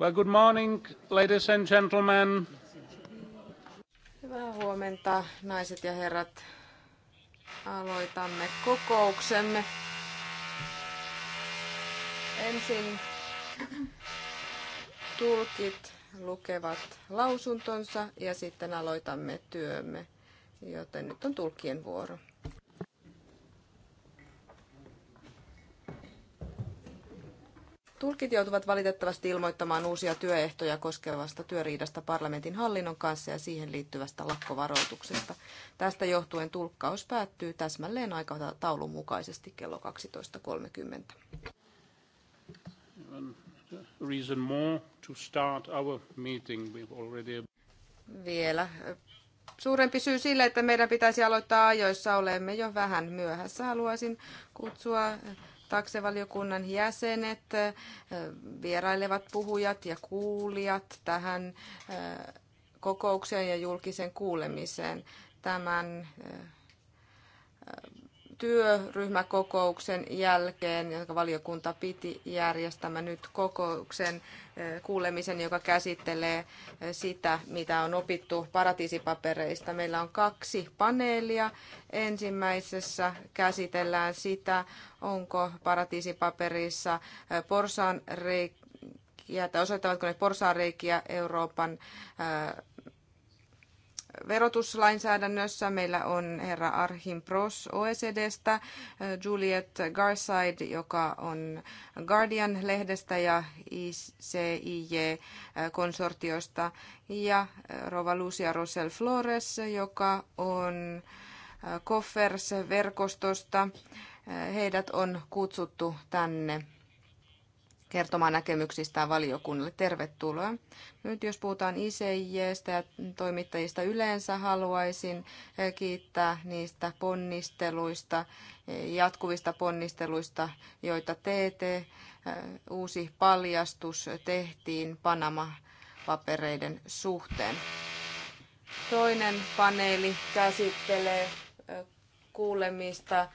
Well, good morning, ladies and gentlemen. Hyvää huomenta, naiset ja herrat. Aloitamme kokouksemme. Ensin tulkit lukevat lausuntonsa ja sitten aloitamme työmme, joten nyt on tulkien vuoro. Tulkit joutuvat valitettavasti ilmoittamaan uusia työehtoja koskevasta työriidasta parlamentin hallinnon kanssa ja siihen liittyvästä lakkovaroituksesta. Tästä johtuen tulkkaus päättyy täsmälleen aikataulun mukaisesti kello 12.30. Reason more to start our meeting. We've already... Vielä äh, suurempi syy sille, että meidän pitäisi aloittaa ajoissa. Olemme jo vähän myöhässä. Haluaisin kutsua äh, taksevaliokunnan jäsenet, vierailevat puhujat ja kuulijat tähän kokoukseen ja julkisen kuulemiseen. Tämän työryhmäkokouksen jälkeen, jonka valiokunta piti järjestämä nyt kokouksen eh, kuulemisen, joka käsittelee eh, sitä, mitä on opittu paratiisipapereista. Meillä on kaksi paneelia. Ensimmäisessä käsitellään sitä, onko paratiisipaperissa eh, porsaan reikiä, tai osoittavatko ne porsaanreikiä Euroopan verotuslainsäädännössä. Meillä on herra Arhim Pros OECDstä, eh, Juliet Garside, joka on Guardian-lehdestä ja ICIJ-konsortiosta, eh, ja eh, rova Lucia Rosel Flores, joka on Koffers-verkostosta. Heidät on kutsuttu tänne kertomaan näkemyksistään valiokunnalle. Tervetuloa. Nyt jos puhutaan ICJstä ja toimittajista yleensä, haluaisin eh, kiittää niistä ponnisteluista, eh, jatkuvista ponnisteluista, joita TT, eh, Uusi paljastus tehtiin Panama-papereiden suhteen. Toinen paneeli käsittelee kuulemista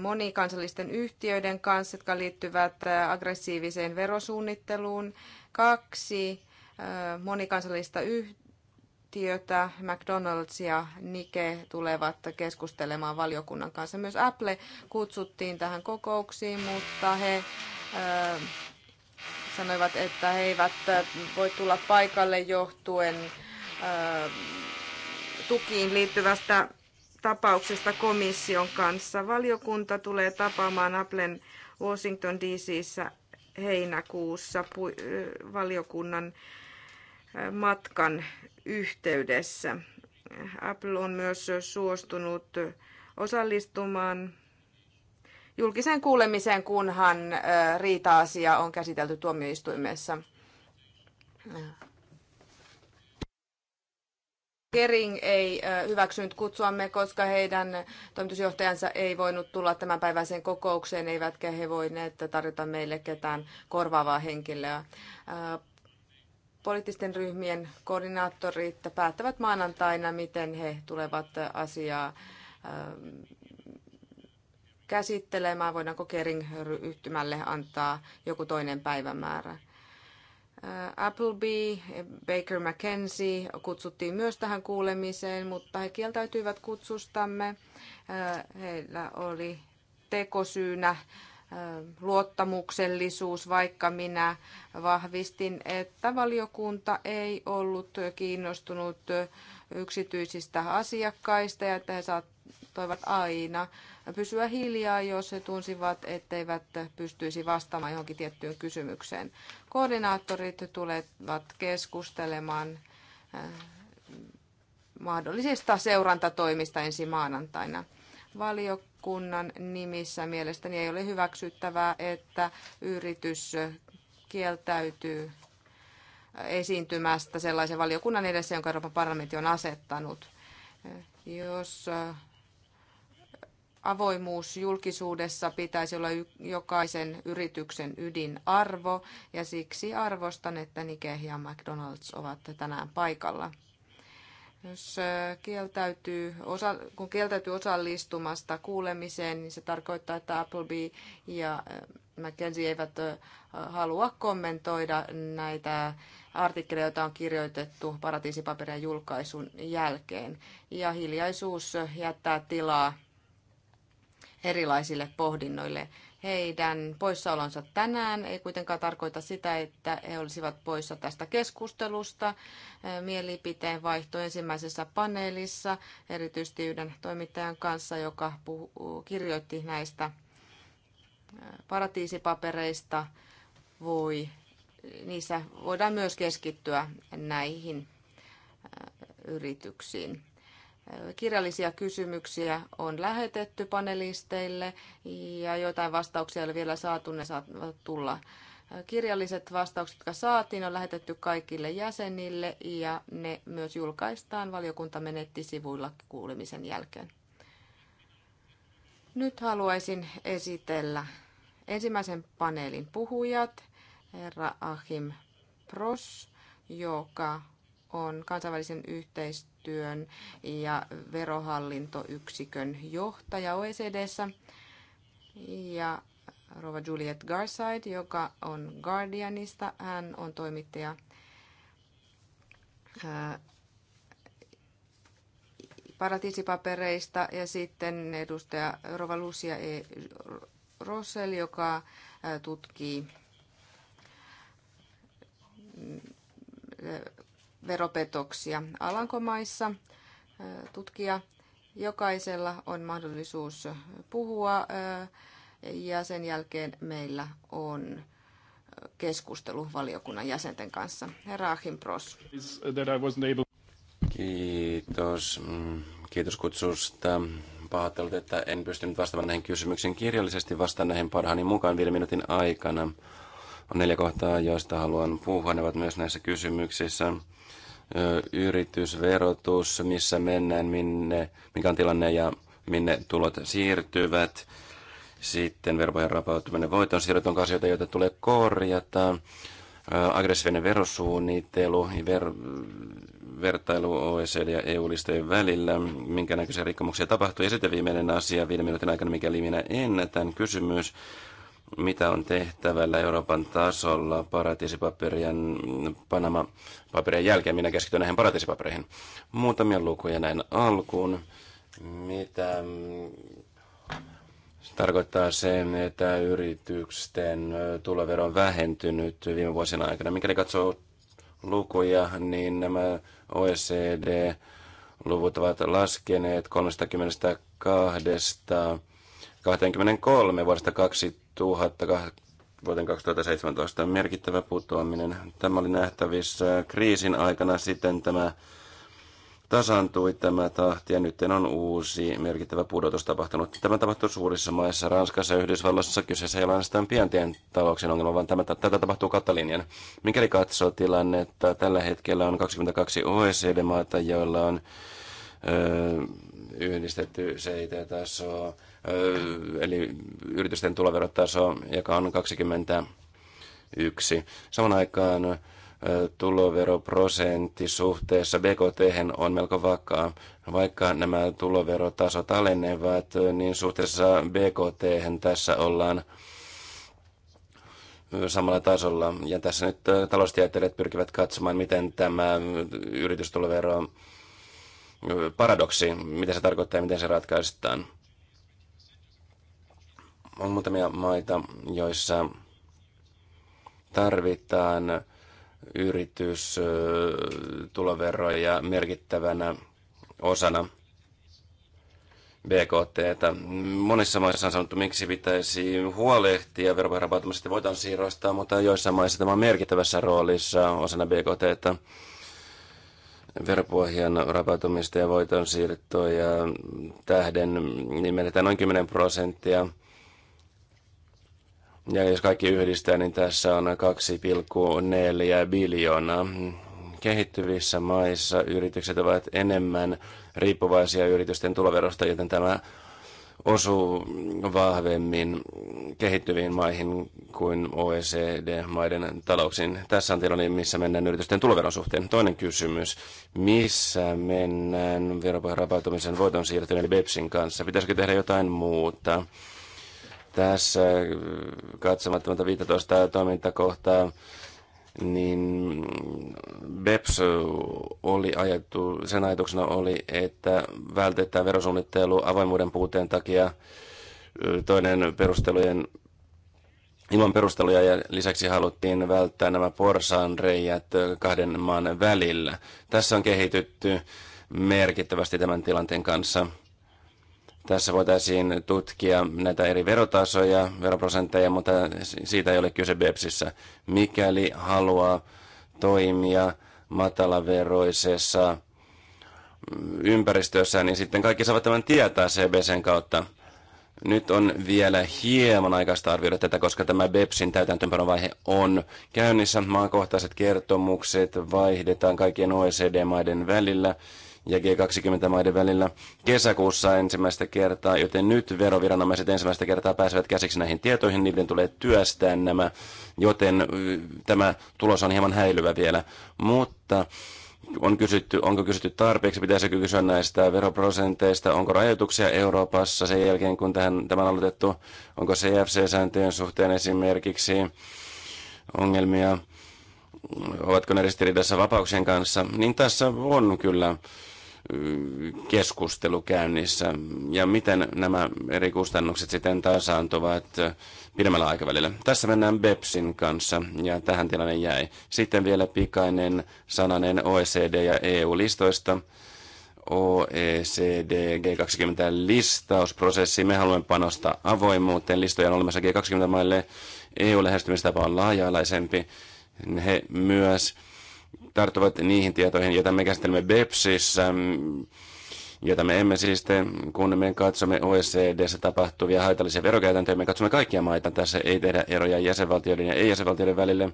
monikansallisten yhtiöiden kanssa, jotka liittyvät äh, aggressiiviseen verosuunnitteluun. Kaksi äh, monikansallista yhtiötä, McDonald's ja Nike, tulevat keskustelemaan valiokunnan kanssa. Myös Apple kutsuttiin tähän kokouksiin, mutta he äh, sanoivat, että he eivät voi tulla paikalle johtuen tukiin liittyvästä tapauksesta komission kanssa. Valiokunta tulee tapaamaan Applen Washington DC:ssä heinäkuussa valiokunnan matkan yhteydessä. Apple on myös suostunut osallistumaan julkiseen kuulemiseen, kunhan riita-asia on käsitelty tuomioistuimessa. Kering ei hyväksynyt kutsuamme, koska heidän toimitusjohtajansa ei voinut tulla tämänpäiväiseen kokoukseen, eivätkä he voineet tarjota meille ketään korvaavaa henkilöä. Poliittisten ryhmien koordinaattorit päättävät maanantaina, miten he tulevat asiaa käsittelemään. Voidaanko Kering-yhtymälle antaa joku toinen päivämäärä? Appleby, Baker McKenzie kutsuttiin myös tähän kuulemiseen, mutta he kieltäytyivät kutsustamme. Heillä oli tekosyynä luottamuksellisuus, vaikka minä vahvistin, että valiokunta ei ollut kiinnostunut yksityisistä asiakkaista ja että he saattoivat aina pysyä hiljaa, jos he tunsivat, etteivät pystyisi vastaamaan johonkin tiettyyn kysymykseen. Koordinaattorit tulevat keskustelemaan äh, mahdollisista seurantatoimista ensi maanantaina. Valiokunnan nimissä mielestäni ei ole hyväksyttävää, että yritys kieltäytyy esiintymästä sellaisen valiokunnan edessä, jonka Euroopan parlamentti on asettanut. Jos äh, avoimuus julkisuudessa pitäisi olla jokaisen yrityksen ydinarvo ja siksi arvostan, että Nike ja McDonald's ovat tänään paikalla. Jos kieltäytyy, osa, kun kieltäytyy osallistumasta kuulemiseen, niin se tarkoittaa, että Appleby ja McKenzie eivät halua kommentoida näitä artikkeleja, joita on kirjoitettu paratiisipaperien julkaisun jälkeen. Ja hiljaisuus jättää tilaa erilaisille pohdinnoille. Heidän poissaolonsa tänään ei kuitenkaan tarkoita sitä, että he olisivat poissa tästä keskustelusta. Mielipiteen vaihto ensimmäisessä paneelissa, erityisesti yhden toimittajan kanssa, joka puhu, kirjoitti näistä paratiisipapereista, voi, niissä voidaan myös keskittyä näihin yrityksiin. Kirjallisia kysymyksiä on lähetetty panelisteille ja jotain vastauksia ei vielä saatu, ne saattavat tulla. Kirjalliset vastaukset, jotka saatiin, on lähetetty kaikille jäsenille ja ne myös julkaistaan valiokuntamme sivuilla kuulemisen jälkeen. Nyt haluaisin esitellä ensimmäisen paneelin puhujat, herra Achim Pros, joka on kansainvälisen yhteistyön työn ja verohallintoyksikön johtaja OECDssä ja Rova Juliet Garside, joka on Guardianista. Hän on toimittaja paratiisipapereista ja sitten edustaja Rova Lucia E. Rossell, joka tutkii veropetoksia. Alankomaissa tutkija jokaisella on mahdollisuus puhua ja sen jälkeen meillä on keskustelu valiokunnan jäsenten kanssa. Herra Pros. Kiitos. Mm, kiitos kutsusta. Pahoittelut, että en pystynyt vastaamaan näihin kysymyksiin kirjallisesti. Vastaan näihin parhaani mukaan viiden minuutin aikana. On neljä kohtaa, joista haluan puhua. Ne ovat myös näissä kysymyksissä. Yritysverotus, missä mennään, minne, mikä on tilanne ja minne tulot siirtyvät. Sitten verpojen rapautuminen, voiton siirrot on asioita, joita tulee korjata. Aggressiivinen verosuunnittelu, ver, vertailu OECD ja EU-listojen välillä, minkä näköisiä rikkomuksia tapahtuu. Ja sitten viimeinen asia viiden minuutin aikana, mikäli minä ennätän, kysymys mitä on tehtävällä Euroopan tasolla paratiisipaperien, Panama-paperien jälkeen. Minä keskityn näihin paratiisipapereihin. Muutamia lukuja näin alkuun. Mitä mm, tarkoittaa se, että yritysten tulovero on vähentynyt viime vuosina aikana. Mikäli katsoo lukuja, niin nämä OECD-luvut ovat laskeneet 32 23 vuodesta 2002 vuoteen 2017 merkittävä putoaminen. Tämä oli nähtävissä kriisin aikana, sitten tämä tasantui tämä tahti ja nyt on uusi merkittävä pudotus tapahtunut. Tämä tapahtui suurissa maissa, Ranskassa ja Yhdysvallassa. Kyseessä ei ole ainoastaan pientien talouksien ongelma, vaan tämä, tätä tapahtuu linjan. Mikäli katsoo tilannetta, tällä hetkellä on 22 OECD-maata, joilla on öö, yhdistetty CIT-tasoa eli yritysten tuloverotaso, joka on 21. Saman aikaan tuloveroprosentti suhteessa BKT on melko vakaa. Vaikka nämä tuloverotasot alenevat, niin suhteessa BKT tässä ollaan samalla tasolla. Ja tässä nyt taloustieteilijät pyrkivät katsomaan, miten tämä yritystulovero paradoksi, mitä se tarkoittaa ja miten se ratkaistaan on muutamia maita, joissa tarvitaan tuloveroja merkittävänä osana BKT. Monissa maissa on sanottu, miksi pitäisi huolehtia verovarapautumisesta, rapautumisesta voiton siirrosta, mutta joissain maissa tämä on merkittävässä roolissa osana BKT. Veropohjan rapautumista ja voiton siirtoja tähden niin menetään noin 10 prosenttia – ja jos kaikki yhdistää, niin tässä on 2,4 biljoonaa. Kehittyvissä maissa yritykset ovat enemmän riippuvaisia yritysten tuloverosta, joten tämä osuu vahvemmin kehittyviin maihin kuin OECD-maiden talouksiin. Tässä on tilanne, missä mennään yritysten tuloveron suhteen. Toinen kysymys, missä mennään veropohjan rapautumisen voiton siirtyneen eli BEPSin kanssa? Pitäisikö tehdä jotain muuta? tässä äh, katsomatta 15 toimintakohtaa, niin BEPS oli ajettu, sen ajatuksena oli, että vältetään verosuunnittelu avoimuuden puuteen takia toinen perustelujen ilman perusteluja ja lisäksi haluttiin välttää nämä porsaan reijät kahden maan välillä. Tässä on kehitytty merkittävästi tämän tilanteen kanssa. Tässä voitaisiin tutkia näitä eri verotasoja, veroprosentteja, mutta siitä ei ole kyse BEPSissä. Mikäli haluaa toimia matalaveroisessa ympäristössä, niin sitten kaikki saavat tämän tietää CBCn kautta. Nyt on vielä hieman aikaista arvioida tätä, koska tämä BEPSin täytäntöönpanovaihe on käynnissä. Maakohtaiset kertomukset vaihdetaan kaikkien OECD-maiden välillä ja G20-maiden välillä kesäkuussa ensimmäistä kertaa, joten nyt veroviranomaiset ensimmäistä kertaa pääsevät käsiksi näihin tietoihin, niiden tulee työstää nämä, joten tämä tulos on hieman häilyvä vielä. Mutta on kysytty, onko kysytty tarpeeksi, pitäisikö kysyä näistä veroprosenteista, onko rajoituksia Euroopassa sen jälkeen, kun tähän, tämä on aloitettu, onko CFC-sääntöjen suhteen esimerkiksi ongelmia, ovatko ne ristiriidassa vapauksien kanssa, niin tässä on kyllä keskustelu käynnissä ja miten nämä eri kustannukset sitten tasaantuvat pidemmällä aikavälillä. Tässä mennään BEPSin kanssa ja tähän tilanne jäi. Sitten vielä pikainen sananen OECD ja EU-listoista. OECD G20-listausprosessi. Me haluamme panostaa avoimuuteen. Listoja on olemassa G20-maille. EU-lähestymistapa on laaja-alaisempi. He myös tarttuvat niihin tietoihin, joita me käsittelemme BEPSissä, mm, jota me emme siis tee, kun me katsomme OECDssä tapahtuvia haitallisia verokäytäntöjä, me katsomme kaikkia maita, tässä ei tehdä eroja jäsenvaltioiden ja ei-jäsenvaltioiden välille,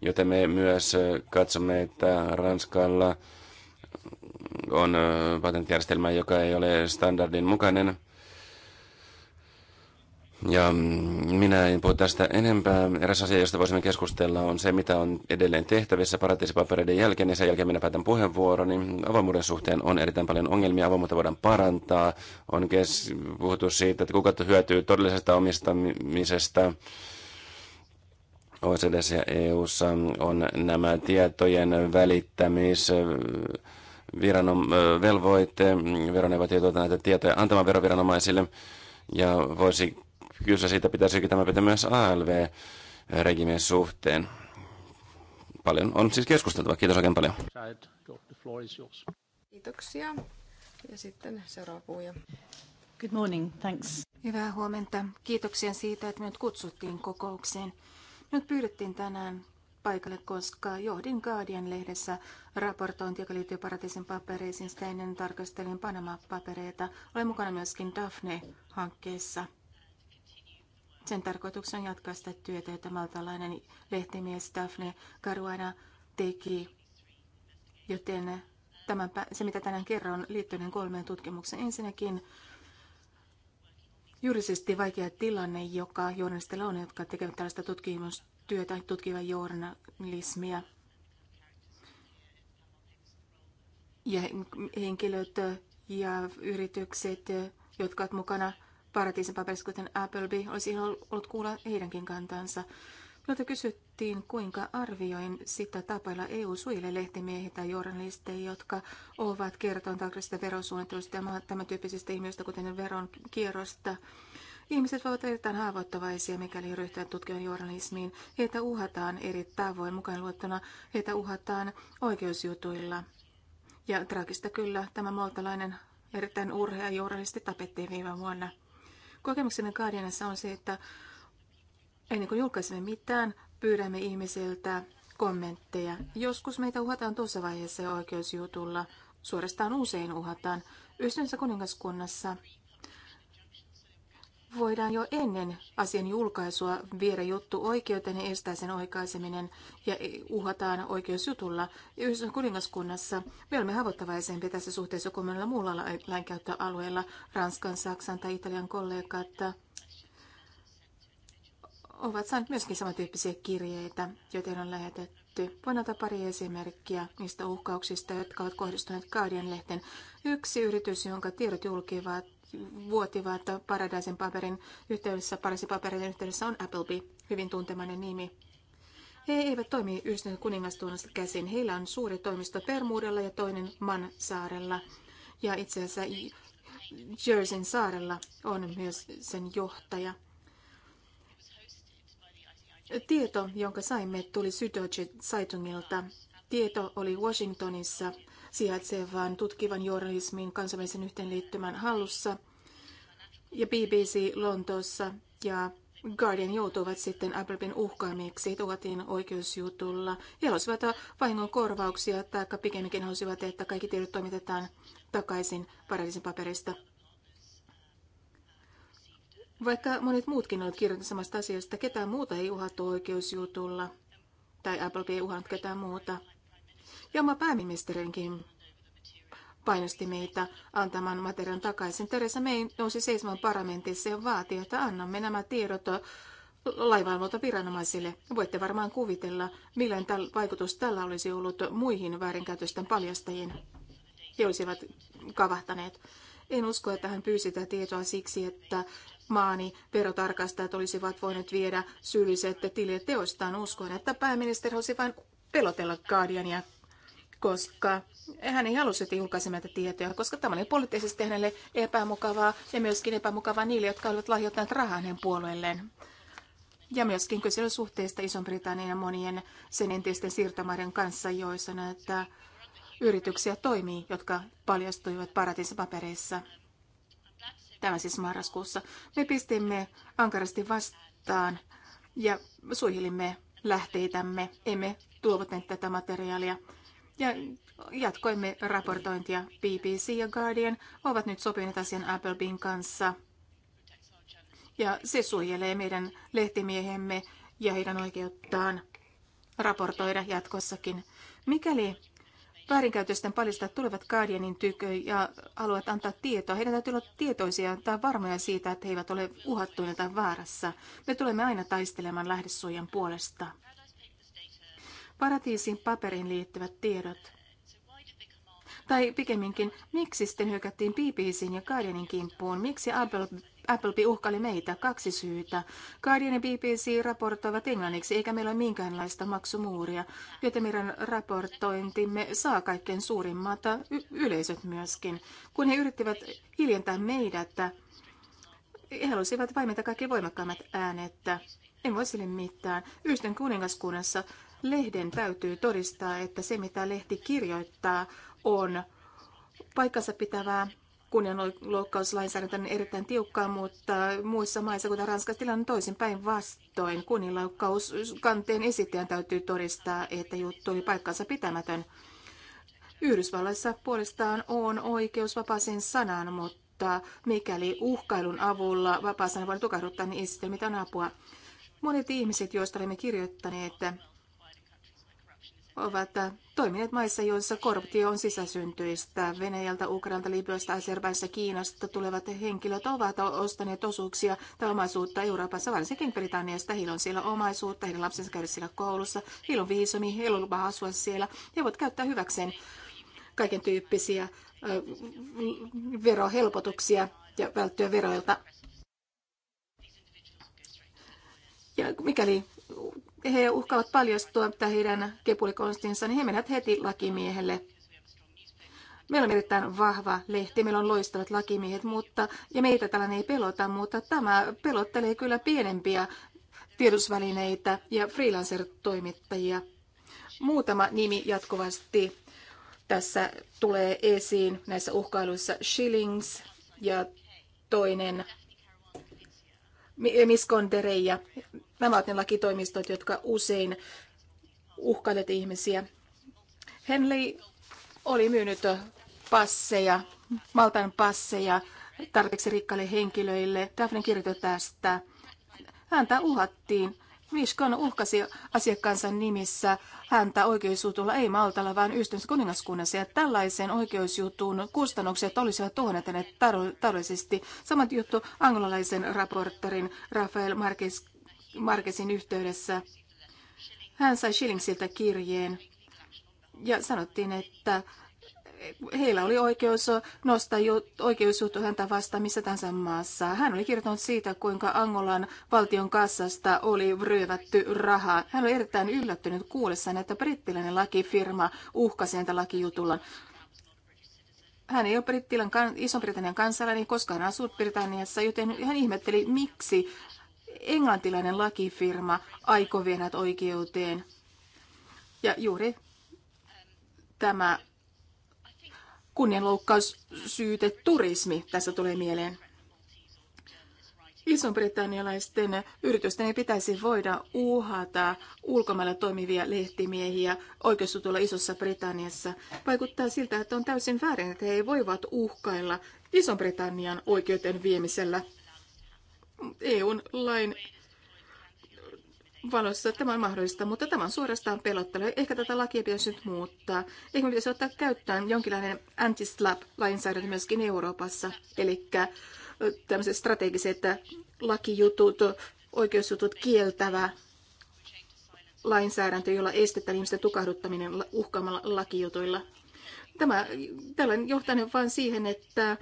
joten me myös katsomme, että Ranskalla on patenttijärjestelmä, joka ei ole standardin mukainen, ja minä en puhu tästä enempää. Eräs asia, josta voisimme keskustella, on se, mitä on edelleen tehtävissä paratiisipapereiden jälkeen, ja sen jälkeen minä päätän puheenvuoroni. Avoimuuden suhteen on erittäin paljon ongelmia, avoimuutta voidaan parantaa. On kes- puhuttu siitä, että kuka hyötyy todellisesta omistamisesta. OECD ja EUssa on nämä tietojen välittämis viranom- velvoite, veroneuvotietoita näitä tietoja antamaan veroviranomaisille ja voisi kyse siitä, pitäisi tämä pitää myös alv regimien suhteen. Paljon on siis keskusteltava. Kiitos oikein paljon. Kiitoksia. Ja sitten seuraava puhuja. Good morning, thanks. Hyvää huomenta. Kiitoksia siitä, että minut kutsuttiin kokoukseen. Minut pyydettiin tänään paikalle, koska johdin Guardian-lehdessä raportointi, joka liittyy paratiisin papereisiin. Sitä ennen tarkastelin Panama-papereita. Olen mukana myöskin Daphne-hankkeessa – sen tarkoituksen jatkaa sitä työtä, jota maltalainen lehtimies Daphne Caruana teki. Joten tämän, se, mitä tänään kerron, liittyen kolmeen tutkimukseen. Ensinnäkin juridisesti vaikea tilanne, joka journalistilla on, jotka tekevät tällaista tutkimustyötä, tutkiva journalismia. Ja henkilöt ja yritykset, jotka ovat mukana – paratiisin paperissa, kuten Appleby, olisi ollut kuulla heidänkin kantansa. Minulta kysyttiin, kuinka arvioin sitä tapailla EU suille lehtimiehiä tai journalisteja, jotka ovat kertoneet aggressiivisesta verosuunnittelusta ja tämän tyyppisistä ilmiöistä, kuten veron kierrosta. Ihmiset voivat olla erittäin haavoittavaisia, mikäli ryhtyvät tutkimaan journalismiin. Heitä uhataan eri tavoin, mukaan luottuna heitä uhataan oikeusjutuilla. Ja traagista kyllä, tämä maltalainen erittäin urhea journalisti tapettiin viime vuonna. Kokemuksemme Guardianissa on se, että ennen kuin julkaisemme mitään, pyydämme ihmisiltä kommentteja. Joskus meitä uhataan tuossa vaiheessa oikeusjutulla. Suorastaan usein uhataan. Yhdessä kuningaskunnassa voidaan jo ennen asian julkaisua viedä juttu oikeuteen ja estää sen oikaiseminen ja uhataan oikeusjutulla. Yhdessä kuningaskunnassa me olemme haavoittavaisempia tässä suhteessa kuin meillä muulla lainkäyttöalueella, Ranskan, Saksan tai Italian kollegat ovat saaneet myöskin samantyyppisiä kirjeitä, joita on lähetetty. Voin ottaa pari esimerkkiä niistä uhkauksista, jotka ovat kohdistuneet Guardian-lehten. Yksi yritys, jonka tiedot julkivat vuotivat Paradisen paperin yhteydessä, Pariisin paperin yhteydessä on Appleby, hyvin tuntemainen nimi. He eivät toimi yhdistyneen kuningastuunnasta käsin. Heillä on suuri toimisto Permuudella ja toinen Mansaarella. Ja itse asiassa Jerseyn saarella on myös sen johtaja. Tieto, jonka saimme, tuli Süddeutsche Zeitungilta. Tieto oli Washingtonissa sijaitsevan tutkivan journalismin kansainvälisen yhteenliittymän hallussa. Ja BBC Lontoossa ja Guardian joutuivat sitten Abrabin uhkaamiksi tuotiin oikeusjutulla. He halusivat vahingon korvauksia, tai pikemminkin halusivat, että kaikki tiedot toimitetaan takaisin paradiisin paperista. Vaikka monet muutkin ovat kirjoittaneet samasta asiasta, ketään muuta ei uhattu oikeusjutulla, tai Apple ei uhannut ketään muuta. Ja oma pääministerinkin painosti meitä antamaan materiaan takaisin. Teresa May nousi seisomaan parlamentissa ja vaati, että annamme nämä tiedot laivailmalta viranomaisille. Voitte varmaan kuvitella, millainen täl- vaikutus tällä olisi ollut muihin väärinkäytösten paljastajiin. He olisivat kavahtaneet. En usko, että hän pyysi tätä tietoa siksi, että maani verotarkastajat olisivat voineet viedä syylliset tilille teostaan Uskon, että pääministeri olisi vain pelotella Guardiania koska hän ei halusi julkaisi näitä tietoja, koska tämä oli poliittisesti hänelle epämukavaa ja myöskin epämukavaa niille, jotka olivat lahjoittaneet rahaa hänen puolueelleen. Ja myöskin suhteista Ison-Britannian ja monien sen entisten siirtomaiden kanssa, joissa näitä yrityksiä toimii, jotka paljastuivat paratiisipapereissa. Tämä siis marraskuussa. Me pistimme ankarasti vastaan ja suihilimme lähteitämme. Emme tuovuttaneet tätä materiaalia ja jatkoimme raportointia. BBC ja Guardian ovat nyt sopineet asian Applebin kanssa. Ja se suojelee meidän lehtimiehemme ja heidän oikeuttaan raportoida jatkossakin. Mikäli väärinkäytösten paljastajat tulevat Guardianin tykö ja haluavat antaa tietoa, heidän täytyy olla tietoisia tai varmoja siitä, että he eivät ole uhattuina tai vaarassa. Me tulemme aina taistelemaan lähdesuojan puolesta paratiisin paperin liittyvät tiedot. Tai pikemminkin, miksi sitten hyökättiin BBCin ja Guardianin kimppuun? Miksi Apple, Appleby uhkaili meitä? Kaksi syytä. Guardian ja BBC raportoivat englanniksi, eikä meillä ole minkäänlaista maksumuuria, joten meidän raportointimme saa kaikkein suurimmat y- yleisöt myöskin. Kun he yrittivät hiljentää meidät, he halusivat vaimenta kaikki voimakkaimmat äänet. En voi sille mitään. Yhden kuningaskunnassa Lehden täytyy todistaa, että se mitä lehti kirjoittaa on paikkansa pitävää kunnianloukkauslainsäädäntö on erittäin tiukkaa, mutta muissa maissa, kuten Ranskassa, tilanne toisinpäin vastoin. Kunnianloukkauskanteen kanteen esittäjän täytyy todistaa, että juttu oli paikkansa pitämätön. Yhdysvalloissa puolestaan on oikeus vapaaseen sanaan, mutta mikäli uhkailun avulla vapaa sana voi tukahduttaa, niin ei sitten mitään apua. Monet ihmiset, joista olemme kirjoittaneet, ovat toimineet maissa, joissa korruptio on sisäsyntyistä. Venäjältä, Ukrainalta, Libyasta, Aserbaissa, Kiinasta tulevat henkilöt ovat ostaneet osuuksia tai omaisuutta Euroopassa, varsinkin Britanniasta. Heillä on siellä omaisuutta, heidän lapsensa käydä siellä koulussa, heillä on viisumi, heillä on lupa asua siellä. He voivat käyttää hyväkseen kaiken tyyppisiä verohelpotuksia ja välttyä veroilta. Ja mikäli ja he uhkaavat paljastua mitä heidän kepulikonstinsa, niin he menevät heti lakimiehelle. Meillä on erittäin vahva lehti, meillä on loistavat lakimiehet, mutta, ja meitä tällainen ei pelota, mutta tämä pelottelee kyllä pienempiä tiedotusvälineitä ja freelancer-toimittajia. Muutama nimi jatkuvasti tässä tulee esiin näissä uhkailuissa Shillings ja toinen Miss Kondereja. Nämä ovat ne lakitoimistot, jotka usein uhkailet ihmisiä. Henley oli myynyt passeja, Maltan passeja tarpeeksi rikkaille henkilöille. Daphne kirjoitti tästä. Häntä uhattiin. Viskon uhkasi asiakkaansa nimissä häntä oikeusjutulla ei Maltalla, vaan ystävänsä kuningaskunnassa. Ja tällaisen oikeusjutun kustannukset olisivat tuhonneet hänet taloudellisesti. Samat juttu angolalaisen raporttorin Rafael Marquez Markesin yhteydessä. Hän sai Schillingsiltä kirjeen ja sanottiin, että heillä oli oikeus nostaa oikeusjuttu häntä vastaan missä tahansa maassa. Hän oli kirjoittanut siitä, kuinka Angolan valtion kassasta oli ryövätty rahaa. Hän oli erittäin yllättynyt kuullessaan, että brittiläinen lakifirma uhkasi häntä lakijutulla. Hän ei ole Brittilän, Ison-Britannian kansalainen, koska hän asuu Britanniassa, joten hän ihmetteli, miksi englantilainen lakifirma aikoo viedä oikeuteen. Ja juuri tämä kunnianloukkaus syyte turismi tässä tulee mieleen. Iso-britannialaisten yritysten ei pitäisi voida uhata ulkomailla toimivia lehtimiehiä oikeusjutulla Isossa Britanniassa. Vaikuttaa siltä, että on täysin väärin, että he voivat uhkailla ison britannian oikeuden viemisellä EUn lain valossa tämä on mahdollista, mutta tämä on suorastaan pelottelu. Ehkä tätä lakia pitäisi nyt muuttaa. Ehkä me pitäisi ottaa käyttöön jonkinlainen anti-slap-lainsäädäntö myöskin Euroopassa, eli tämmöiset strategiset lakijutut, oikeusjutut kieltävä lainsäädäntö, jolla estetään ihmisten tukahduttaminen uhkaamalla lakijutuilla. Tämä, tällainen johtaa vain siihen, että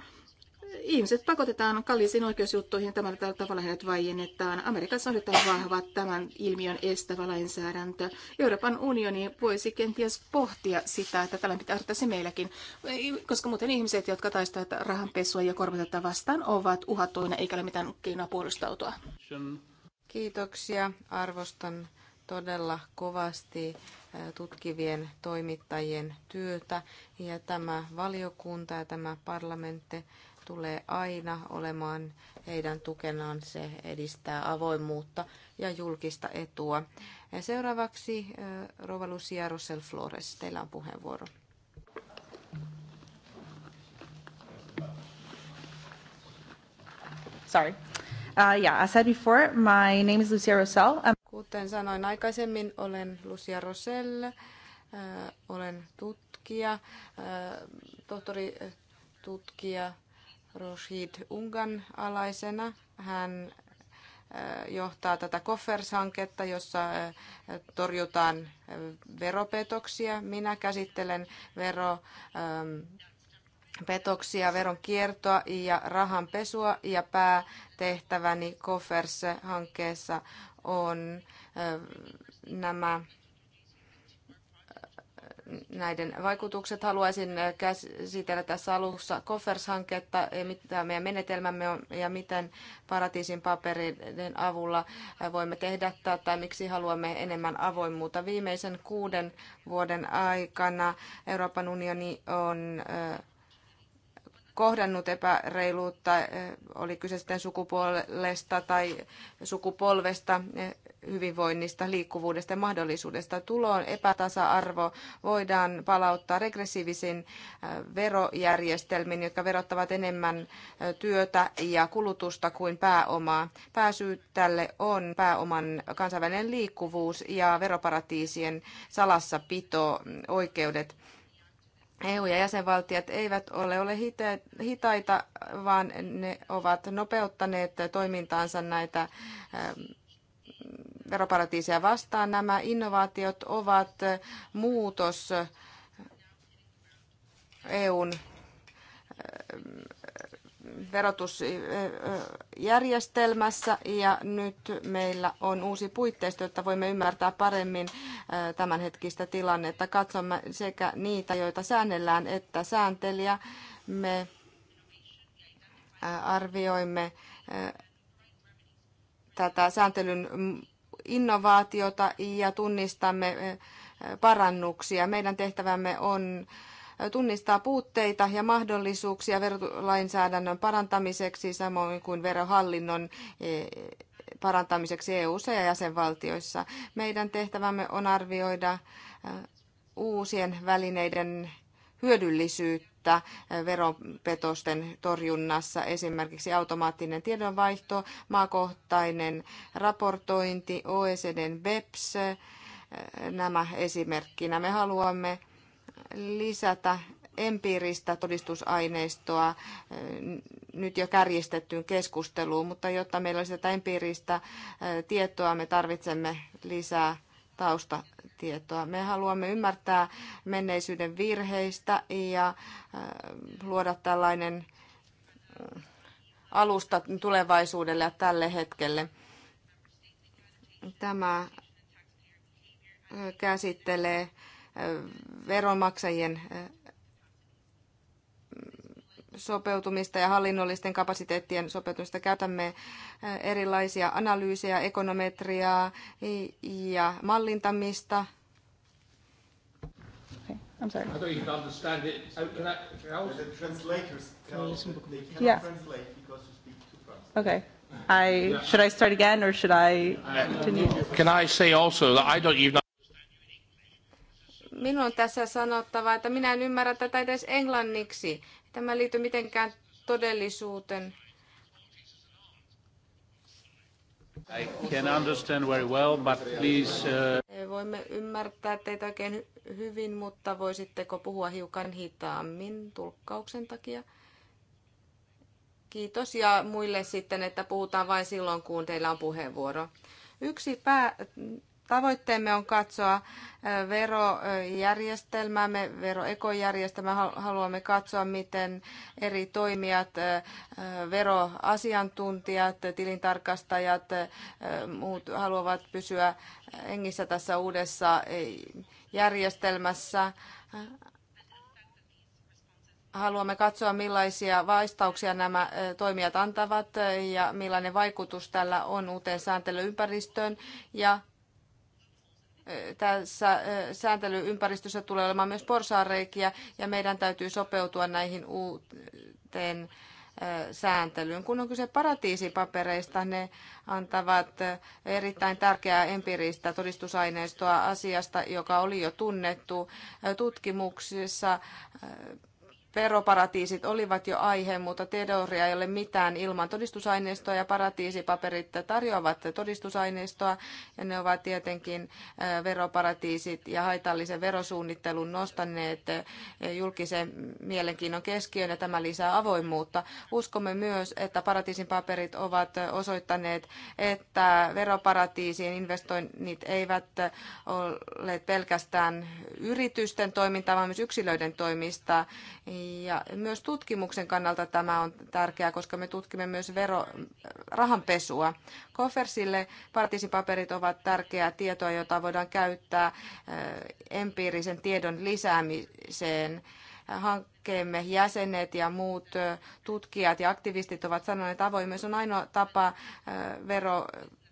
ihmiset pakotetaan kalliisiin oikeusjuttuihin tämän tällä tavalla heidät vaiennetaan. Amerikassa on vahva tämän ilmiön estävä lainsäädäntö. Euroopan unioni voisi kenties pohtia sitä, että tällä pitää se meilläkin, koska muuten ihmiset, jotka taistavat rahanpesua ja korvatetta vastaan, ovat uhattuina eikä ole mitään keinoa puolustautua. Kiitoksia. Arvostan todella kovasti tutkivien toimittajien työtä ja tämä valiokunta ja tämä parlamentti tulee aina olemaan heidän tukenaan. Se edistää avoimuutta ja julkista etua. ja Seuraavaksi Rova Lucia Rossell Flores, teillä on puheenvuoro. Sorry. Uh, yeah, I said before, my name is Lucia Rossell. I'm... Kuten sanoin aikaisemmin, olen Lucia Rossell, Uh, olen tutkija, uh, tohtori tutkija Roshid Ungan alaisena. Hän äh, johtaa tätä Koffers-hanketta, jossa äh, torjutaan äh, veropetoksia. Minä käsittelen vero ähm, petoksia, veron kiertoa ja rahan pesua ja päätehtäväni Koffers-hankkeessa on nämä näiden vaikutukset. Haluaisin käsitellä tässä alussa Koffers-hanketta, mitä meidän menetelmämme on ja miten paratiisin paperin avulla voimme tehdä tätä, miksi haluamme enemmän avoimuutta. Viimeisen kuuden vuoden aikana Euroopan unioni on kohdannut epäreiluutta, oli kyse sitten sukupuolesta tai sukupolvesta, hyvinvoinnista, liikkuvuudesta ja mahdollisuudesta. Tuloon epätasa-arvo voidaan palauttaa regressiivisin verojärjestelmin, jotka verottavat enemmän työtä ja kulutusta kuin pääomaa. Pääsy tälle on pääoman kansainvälinen liikkuvuus ja veroparatiisien salassapito-oikeudet. EU ja jäsenvaltiot eivät ole ole hitaita, vaan ne ovat nopeuttaneet toimintaansa näitä ähm, veroparatiiseja vastaan. Nämä innovaatiot ovat muutos äh, EUn verotusjärjestelmässä ja nyt meillä on uusi puitteisto, jotta voimme ymmärtää paremmin tämänhetkistä tilannetta. Katsomme sekä niitä, joita säännellään, että sääntelijä. Me arvioimme tätä sääntelyn innovaatiota ja tunnistamme parannuksia. Meidän tehtävämme on tunnistaa puutteita ja mahdollisuuksia verolainsäädännön parantamiseksi, samoin kuin verohallinnon e, parantamiseksi EU-ssa ja jäsenvaltioissa. Meidän tehtävämme on arvioida e, uusien välineiden hyödyllisyyttä e, veropetosten torjunnassa, esimerkiksi automaattinen tiedonvaihto, maakohtainen raportointi, OECDn BEPS, nämä esimerkkinä. Me haluamme lisätä empiiristä todistusaineistoa nyt jo kärjistettyyn keskusteluun, mutta jotta meillä olisi tätä empiiristä tietoa, me tarvitsemme lisää taustatietoa. Me haluamme ymmärtää menneisyyden virheistä ja luoda tällainen alusta tulevaisuudelle ja tälle hetkelle. Tämä käsittelee veronmaksajien sopeutumista ja hallinnollisten kapasiteettien sopeutumista. Käytämme erilaisia analyysejä, ekonometriaa ja mallintamista. Okay, I'm sorry. I don't even understand it. How can I, how? The translators tell they cannot yeah. translate because you speak too fast. Okay. I, should I start again or should I continue? Can I say also that I don't even Minun on tässä sanottava, että minä en ymmärrä tätä edes englanniksi. Tämä ei liity mitenkään todellisuuteen. I can understand very well, but please... Uh... Voimme ymmärtää teitä oikein hyvin, mutta voisitteko puhua hiukan hitaammin tulkkauksen takia? Kiitos ja muille sitten, että puhutaan vain silloin, kun teillä on puheenvuoro. Yksi pää Tavoitteemme on katsoa äh, verojärjestelmäämme, veroekojärjestelmää. Haluamme katsoa, miten eri toimijat, äh, äh, veroasiantuntijat, tilintarkastajat, muut haluavat pysyä hengissä tässä uudessa järjestelmässä. Haluamme katsoa, millaisia vastauksia nämä toimijat antavat ja millainen vaikutus tällä on uuteen sääntelyympäristöön ja tässä sääntelyympäristössä tulee olemaan myös porsaareikiä ja meidän täytyy sopeutua näihin uuteen sääntelyyn. Kun on kyse paratiisipapereista, ne antavat erittäin tärkeää empiiristä todistusaineistoa asiasta, joka oli jo tunnettu tutkimuksissa veroparatiisit olivat jo aihe, mutta teoria ei ole mitään ilman todistusaineistoa ja paratiisipaperit tarjoavat todistusaineistoa ja ne ovat tietenkin äh, veroparatiisit ja haitallisen verosuunnittelun nostaneet äh, julkisen mielenkiinnon keskiöön ja tämä lisää avoimuutta. Uskomme myös, että paratiisin paperit ovat äh, osoittaneet, että veroparatiisiin investoinnit eivät ole pelkästään yritysten toimintaa, vaan myös yksilöiden toimista ja myös tutkimuksen kannalta tämä on tärkeää, koska me tutkimme myös vero, rahanpesua. Koffersille partisipaperit ovat tärkeää tietoa, jota voidaan käyttää eh, empiirisen tiedon lisäämiseen hankkeemme jäsenet ja muut eh, tutkijat ja aktivistit ovat sanoneet, että avoimuus on ainoa tapa eh, vero,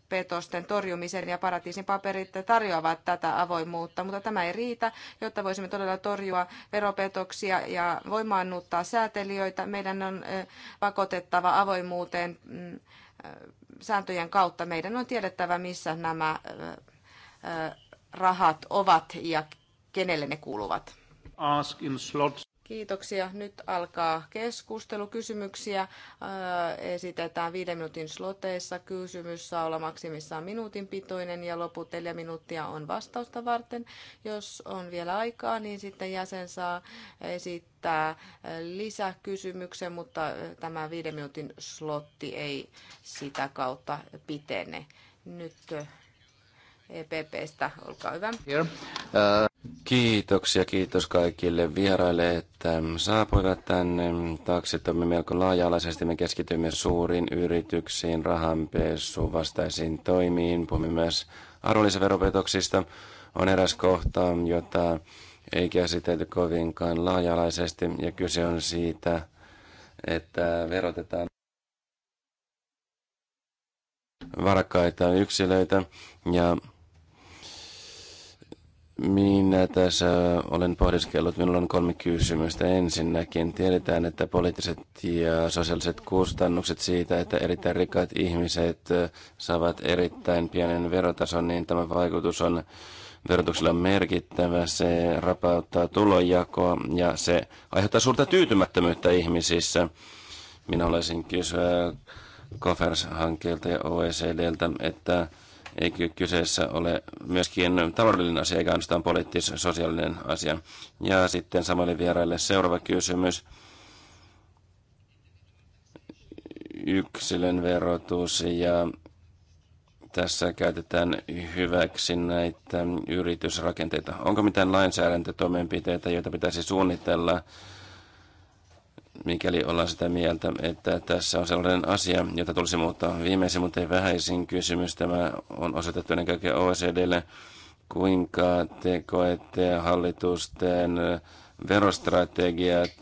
petosten torjumisen ja paratiisin paperit tarjoavat tätä avoimuutta, mutta tämä ei riitä, jotta voisimme todella torjua veropetoksia ja voimaannuttaa säätelijöitä. Meidän on pakotettava avoimuuteen mm, sääntöjen kautta. Meidän on tiedettävä, missä nämä rahat ovat ja kenelle ne kuuluvat. Ask in slots. Kiitoksia. Nyt alkaa keskustelu. Kysymyksiä äh, esitetään viiden minuutin sloteissa. Kysymys saa olla maksimissaan minuutin pitoinen ja loput neljä minuuttia on vastausta varten. Jos on vielä aikaa, niin sitten jäsen saa esittää äh, lisäkysymyksen, mutta äh, tämä viiden minuutin slotti ei sitä kautta pitene. Nyt EPPstä. Olkaa hyvä. Uh, kiitoksia, kiitos kaikille vieraille, että saapuivat tänne. me melko laaja-alaisesti. Me keskitymme suuriin yrityksiin, rahanpesuun, vastaisiin toimiin. Puhumme myös arvonlisäveropetoksista. On eräs kohta, jota ei käsitelty kovinkaan laaja-alaisesti, ja kyse on siitä, että verotetaan varakkaita yksilöitä ja minä tässä olen pohdiskellut, minulla on kolme kysymystä. Ensinnäkin tiedetään, että poliittiset ja sosiaaliset kustannukset siitä, että erittäin rikkaat ihmiset saavat erittäin pienen verotason, niin tämä vaikutus on verotuksella merkittävä. Se rapauttaa tulonjakoa ja se aiheuttaa suurta tyytymättömyyttä ihmisissä. Minä olisin kysyä Kofers-hankkeelta ja OECDltä, että Eikö kyseessä ole myöskin taloudellinen asia, eikä ainoastaan poliittis-sosiaalinen asia? Ja sitten samalle vieraille seuraava kysymys. Yksilön verotus ja tässä käytetään hyväksi näitä yritysrakenteita. Onko mitään lainsäädäntötoimenpiteitä, joita pitäisi suunnitella mikäli ollaan sitä mieltä, että tässä on sellainen asia, jota tulisi muuttaa viimeisin, mutta ei vähäisin kysymys. Tämä on osoitettu ennen kaikkea OECDlle, kuinka te koette hallitusten verostrategiat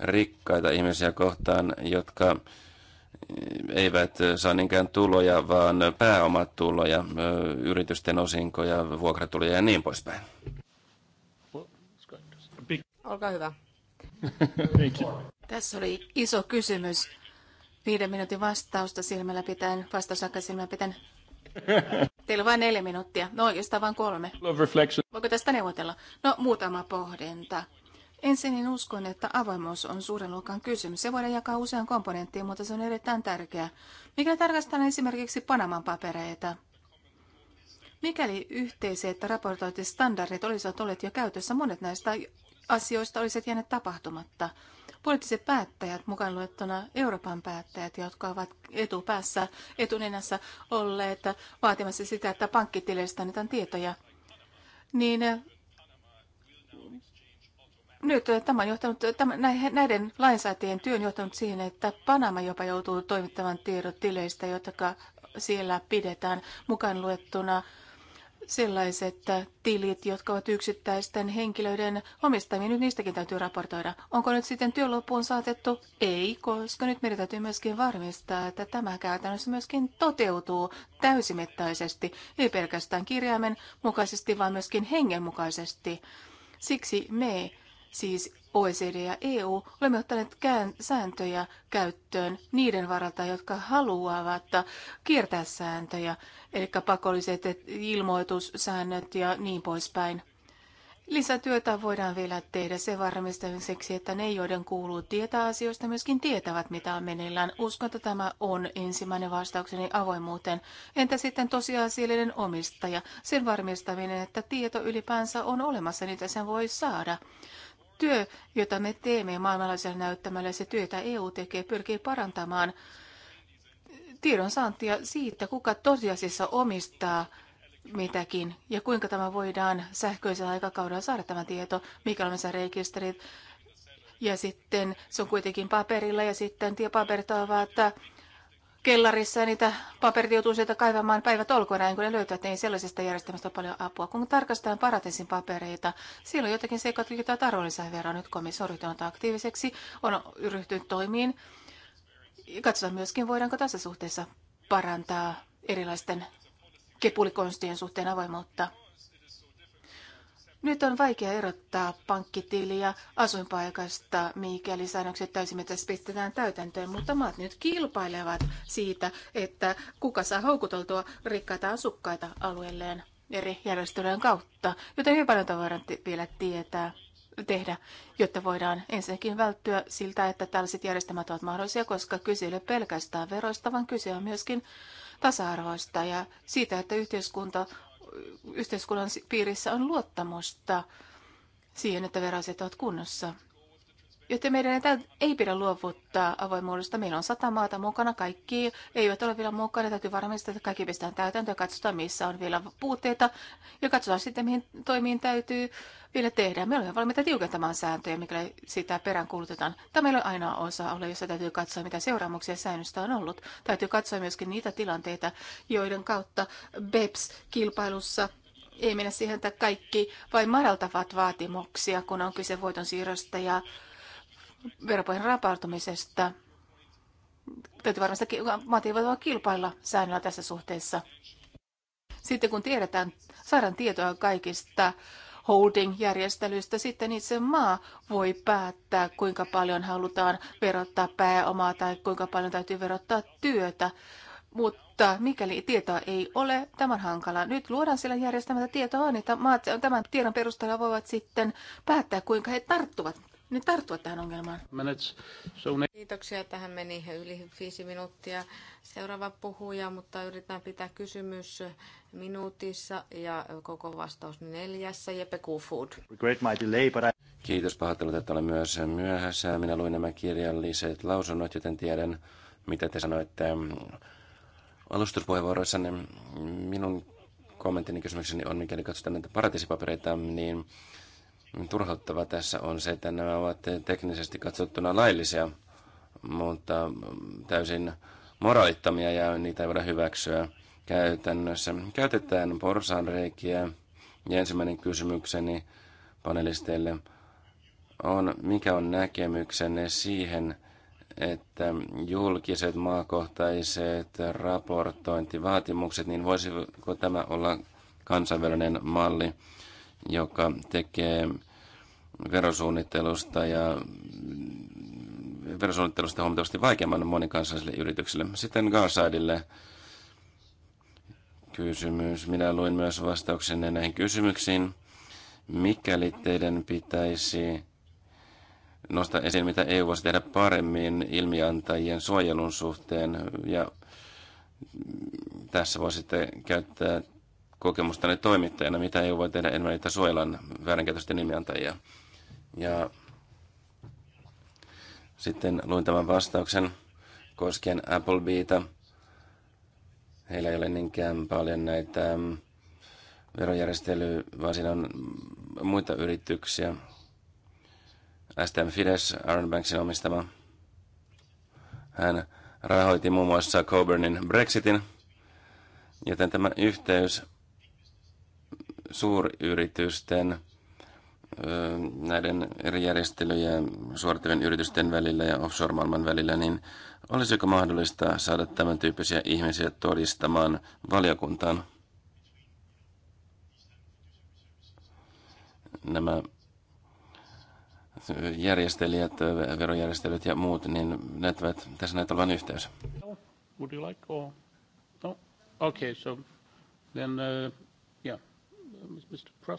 rikkaita ihmisiä kohtaan, jotka eivät saa niinkään tuloja, vaan pääomatuloja, yritysten osinkoja, vuokratuloja ja niin poispäin. Olkaa hyvä. Tässä oli iso kysymys. Viiden minuutin vastausta silmällä pitäen, vastausakka silmällä pitäen. Teillä on vain neljä minuuttia. No oikeastaan vain kolme. Voiko tästä neuvotella? No muutama pohdinta. Ensin niin uskon, että avoimuus on suuren luokan kysymys. Se voidaan jakaa usean komponenttiin, mutta se on erittäin tärkeää. Mikä tarkastaa esimerkiksi Panaman papereita? Mikäli yhteiset raportointistandardit olisivat olleet jo käytössä, monet näistä asioista olisivat jääneet tapahtumatta. Poliittiset päättäjät, mukaan luettuna Euroopan päättäjät, jotka ovat etupäässä, etunenässä olleet vaatimassa sitä, että pankkitileistä annetaan tietoja, niin eh, nyt eh, tämä on johtanut, tämän, näiden lainsäätien työ on johtanut siihen, että Panama jopa joutuu toimittamaan tiedot tileistä, jotka siellä pidetään mukaan luettuna sellaiset tilit, jotka ovat yksittäisten henkilöiden omistamia, nyt niistäkin täytyy raportoida. Onko nyt sitten työn loppuun saatettu? Ei, koska nyt meidän täytyy myöskin varmistaa, että tämä käytännössä myöskin toteutuu täysimittaisesti, ei pelkästään kirjaimen mukaisesti, vaan myöskin hengen mukaisesti. Siksi me siis OECD ja EU, olemme ottaneet kään, sääntöjä käyttöön niiden varalta, jotka haluavat kiertää sääntöjä, eli pakolliset ilmoitussäännöt ja niin poispäin. Lisätyötä voidaan vielä tehdä sen varmistamiseksi, että ne, joiden kuuluu tietää asioista, myöskin tietävät, mitä on meneillään. Uskon, että tämä on ensimmäinen vastaukseni avoimuuteen. Entä sitten tosiasiallinen omistaja? Sen varmistaminen, että tieto ylipäänsä on olemassa, niitä sen voi saada työ, jota me teemme maailmanlaisella näyttämällä, se työtä EU tekee, pyrkii parantamaan tiedonsaantia siitä, kuka tosiasiassa omistaa mitäkin ja kuinka tämä voidaan sähköisellä aikakaudella saada tämä tieto, mikä on rekisterit. Ja sitten se on kuitenkin paperilla ja sitten paperit ovat kellarissa ja niitä paperit joutuu sieltä kaivamaan päivät olkoina, kun ne että ei niin sellaisesta järjestelmästä ole paljon apua. Kun tarkastetaan paratensin papereita, siellä on jotakin seikat liitetään arvonlisäveroa. Nyt komissio on ryhtynyt aktiiviseksi, on ryhtynyt toimiin. Katsotaan myöskin, voidaanko tässä suhteessa parantaa erilaisten kepulikonstien suhteen avoimuutta. Nyt on vaikea erottaa pankkitiliä asuinpaikasta, mikäli säännökset täysimetässä pistetään täytäntöön, mutta maat nyt kilpailevat siitä, että kuka saa houkuteltua rikkaita asukkaita alueelleen eri järjestelyjen kautta, joten hyvin paljon voidaan vielä tietää tehdä, jotta voidaan ensinnäkin välttyä siltä, että tällaiset järjestelmät ovat mahdollisia, koska kyse ei ole pelkästään veroista, vaan kyse on myöskin tasa-arvoista ja siitä, että yhteiskunta yhteiskunnan piirissä on luottamusta siihen, että veroasiat ovat kunnossa. Joten meidän ei, ei pidä luovuttaa avoimuudesta. Meillä on sata maata mukana, kaikki eivät ole vielä mukana. Täytyy varmistaa, että kaikki pistetään täytäntöön, katsotaan missä on vielä puutteita ja katsotaan sitten, mihin toimiin täytyy vielä tehdä. Me olemme valmiita tiukentamaan sääntöjä, mikä sitä peräänkuulutetaan. Tämä meillä on aina osa ole, jossa täytyy katsoa, mitä seuraamuksia säännöstä on ollut. Täytyy katsoa myöskin niitä tilanteita, joiden kautta BEPS-kilpailussa ei mennä siihen, että kaikki vain madaltavat vaatimuksia, kun on kyse voiton siirrosta ja veropohjan rapautumisesta. Täytyy varmasti, maat voidaan voi kilpailla säännöllä tässä suhteessa. Sitten kun tiedetään, saadaan tietoa kaikista holding-järjestelyistä, sitten itse maa voi päättää, kuinka paljon halutaan verottaa pääomaa tai kuinka paljon täytyy verottaa työtä. Mutta mikäli tietoa ei ole, tämän hankala. Nyt luodaan sillä järjestelmällä tietoa niin että maat tämän tiedon perusteella voivat sitten päättää, kuinka he tarttuvat ne tarttua tähän ongelmaan. Kiitoksia. Tähän meni yli viisi minuuttia. Seuraava puhuja, mutta yritetään pitää kysymys minuutissa ja koko vastaus neljässä. Jeppe Kufood. Kiitos pahoittelut, että olen myös myöhässä. Minä luin nämä kirjalliset lausunnot, joten tiedän, mitä te sanoitte mm, alustuspuheenvuoroissa. Minun kommenttini kysymykseni on, mikäli katsotaan näitä paratiisipapereita, niin turhauttava tässä on se, että nämä ovat teknisesti katsottuna laillisia, mutta täysin moraalittomia ja niitä ei voida hyväksyä käytännössä. Käytetään porsaanreikiä ja ensimmäinen kysymykseni panelisteille on, mikä on näkemyksenne siihen, että julkiset maakohtaiset raportointivaatimukset, niin voisiko tämä olla kansainvälinen malli joka tekee verosuunnittelusta ja verosuunnittelusta huomattavasti vaikeamman monikansallisille yrityksille. Sitten Garsideille kysymys. Minä luin myös vastauksenne näihin kysymyksiin. Mikäli teidän pitäisi nostaa esiin, mitä EU voisi tehdä paremmin ilmiantajien suojelun suhteen ja tässä voisitte käyttää kokemustani toimittajana, mitä ei voi tehdä enemmän, niitä suojelan väärinkäytösten nimiantajia. Ja sitten luin tämän vastauksen koskien Applebeeta. Heillä ei ole niinkään paljon näitä verojärjestelyä, vaan siinä on muita yrityksiä. STM Fides, Aaron Banksin omistama. Hän rahoitti muun muassa Coburnin Brexitin, joten tämä yhteys suuryritysten, näiden eri järjestelyjä suorittavien yritysten välillä ja offshore-maailman välillä, niin olisiko mahdollista saada tämän tyyppisiä ihmisiä todistamaan valiokuntaan? Nämä järjestelijät, verojärjestelyt ja muut, niin näyttävät, tässä näitä olevan yhteys. Would you like or... No? Okay, so then uh, Mr.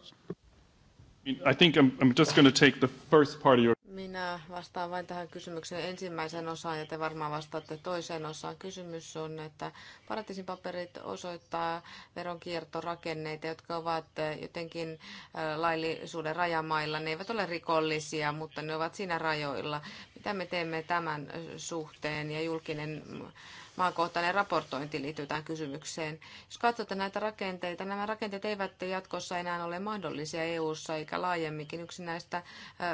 I think I'm, just going to take the first part of your... Minä vastaan vain tähän kysymykseen. ensimmäisen osaan ja te varmaan vastaatte toiseen osaan. Kysymys on, että paratiisin paperit osoittaa veronkiertorakenneita, jotka ovat eh, jotenkin eh, laillisuuden rajamailla. Ne eivät ole rikollisia, mutta ne ovat siinä rajoilla. Mitä me teemme tämän eh, suhteen ja julkinen mm, maankohtainen raportointi liittyy tähän kysymykseen. Jos katsotte näitä rakenteita, nämä rakenteet eivät jatkossa enää ole mahdollisia EU-ssa eikä laajemminkin. Yksi näistä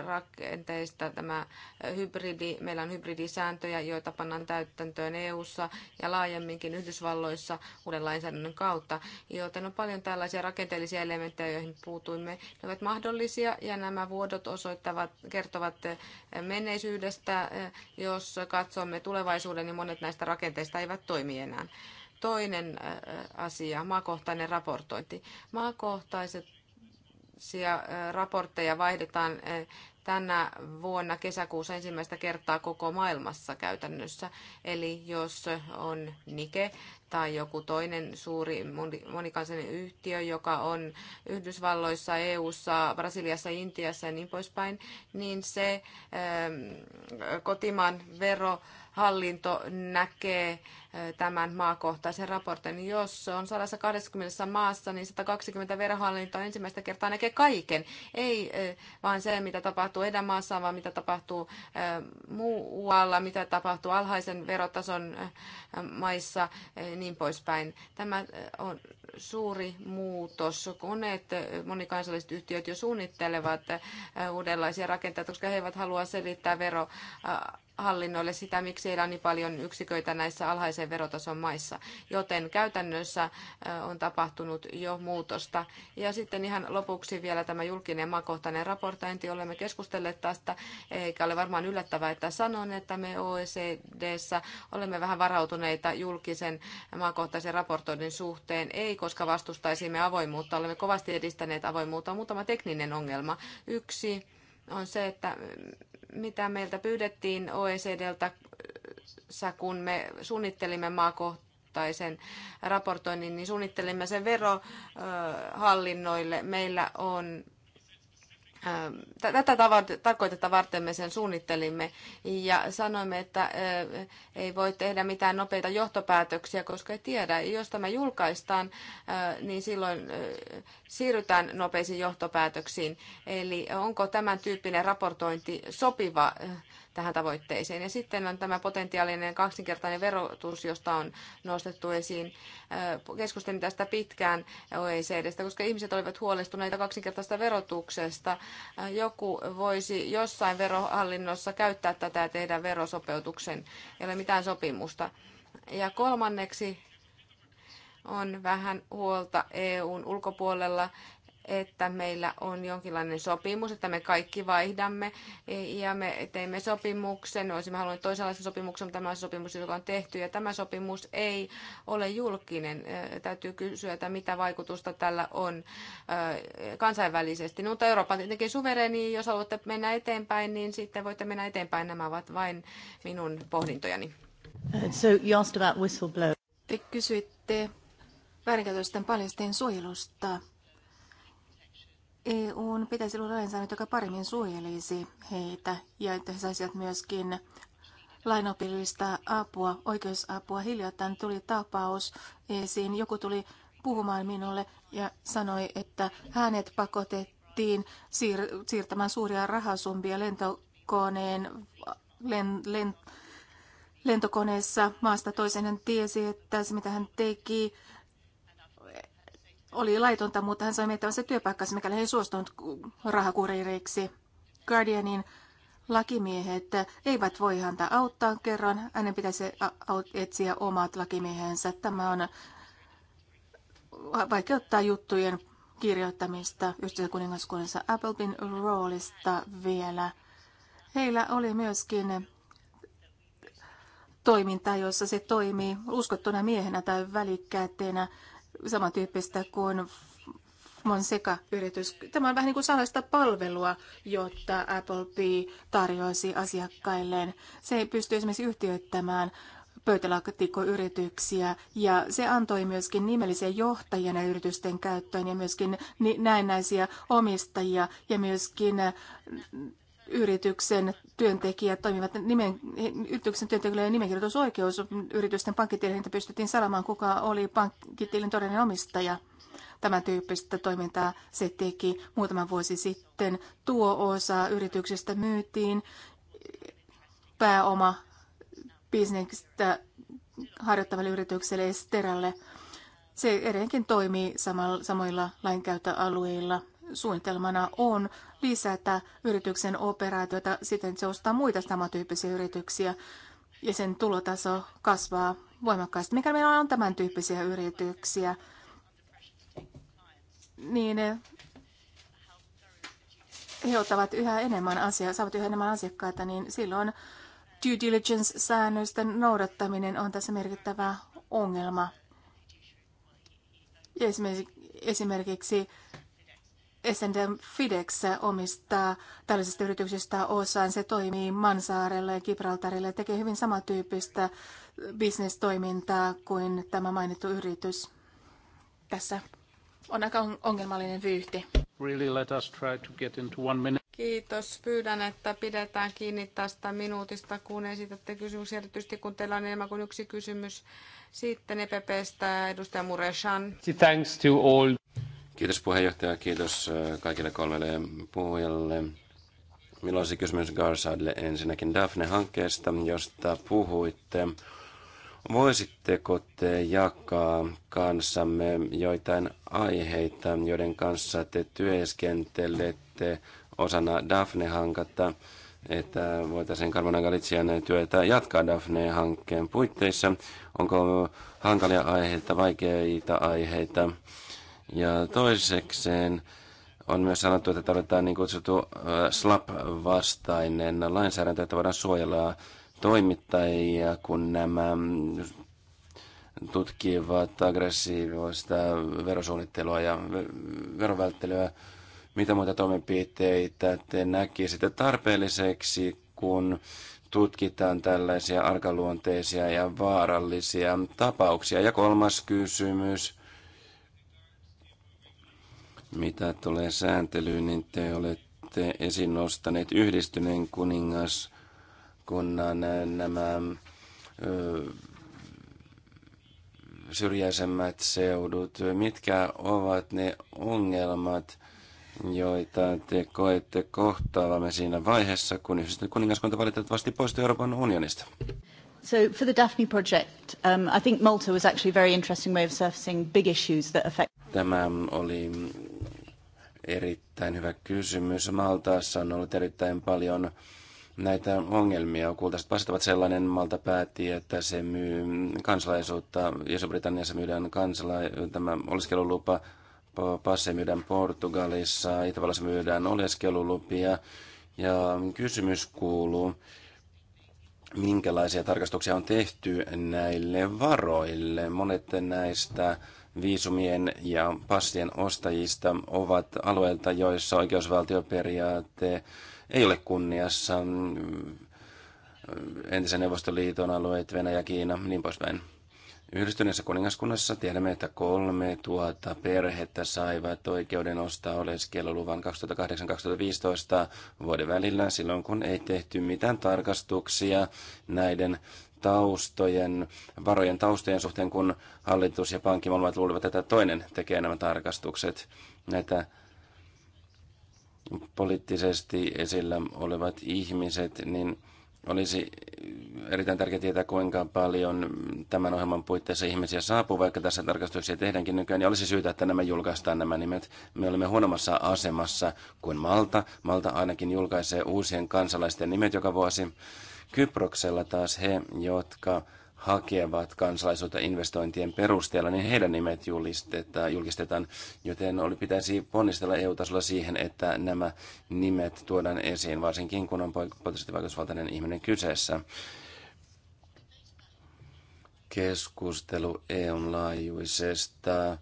rakenteista tämä hybridi, meillä on hybridisääntöjä, joita pannaan täyttäntöön EU-ssa ja laajemminkin Yhdysvalloissa uuden lainsäädännön kautta, joten on paljon tällaisia rakenteellisia elementtejä, joihin puutuimme. Ne ovat mahdollisia ja nämä vuodot osoittavat, kertovat menneisyydestä. Jos katsomme tulevaisuuden, niin monet näistä rakenteista puolesta eivät toimi enää. Toinen asia, maakohtainen raportointi. Maakohtaiset raportteja vaihdetaan tänä vuonna kesäkuussa ensimmäistä kertaa koko maailmassa käytännössä. Eli jos on Nike tai joku toinen suuri monikansallinen yhtiö, joka on Yhdysvalloissa, EU:ssa, Brasiliassa, Intiassa ja niin poispäin, niin se kotimaan vero hallinto näkee tämän maakohtaisen raportin. Jos on 120 maassa, niin 120 verohallinto ensimmäistä kertaa näkee kaiken. Ei vaan se, mitä tapahtuu edämaassa, vaan mitä tapahtuu muualla, mitä tapahtuu alhaisen verotason maissa, niin poispäin. Tämä on suuri muutos. Koneet, monikansalliset yhtiöt jo suunnittelevat uudenlaisia rakenteita, koska he eivät halua selittää vero hallinnoille sitä, miksi heillä on niin paljon yksiköitä näissä alhaisen verotason maissa. Joten käytännössä on tapahtunut jo muutosta. Ja sitten ihan lopuksi vielä tämä julkinen maakohtainen raportointi. Olemme keskustelleet tästä, eikä ole varmaan yllättävää, että sanon, että me OECDssä olemme vähän varautuneita julkisen maakohtaisen raportoinnin suhteen. Ei, koska vastustaisimme avoimuutta. Olemme kovasti edistäneet avoimuutta. On muutama tekninen ongelma. Yksi on se, että mitä meiltä pyydettiin OECDltä, äh, kun me suunnittelimme maakohtaisen raportoinnin, niin suunnittelimme sen verohallinnoille. Meillä on Ähm, tätä tarkoitetta varten me sen suunnittelimme ja sanoimme, että ei voi tehdä mitään nopeita johtopäätöksiä, koska ei tiedä. Jos tämä julkaistaan, niin silloin siirrytään nopeisiin johtopäätöksiin. Eli onko tämän tyyppinen raportointi sopiva tähän tavoitteeseen. Ja sitten on tämä potentiaalinen kaksinkertainen verotus, josta on nostettu esiin. Keskustelin tästä pitkään OECDstä, koska ihmiset olivat huolestuneita kaksinkertaista verotuksesta. Joku voisi jossain verohallinnossa käyttää tätä ja tehdä verosopeutuksen. Ei ole mitään sopimusta. Ja kolmanneksi on vähän huolta EUn ulkopuolella että meillä on jonkinlainen sopimus, että me kaikki vaihdamme ja me teimme sopimuksen. Olisimme halunneet toisenlaisen sopimuksen, mutta tämä on sopimus, joka on tehty ja tämä sopimus ei ole julkinen. Täytyy kysyä, että mitä vaikutusta tällä on kansainvälisesti. No, mutta Eurooppa on tietenkin suvereni, jos haluatte mennä eteenpäin, niin sitten voitte mennä eteenpäin. Nämä ovat vain minun pohdintojani. So you asked about whistleblower. Te kysyitte väärinkäytösten paljastajien suojelusta. EUn pitäisi olla lainsäädäntö, joka paremmin suojelisi heitä ja että he saisivat myöskin lainopillista apua, oikeusapua. Hiljattain tuli tapaus esiin. Joku tuli puhumaan minulle ja sanoi, että hänet pakotettiin siir- siirtämään suuria rahasumpia lentokoneen len, len, lentokoneessa maasta toiseen. Hän tiesi, että se mitä hän teki oli laitonta, mutta hän sai se työpaikkansa, mikä hän ei suostunut rahakuririksi. Guardianin lakimiehet eivät voi häntä auttaa kerran. Hänen pitäisi etsiä omat lakimiehensä. Tämä on vaikeuttaa juttujen kirjoittamista yhdessä kuningaskunnassa Applebin roolista vielä. Heillä oli myöskin toimintaa, jossa se toimii uskottuna miehenä tai välikäteenä samantyyppistä kuin Monseca-yritys. Tämä on vähän niin kuin salaista palvelua, jotta Apple B tarjoaisi asiakkailleen. Se ei pysty esimerkiksi yhtiöittämään pöytälaatikkoyrityksiä ja se antoi myöskin nimellisiä johtajia yritysten käyttöön ja myöskin näennäisiä omistajia ja myöskin yrityksen työntekijät toimivat nimen, yrityksen työntekijöiden nimenkirjoitusoikeus. Yritysten pankkitilintä pystyttiin salamaan, kuka oli pankkitilin todellinen omistaja. Tämän tyyppistä toimintaa se teki muutama vuosi sitten. Tuo osa yrityksestä myytiin pääoma bisneksestä harjoittavalle yritykselle Esteralle. Se edelleenkin toimii samalla, samoilla lainkäyttöalueilla. Suunnitelmana on lisätä yrityksen operaatiota siten, että se ostaa muita samantyyppisiä yrityksiä ja sen tulotaso kasvaa voimakkaasti. Mikä meillä on tämän tyyppisiä yrityksiä, niin eh, he ottavat yhä enemmän asiaa, saavat yhä enemmän asiakkaita, niin silloin due diligence-säännösten noudattaminen on tässä merkittävä ongelma. Esimerkiksi SND Fidex omistaa tällaisista yrityksistä osaan. Se toimii Mansaarelle ja Gibraltarille ja tekee hyvin samantyyppistä bisnestoimintaa kuin tämä mainittu yritys. Tässä on aika ongelmallinen vyyhti. Really let us try to get into one minute. Kiitos. Pyydän, että pidetään kiinni tästä minuutista, kun esitätte kysymyksiä, erityisesti kun teillä on enemmän kuin yksi kysymys. Sitten EPPstä edustaja Mureshan. Thanks to all. Kiitos puheenjohtaja, kiitos äh, kaikille kolmelle puhujalle. Milloin se kysymys Garsadille ensinnäkin Daphne-hankkeesta, josta puhuitte? Voisitteko te jakaa kanssamme joitain aiheita, joiden kanssa te työskentelette osana Daphne-hanketta, että voitaisiin Carmona Galician työtä jatkaa Daphne-hankkeen puitteissa? Onko hankalia aiheita, vaikeita aiheita? Ja toisekseen on myös sanottu, että tarvitaan niin kutsuttu SLAP-vastainen lainsäädäntö, että voidaan suojella toimittajia, kun nämä tutkivat aggressiivista verosuunnittelua ja verovälttelyä. Mitä muita toimenpiteitä te näkisitte tarpeelliseksi, kun tutkitaan tällaisia arkaluonteisia ja vaarallisia tapauksia? Ja kolmas kysymys – mitä tulee sääntelyyn, niin te olette esiin nostaneet yhdistyneen kuningaskunnan eh, nämä ö, syrjäisemmät seudut. Mitkä ovat ne ongelmat, joita te koette kohtaavamme siinä vaiheessa, kun yhdistynyt kuningaskunta valitettavasti poistui Euroopan unionista? So for the Daphne project, um, I think Malta was actually a very interesting way of surfacing big issues that affect... Tämä oli Erittäin hyvä kysymys. Maltaassa on ollut erittäin paljon näitä ongelmia. Kultaiset vastaavat ovat sellainen, Malta päätti, että se myy kansalaisuutta. Iso-Britanniassa myydään kansala- tämä oleskelulupa, Passe myydään Portugalissa, Itävallassa myydään oleskelulupia. Ja kysymys kuuluu, minkälaisia tarkastuksia on tehty näille varoille. Monet näistä viisumien ja passien ostajista ovat alueilta, joissa oikeusvaltioperiaate ei ole kunniassa. Entisen Neuvostoliiton alueet, Venäjä, Kiina, niin poispäin. Yhdistyneessä kuningaskunnassa tiedämme, että kolme tuhatta perhettä saivat oikeuden ostaa oleskeluluvan 2008-2015 vuoden välillä silloin, kun ei tehty mitään tarkastuksia näiden taustojen, varojen taustojen suhteen, kun hallitus ja pankki molemmat luulivat, että toinen tekee nämä tarkastukset. Näitä poliittisesti esillä olevat ihmiset, niin olisi erittäin tärkeää tietää, kuinka paljon tämän ohjelman puitteissa ihmisiä saapuu, vaikka tässä tarkastuksia tehdäänkin nykyään, niin olisi syytä, että nämä julkaistaan nämä nimet. Me olemme huonommassa asemassa kuin Malta. Malta ainakin julkaisee uusien kansalaisten nimet joka vuosi. Kyproksella taas he, jotka hakevat kansalaisuutta investointien perusteella, niin heidän nimet julistetaan, julkistetaan, joten oli, pitäisi ponnistella EU-tasolla siihen, että nämä nimet tuodaan esiin, varsinkin kun on poliittisesti vaikutusvaltainen ihminen kyseessä. Keskustelu eu laajuisesta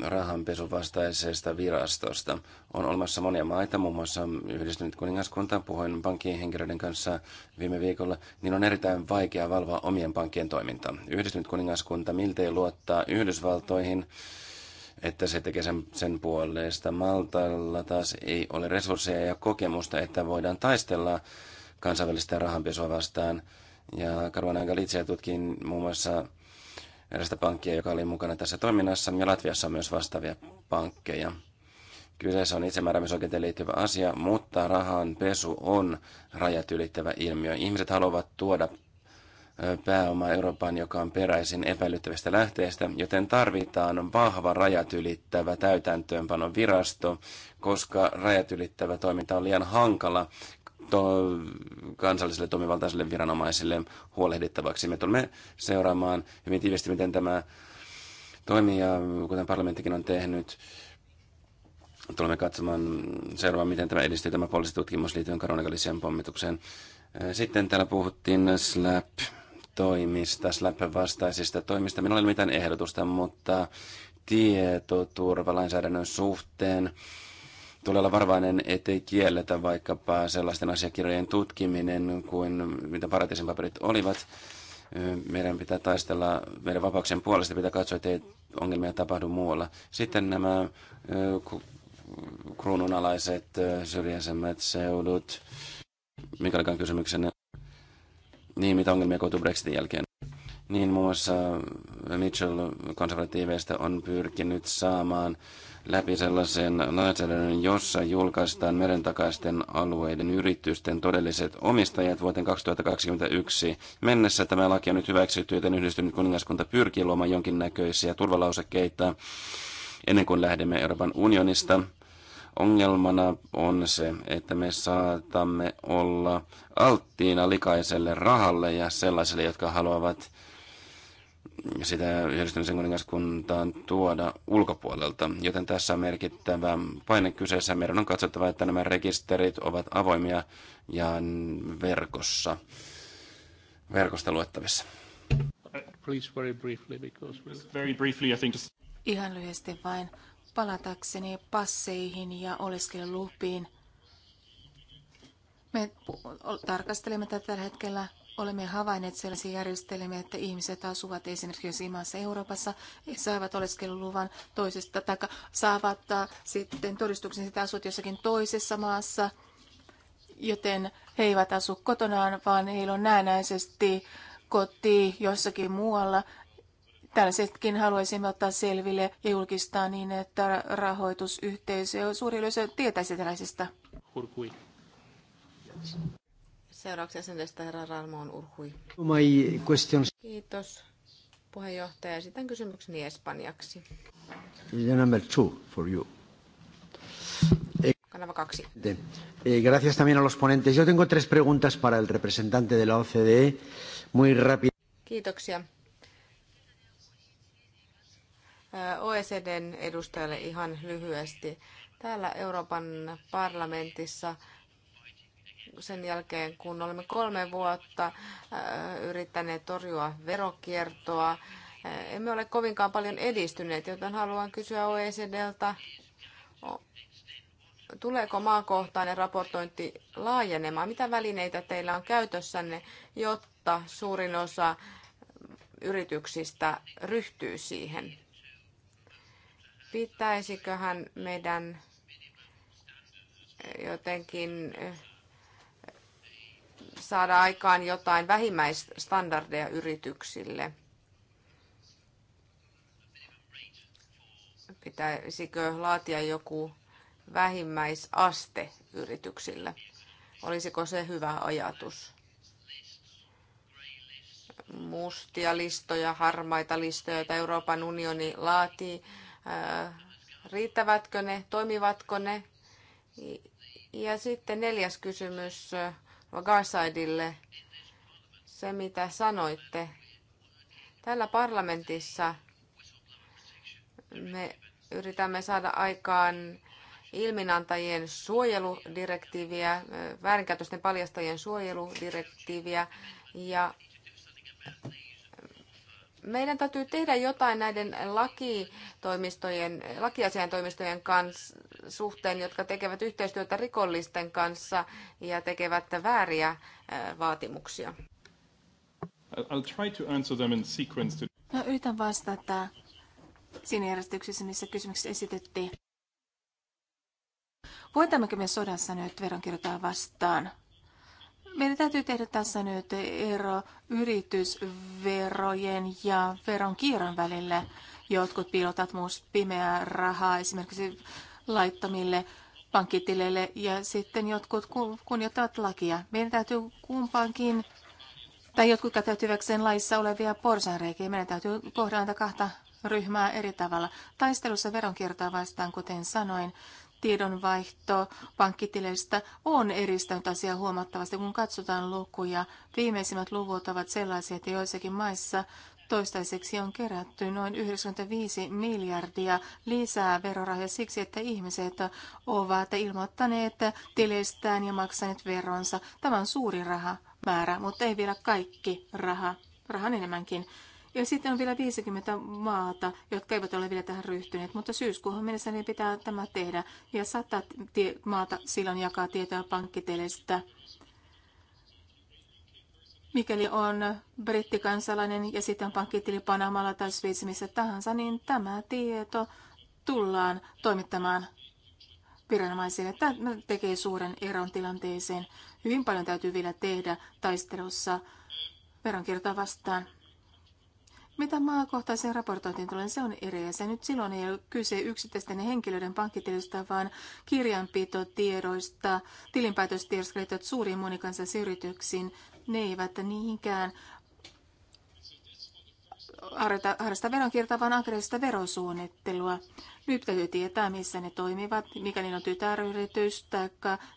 rahanpesun vastaisesta virastosta. On olemassa monia maita, muun muassa yhdistynyt kuningaskunta, puhuin pankkien henkilöiden kanssa viime viikolla, niin on erittäin vaikea valvoa omien pankkien toimintaa. Yhdistynyt kuningaskunta miltei luottaa Yhdysvaltoihin, että se tekee sen, sen puolesta. Maltalla taas ei ole resursseja ja kokemusta, että voidaan taistella kansainvälistä rahanpesua vastaan. Ja Caruana Galizia tutkin muun muassa erästä pankkia, joka oli mukana tässä toiminnassa, ja Latviassa on myös vastaavia pankkeja. Kyseessä on itsemääräämisoikeuteen liittyvä asia, mutta rahan pesu on rajat ylittävä ilmiö. Ihmiset haluavat tuoda pääomaa Euroopan, joka on peräisin epäilyttävistä lähteistä, joten tarvitaan vahva rajat ylittävä täytäntöönpanon virasto, koska rajat ylittävä toiminta on liian hankala to, kansallisille toimivaltaiselle viranomaisille huolehdittavaksi. Me tulemme seuraamaan hyvin tiivisti, miten tämä toimii ja kuten parlamenttikin on tehnyt, tulemme katsomaan seuraavaan, miten tämä edistyy tämä poliisitutkimus liittyen koronakalisian pommitukseen. Sitten täällä puhuttiin SLAP toimista, SLAP-vastaisista toimista. Minulla ei ole mitään ehdotusta, mutta tietoturvalainsäädännön suhteen todella varvainen, ettei kielletä vaikkapa sellaisten asiakirjojen tutkiminen kuin mitä paratiisin paperit olivat. Meidän pitää taistella meidän vapauksien puolesta, pitää katsoa, ettei ongelmia tapahdu muualla. Sitten nämä kruununalaiset syrjäisemmät seudut. Mikä olikaan kysymyksenä? Niin, mitä ongelmia koituu Brexitin jälkeen? Niin muun muassa Mitchell konservatiiveista on pyrkinyt saamaan läpi sellaisen lainsäädännön, jossa julkaistaan merentakaisten alueiden yritysten todelliset omistajat vuoteen 2021 mennessä. Tämä laki on nyt hyväksytty, joten yhdistynyt kuningaskunta pyrkii luomaan jonkinnäköisiä turvalausekkeita ennen kuin lähdemme Euroopan unionista. Ongelmana on se, että me saatamme olla alttiina likaiselle rahalle ja sellaisille, jotka haluavat sitä yhdistymisen kuningaskuntaan tuoda ulkopuolelta. Joten tässä on merkittävä paine kyseessä. Meidän on katsottava, että nämä rekisterit ovat avoimia ja verkossa, verkosta luettavissa. Ihan lyhyesti vain palatakseni passeihin ja oleskelulupiin. Me tarkastelemme tätä tällä hetkellä Olemme havainneet sellaisia järjestelmiä, että ihmiset asuvat esimerkiksi maassa Euroopassa, saavat oleskeluluvan toisesta, tai saavat äh, sitten todistuksen, että asut jossakin toisessa maassa, joten he eivät asu kotonaan, vaan heillä on näennäisesti koti jossakin muualla. Tällaisetkin haluaisimme ottaa selville ja julkistaa niin, että rahoitusyhteisö ja suuri yleisö tietäisi tällaisista. Seuraavaksi jäsenestä herra Ralmoon Urhui. My questions. Kiitos puheenjohtaja. Esitän kysymykseni espanjaksi. The number two for you. Kanava kaksi. Eh, gracias también a los ponentes. Yo tengo tres preguntas para el representante de la OCDE. Muy rápido. Kiitoksia. OECDn edustajalle ihan lyhyesti. Täällä Euroopan parlamentissa sen jälkeen, kun olemme kolme vuotta äh, yrittäneet torjua verokiertoa, äh, emme ole kovinkaan paljon edistyneet, joten haluan kysyä OECDltä, tuleeko maakohtainen raportointi laajenemaan? Mitä välineitä teillä on käytössänne, jotta suurin osa äh, yrityksistä ryhtyy siihen? Pitäisiköhän meidän jotenkin saada aikaan jotain vähimmäisstandardeja yrityksille? Pitäisikö laatia joku vähimmäisaste yrityksille? Olisiko se hyvä ajatus? Mustia listoja, harmaita listoja, joita Euroopan unioni laatii. Äh, riittävätkö ne? Toimivatko ne? Ja sitten neljäs kysymys Garsaidille se, mitä sanoitte. Täällä parlamentissa me yritämme saada aikaan ilminantajien suojeludirektiiviä, väärinkäytösten paljastajien suojeludirektiiviä ja meidän täytyy tehdä jotain näiden lakitoimistojen, lakiasiantoimistojen kanssa, suhteen, jotka tekevät yhteistyötä rikollisten kanssa ja tekevät vääriä äh, vaatimuksia. I'll try to answer them in sequence to... No, yritän vastata siinä järjestyksessä, missä kysymykset esitettiin. Voitammeko me sodassa nyt veronkirjoittaa vastaan? Meidän täytyy tehdä tässä nyt ero yritysverojen ja veronkierron välillä. Jotkut piilotat muus pimeää rahaa esimerkiksi laittomille pankkitileille ja sitten jotkut kunnioittavat lakia. Meidän täytyy kumpaankin, tai jotkut käyttäytyväkseen laissa olevia porsanreikiä. Meidän täytyy kohdata kahta ryhmää eri tavalla. Taistelussa veronkiertoa vastaan, kuten sanoin, tiedonvaihto pankkitileistä on eristänyt asiaa huomattavasti, kun katsotaan lukuja. Viimeisimmät luvut ovat sellaisia, että joissakin maissa toistaiseksi on kerätty noin 95 miljardia lisää verorahoja siksi, että ihmiset ovat ilmoittaneet tileistään ja maksaneet veronsa. Tämä on suuri rahamäärä, mutta ei vielä kaikki raha. Rahan enemmänkin. Ja sitten on vielä 50 maata, jotka eivät ole vielä tähän ryhtyneet, mutta syyskuuhun mennessä niin pitää tämä tehdä. Ja 100 tie- maata silloin jakaa tietoa pankkitelestä. Mikäli on brittikansalainen ja sitten on pankkitili Panamalla tai Sveitsissä missä tahansa, niin tämä tieto tullaan toimittamaan viranomaisille. Tämä tekee suuren eron tilanteeseen. Hyvin paljon täytyy vielä tehdä taistelussa veronkiertoa vastaan. Mitä maakohtaisen raportointiin tulee, niin se on eri ja se nyt silloin ei ole kyse yksittäisten henkilöiden pankkitilistä, vaan kirjanpitotiedoista, tilinpäätöstiedosta liittyvät suuriin monikansallisiin yrityksiin. Ne eivät niinkään harrasta, veronkiertoa, vaan aggressiivista verosuunnittelua. Nyt täytyy tietää, missä ne toimivat, mikä niillä on tytäryritys tai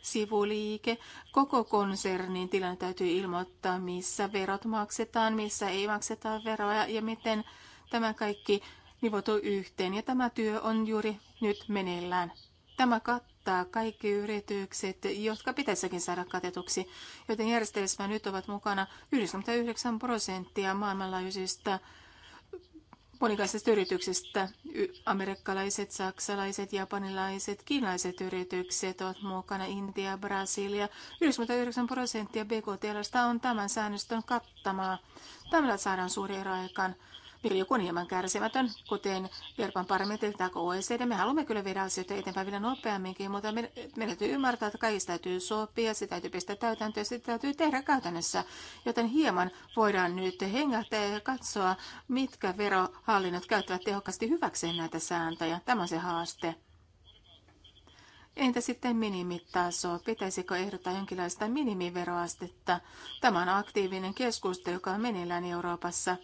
sivuliike. Koko konsernin tilanne täytyy ilmoittaa, missä verot maksetaan, missä ei makseta veroja ja miten tämä kaikki nivoutuu yhteen. Ja tämä työ on juuri nyt meneillään. Tämä kattaa kaikki yritykset, jotka pitäisikin saada katetuksi, joten järjestelmä nyt ovat mukana 99 prosenttia maailmanlaajuisista monikaisista yrityksistä. Amerikkalaiset, saksalaiset, japanilaiset, kiinalaiset yritykset ovat mukana, Intia, Brasilia. 99 prosenttia BKT on tämän säännöstön kattamaa. Tällä saadaan suuri ero aikaan. Meillä joku on hieman kärsimätön, kuten Euroopan parlamentti tai OECD. Me haluamme kyllä viedä asioita eteenpäin vielä nopeamminkin, mutta meidän me täytyy ymmärtää, että kaikista täytyy sopia, sitä täytyy pistää täytäntöön, sitä täytyy tehdä käytännössä. Joten hieman voidaan nyt hengähtää ja katsoa, mitkä verohallinnot käyttävät tehokkaasti hyväkseen näitä sääntöjä. Tämä on se haaste. Entä sitten minimitaso? Pitäisikö ehdottaa jonkinlaista minimiveroastetta? Tämä on aktiivinen keskustelu, joka on meneillään Euroopassa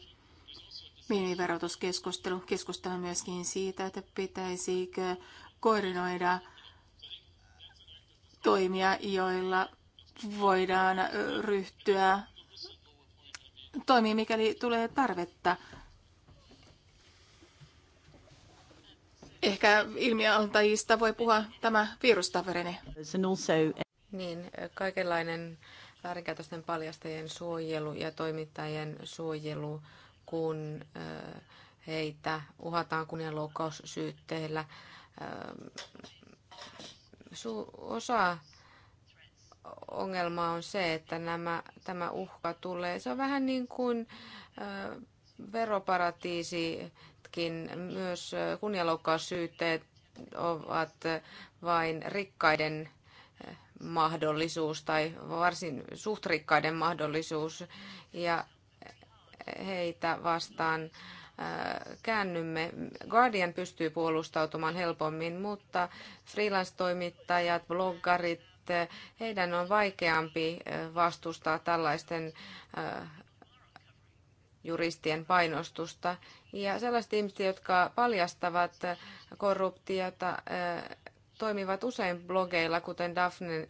minimiverotuskeskustelu. Keskustella myöskin siitä, että pitäisikö koordinoida toimia, joilla voidaan ryhtyä toimii, mikäli tulee tarvetta. Ehkä ilmiöntajista voi puhua tämä virustavereni. Eh, niin, kaikenlainen väärinkäytösten paljastajien suojelu ja toimittajien suojelu kun heitä uhataan kunnianloukkaussyytteillä. Osa ongelmaa on se, että nämä, tämä uhka tulee. Se on vähän niin kuin veroparatiisitkin, myös kunnianloukkaussyytteet ovat vain rikkaiden mahdollisuus tai varsin suht rikkaiden mahdollisuus. Ja heitä vastaan äh, käännymme. Guardian pystyy puolustautumaan helpommin, mutta freelance-toimittajat, bloggarit, heidän on vaikeampi äh, vastustaa tällaisten äh, juristien painostusta. Ja sellaiset ihmiset, jotka paljastavat korruptiota, toimivat usein blogeilla, kuten Daphne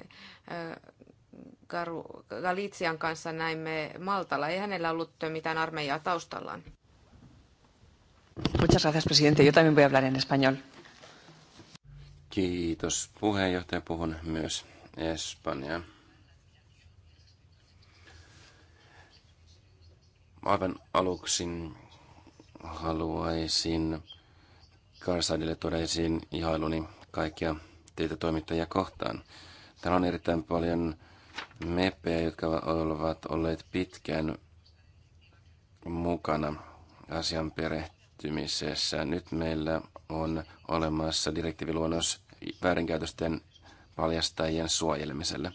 Galitsian kanssa näimme Maltalla. Ei hänellä ollut mitään armeijaa taustallaan. Muchas gracias, presidente. Yo también voy a hablar en español. Kiitos puheenjohtaja. Puhun myös espanjaa. Aivan aluksi haluaisin Karsadille tuoda esiin ihailuni kaikkia teitä toimittajia kohtaan. Täällä on erittäin paljon meppejä, jotka ovat olleet pitkään mukana asian perehtymisessä. Nyt meillä on olemassa direktiiviluonnos väärinkäytösten paljastajien suojelemiselle.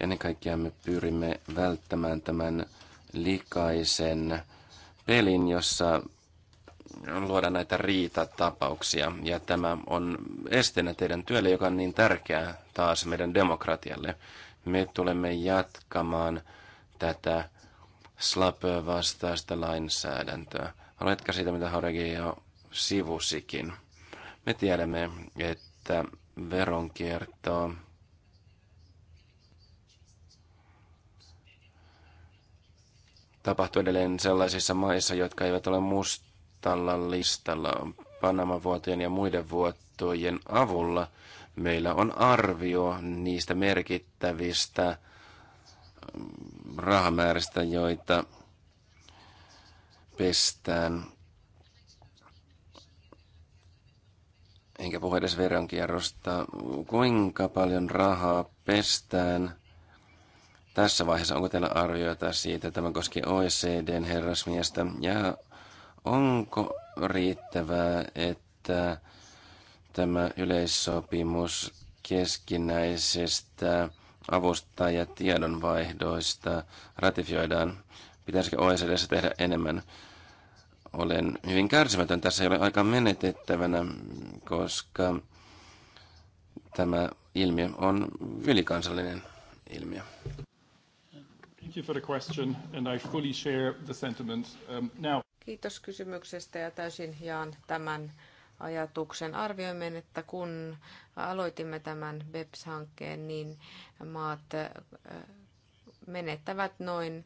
Ennen kaikkea me pyrimme välttämään tämän likaisen pelin, jossa luodaan näitä riitatapauksia. Ja tämä on esteenä teidän työlle, joka on niin tärkeää taas meidän demokratialle. Me tulemme jatkamaan tätä slapöä vastaista lainsäädäntöä. Oletko siitä, mitä Horegi jo sivusikin? Me tiedämme, että veronkierto tapahtuu edelleen sellaisissa maissa, jotka eivät ole mustalla listalla panama vuotien ja muiden vuotojen avulla – meillä on arvio niistä merkittävistä mm, rahamääristä, joita pestään. Enkä puhu edes veronkierrosta. Kuinka paljon rahaa pestään tässä vaiheessa? Onko teillä arvioita siitä? Tämä koski OECDn herrasmiestä. Ja onko riittävää, että tämä yleissopimus keskinäisestä avusta ja tiedonvaihdoista ratifioidaan. Pitäisikö OECDssä tehdä enemmän? Olen hyvin kärsimätön. Tässä ei ole aika menetettävänä, koska tämä ilmiö on ylikansallinen ilmiö. Um, Kiitos kysymyksestä ja täysin jaan tämän ajatuksen. Arvioimme, että kun aloitimme tämän BEPS-hankkeen, niin maat äh, menettävät noin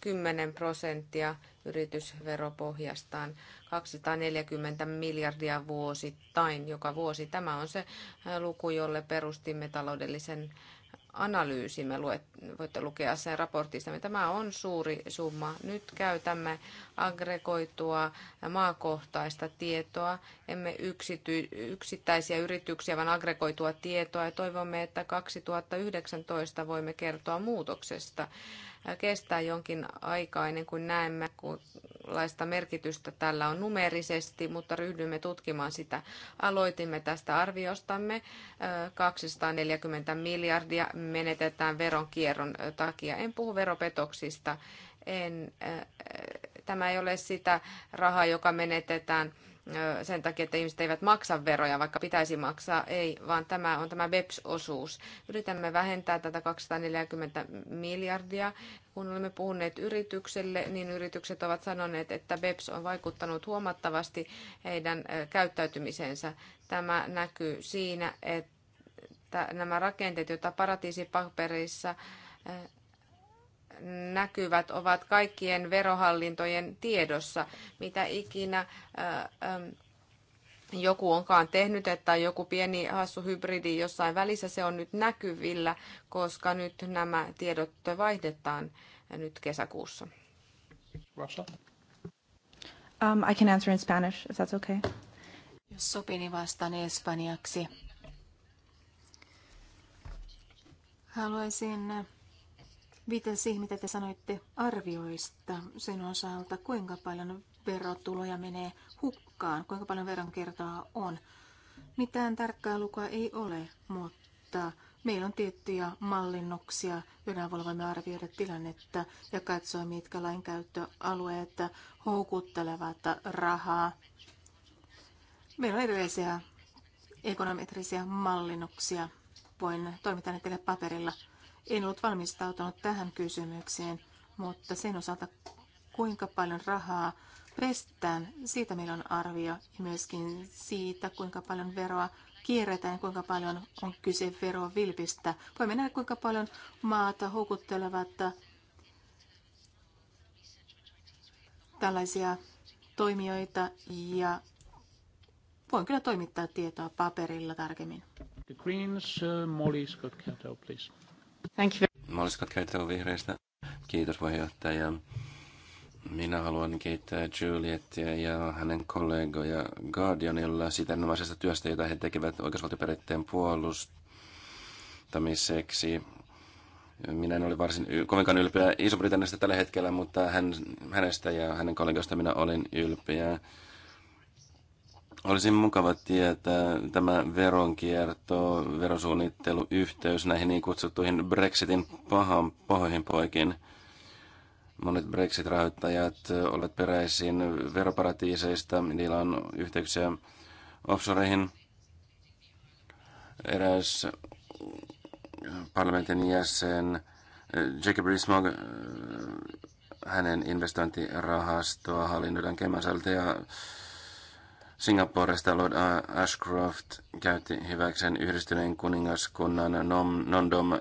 10 äh, prosenttia yritysveropohjastaan 240 miljardia vuosittain joka vuosi. Tämä on se äh, luku, jolle perustimme taloudellisen analyysimme, luet, voitte lukea sen raportista. Tämä on suuri summa. Nyt käytämme aggregoitua maakohtaista tietoa, emme yksity, yksittäisiä yrityksiä, vaan aggregoitua tietoa. Ja toivomme, että 2019 voimme kertoa muutoksesta kestää jonkin aikaa ennen kuin näemme, kuinlaista merkitystä tällä on numerisesti, mutta ryhdymme tutkimaan sitä. Aloitimme tästä arviostamme. 240 miljardia menetetään veronkierron takia. En puhu veropetoksista. En, tämä ei ole sitä rahaa, joka menetetään sen takia, että ihmiset eivät maksa veroja, vaikka pitäisi maksaa, ei, vaan tämä on tämä BEPS-osuus. Yritämme vähentää tätä 240 miljardia. Kun olemme puhuneet yritykselle, niin yritykset ovat sanoneet, että BEPS on vaikuttanut huomattavasti heidän käyttäytymisensä. Tämä näkyy siinä, että nämä rakenteet, joita paratiisipapereissa näkyvät, ovat kaikkien verohallintojen tiedossa. Mitä ikinä joku onkaan tehnyt, että joku pieni hassu hybridi jossain välissä, se on nyt näkyvillä, koska nyt nämä tiedot vaihdetaan nyt kesäkuussa. Russia. Um, I can answer in Spanish, if that's okay. Jos sopii, niin vastaan espanjaksi. Haluaisin Viitan siihen, mitä te sanoitte arvioista sen osalta, kuinka paljon verotuloja menee hukkaan, kuinka paljon veronkertoa on. Mitään tarkkaa lukua ei ole, mutta meillä on tiettyjä mallinnuksia, joiden avulla voimme arvioida tilannetta ja katsoa, mitkä lainkäyttöalueet houkuttelevat rahaa. Meillä on erilaisia ekonometrisiä mallinnuksia. Voin toimittaa ne teille paperilla. En ollut valmistautunut tähän kysymykseen, mutta sen osalta kuinka paljon rahaa pestään, siitä meillä on arvio. Ja myöskin siitä, kuinka paljon veroa kierretään, kuinka paljon on kyse veron vilpistä. Voimme nähdä, kuinka paljon maata houkuttelevat tällaisia toimijoita ja voin kyllä toimittaa tietoa paperilla tarkemmin. The Greens, uh, Molly Scott Cato, please. Thank you. Molliskat käyttää vihreistä. Kiitos puheenjohtaja. Minä haluan kiittää Julietia ja hänen kollegoja Guardianilla sitä erinomaisesta työstä, jota he tekevät oikeusvaltioperiaatteen puolustamiseksi. Minä en ole varsin kovinkaan ylpeä Iso-Britanniasta tällä hetkellä, mutta hän, hänestä ja hänen kollegoista minä olin ylpeä. Olisi mukava tietää tämä veronkierto, verosuunnittelu, yhteys näihin niin kutsuttuihin Brexitin pahan, pahoihin poikiin. Monet Brexit-rahoittajat ovat peräisin veroparatiiseista, niillä on yhteyksiä offshoreihin. Eräs parlamentin jäsen Jacob Rees-Mogg äh, hänen investointirahastoa hallinnoidaan Kemäseltä ja Singaporesta Lord Ashcroft käytti hyväkseen yhdistyneen kuningaskunnan non-dom eh,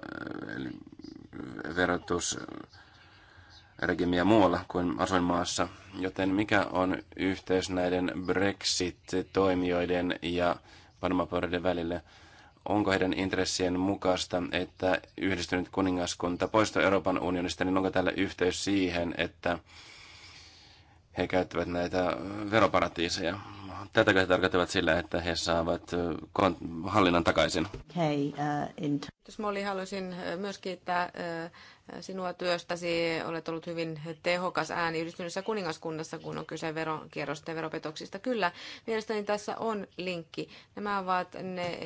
verotusregimiä muualla kuin asuinmaassa. Joten mikä on yhteys näiden Brexit-toimijoiden ja panama välille? Onko heidän intressien mukaista, että yhdistynyt kuningaskunta poistuu Euroopan unionista, niin onko tällä yhteys siihen, että he käyttävät näitä veroparatiiseja. Tätäkö he tarkoittavat sillä, että he saavat hallinnan takaisin? Okay, uh, Jos Molly, haluaisin myös kiittää sinua työstäsi. Olet ollut hyvin tehokas ääni yhdistyneessä kuningaskunnassa, kun on kyse veronkierrosta ja veropetoksista. Kyllä, mielestäni tässä on linkki. Nämä ovat ne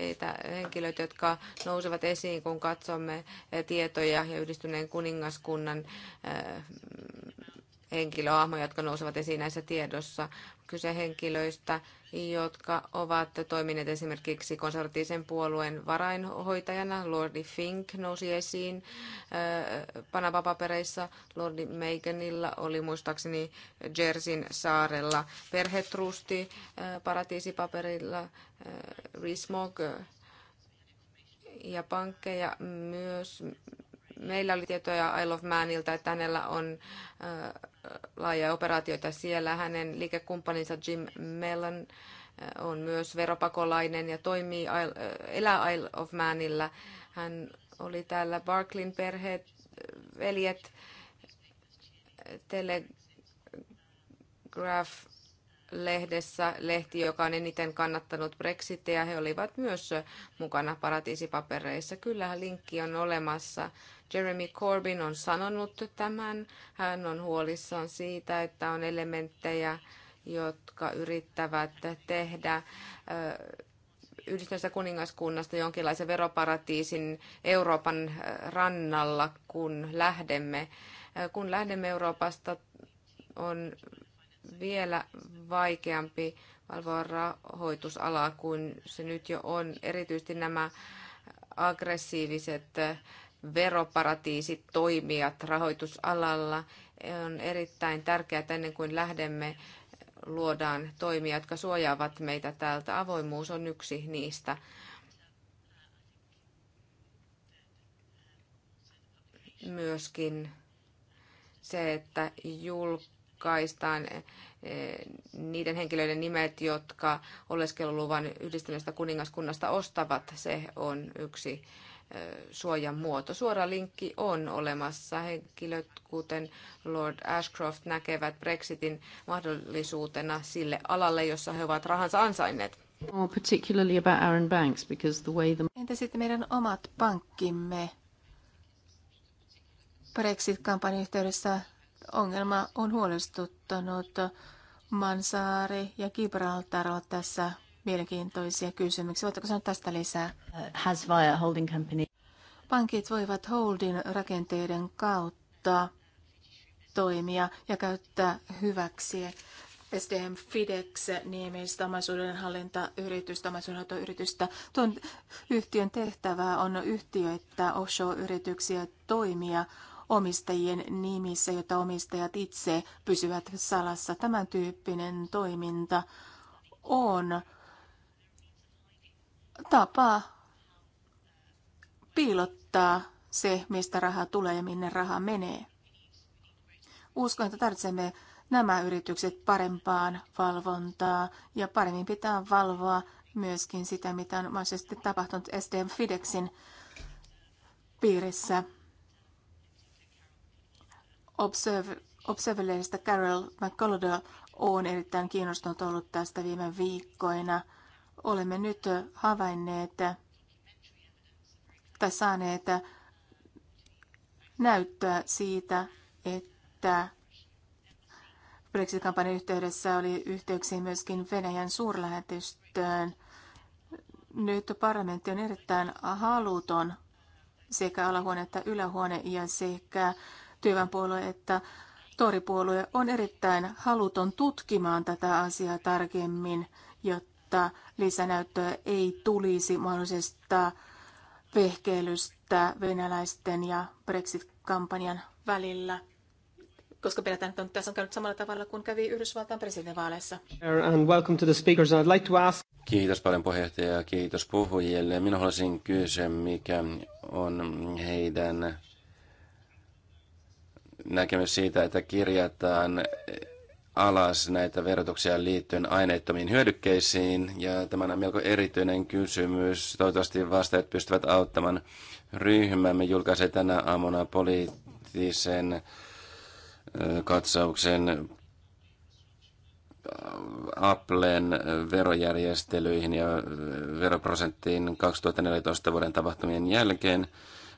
henkilöt, jotka nousevat esiin, kun katsomme tietoja ja yhdistyneen kuningaskunnan henkilöahmoja, jotka nousevat esiin näissä tiedossa. Kyse henkilöistä, jotka ovat toimineet esimerkiksi konservatiivisen puolueen varainhoitajana. Lordi Fink nousi esiin äh, Panama-papereissa. Lordi Meganilla oli muistaakseni Jersin saarella perhetrusti äh, paratiisipaperilla. Äh, Rismog ja pankkeja myös meillä oli tietoja Isle of Manilta, että hänellä on äh, laajoja operaatioita siellä. Hänen liikekumppaninsa Jim Mellon äh, on myös veropakolainen ja toimii, äh, elää Isle of Manilla. Hän oli täällä Barklin perheet, veljet, Telegraph-lehdessä, lehti, joka on eniten kannattanut Brexitiä. He olivat myös mukana paratiisipapereissa. Kyllähän linkki on olemassa. Jeremy Corbyn on sanonut tämän. Hän on huolissaan siitä, että on elementtejä, jotka yrittävät tehdä yhdistyneestä kuningaskunnasta jonkinlaisen veroparatiisin Euroopan rannalla, kun lähdemme. Kun lähdemme Euroopasta, on vielä vaikeampi valvoa rahoitusalaa kuin se nyt jo on. Erityisesti nämä aggressiiviset toimijat rahoitusalalla. On erittäin tärkeää, että ennen kuin lähdemme luodaan toimia, jotka suojaavat meitä täältä. Avoimuus on yksi niistä. Myöskin se, että julkaistaan eh, niiden henkilöiden nimet, jotka oleskeluluvan yhdistyneestä kuningaskunnasta ostavat, se on yksi suojan muoto. Suora linkki on olemassa. Henkilöt, kuten Lord Ashcroft, näkevät Brexitin mahdollisuutena sille alalle, jossa he ovat rahansa ansainneet. Particularly about banks, because the way the... Entä sitten meidän omat pankkimme? Brexit-kampanjan yhteydessä ongelma on huolestuttanut. Mansaari ja Gibraltar ovat tässä mielenkiintoisia kysymyksiä. Voitteko sanoa tästä lisää? Uh, Has via holding company. Pankit voivat holding rakenteiden kautta toimia ja käyttää hyväksi SDM Fidex nimistä omaisuudenhallintayritystä, omaisuudenhoitoyritystä. Tuon yhtiön tehtävää on yhtiöittää offshore-yrityksiä toimia omistajien nimissä, jota omistajat itse pysyvät salassa. Tämän tyyppinen toiminta on tapa piilottaa se, mistä raha tulee ja minne raha menee. Uskon, että tarvitsemme nämä yritykset parempaan valvontaa ja paremmin pitää valvoa myöskin sitä, mitä on mahdollisesti tapahtunut SDM Fidexin piirissä. Observerista Carol McCullough on erittäin kiinnostunut ollut tästä viime viikkoina – olemme nyt havainneet tai saaneet näyttöä siitä, että Brexit-kampanjan yhteydessä oli yhteyksiä myöskin Venäjän suurlähetystöön. Nyt parlamentti on erittäin haluton sekä alahuone että ylähuone ja sekä työväenpuolue että toripuolue on erittäin haluton tutkimaan tätä asiaa tarkemmin, jotta että lisänäyttöä ei tulisi mahdollisesta vehkeilystä venäläisten ja Brexit-kampanjan välillä? Koska pelätään, että tässä on käynyt samalla tavalla kuin kävi Yhdysvaltain presidentinvaaleissa. Kiitos paljon puheenjohtaja ja kiitos puhujille. Minä haluaisin kysyä, mikä on heidän näkemys siitä, että kirjataan alas näitä verotuksia liittyen aineettomiin hyödykkeisiin, ja tämä on melko erityinen kysymys. Toivottavasti vastaajat pystyvät auttamaan ryhmämme. Julkaisee tänä aamuna poliittisen katsauksen Applen verojärjestelyihin ja veroprosenttiin 2014 vuoden tapahtumien jälkeen.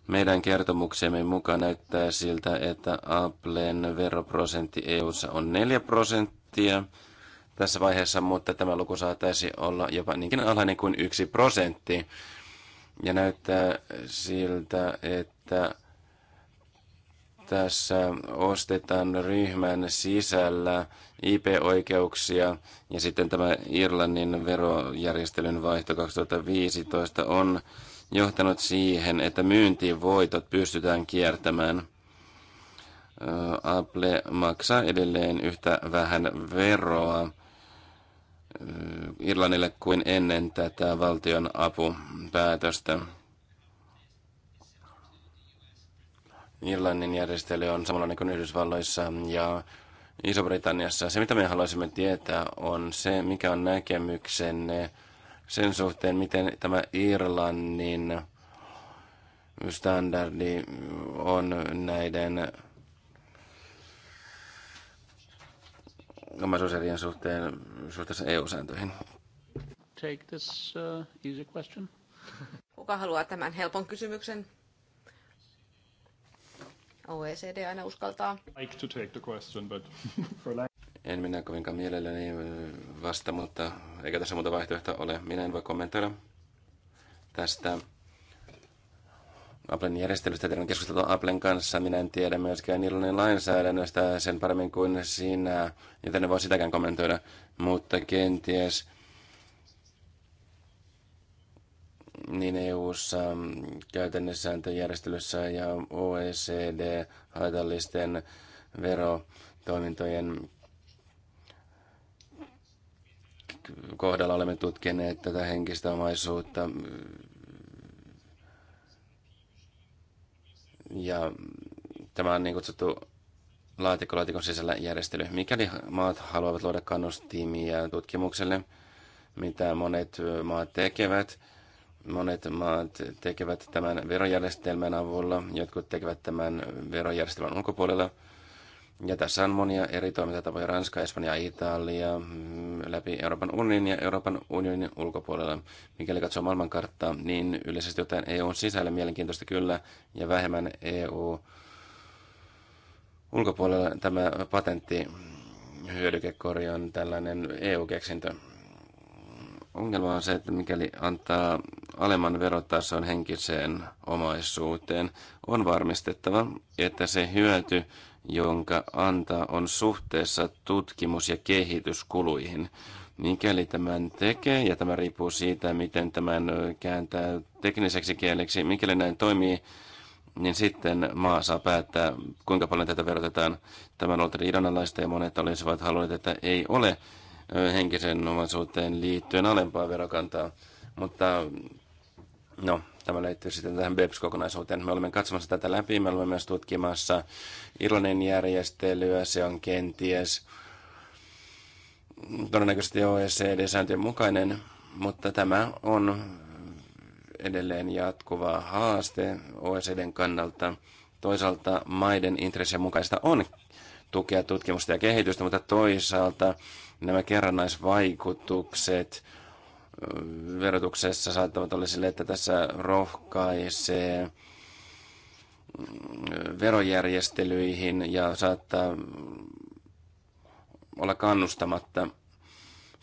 Meidän kertomuksemme mukaan näyttää siltä, että Applen veroprosentti EU:ssa on 4 prosenttia tässä vaiheessa, mutta tämä luku saattaisi olla jopa niinkin alhainen kuin 1 prosentti. Ja näyttää siltä, että tässä ostetaan ryhmän sisällä IP-oikeuksia ja sitten tämä Irlannin verojärjestelyn vaihto 2015 on johtanut siihen, että myyntiin voitot pystytään kiertämään. Apple maksaa edelleen yhtä vähän veroa Irlannille kuin ennen tätä valtion apupäätöstä. Irlannin järjestely on samanlainen niin kuin Yhdysvalloissa ja Iso-Britanniassa. Se, mitä me haluaisimme tietää, on se, mikä on näkemyksenne sen suhteen, miten tämä Irlannin standardi on näiden omaisuuserien suhteen suhteessa EU-sääntöihin. Take this uh, easy question. Kuka haluaa tämän helpon kysymyksen? OECD aina uskaltaa. Like to take the question, but for en minä kovinkaan mielelläni vasta, mutta eikä tässä muuta vaihtoehtoa ole. Minä en voi kommentoida tästä Applen järjestelystä. Teidän on keskusteltu Applen kanssa. Minä en tiedä myöskään Irlannin lainsäädännöstä sen paremmin kuin sinä, joten en voi sitäkään kommentoida. Mutta kenties niin EU-ssa mm, käytännössääntöjärjestelyssä ja OECD haitallisten verotoimintojen kohdalla olemme tutkineet tätä henkistä omaisuutta ja tämä on niin kutsuttu laatikkolaatikon sisällä järjestely. Mikäli maat haluavat luoda kannustimia tutkimukselle, mitä monet maat tekevät, Monet maat tekevät tämän verojärjestelmän avulla, jotkut tekevät tämän verojärjestelmän ulkopuolella. Ja tässä on monia eri toimintatapoja, Ranska, Espanja, Italia, mm, läpi Euroopan unionin ja Euroopan unionin ulkopuolella. Mikäli katsoo maailmankarttaa, niin yleisesti jotain EUn sisällä mielenkiintoista kyllä, ja vähemmän EU ulkopuolella tämä patentti hyödykekori on tällainen EU-keksintö. Ongelma on se, että mikäli antaa alemman verotason henkiseen omaisuuteen, on varmistettava, että se hyöty, jonka antaa, on suhteessa tutkimus- ja kehityskuluihin. Mikäli tämän tekee, ja tämä riippuu siitä, miten tämän kääntää tekniseksi kieleksi, mikäli näin toimii, niin sitten maa saa päättää, kuinka paljon tätä verotetaan. Tämä on ollut ja monet olisivat halunneet, että ei ole henkisen omaisuuteen liittyen alempaa verokantaa. Mutta No, tämä liittyy sitten tähän BEPS-kokonaisuuteen. Me olemme katsomassa tätä läpi, me olemme myös tutkimassa Irlannin järjestelyä, se on kenties todennäköisesti OECD-sääntöjen mukainen, mutta tämä on edelleen jatkuva haaste OECDn kannalta. Toisaalta maiden intressien mukaista on tukea tutkimusta ja kehitystä, mutta toisaalta nämä kerrannaisvaikutukset – verotuksessa saattavat olla sille, että tässä rohkaisee verojärjestelyihin ja saattaa olla kannustamatta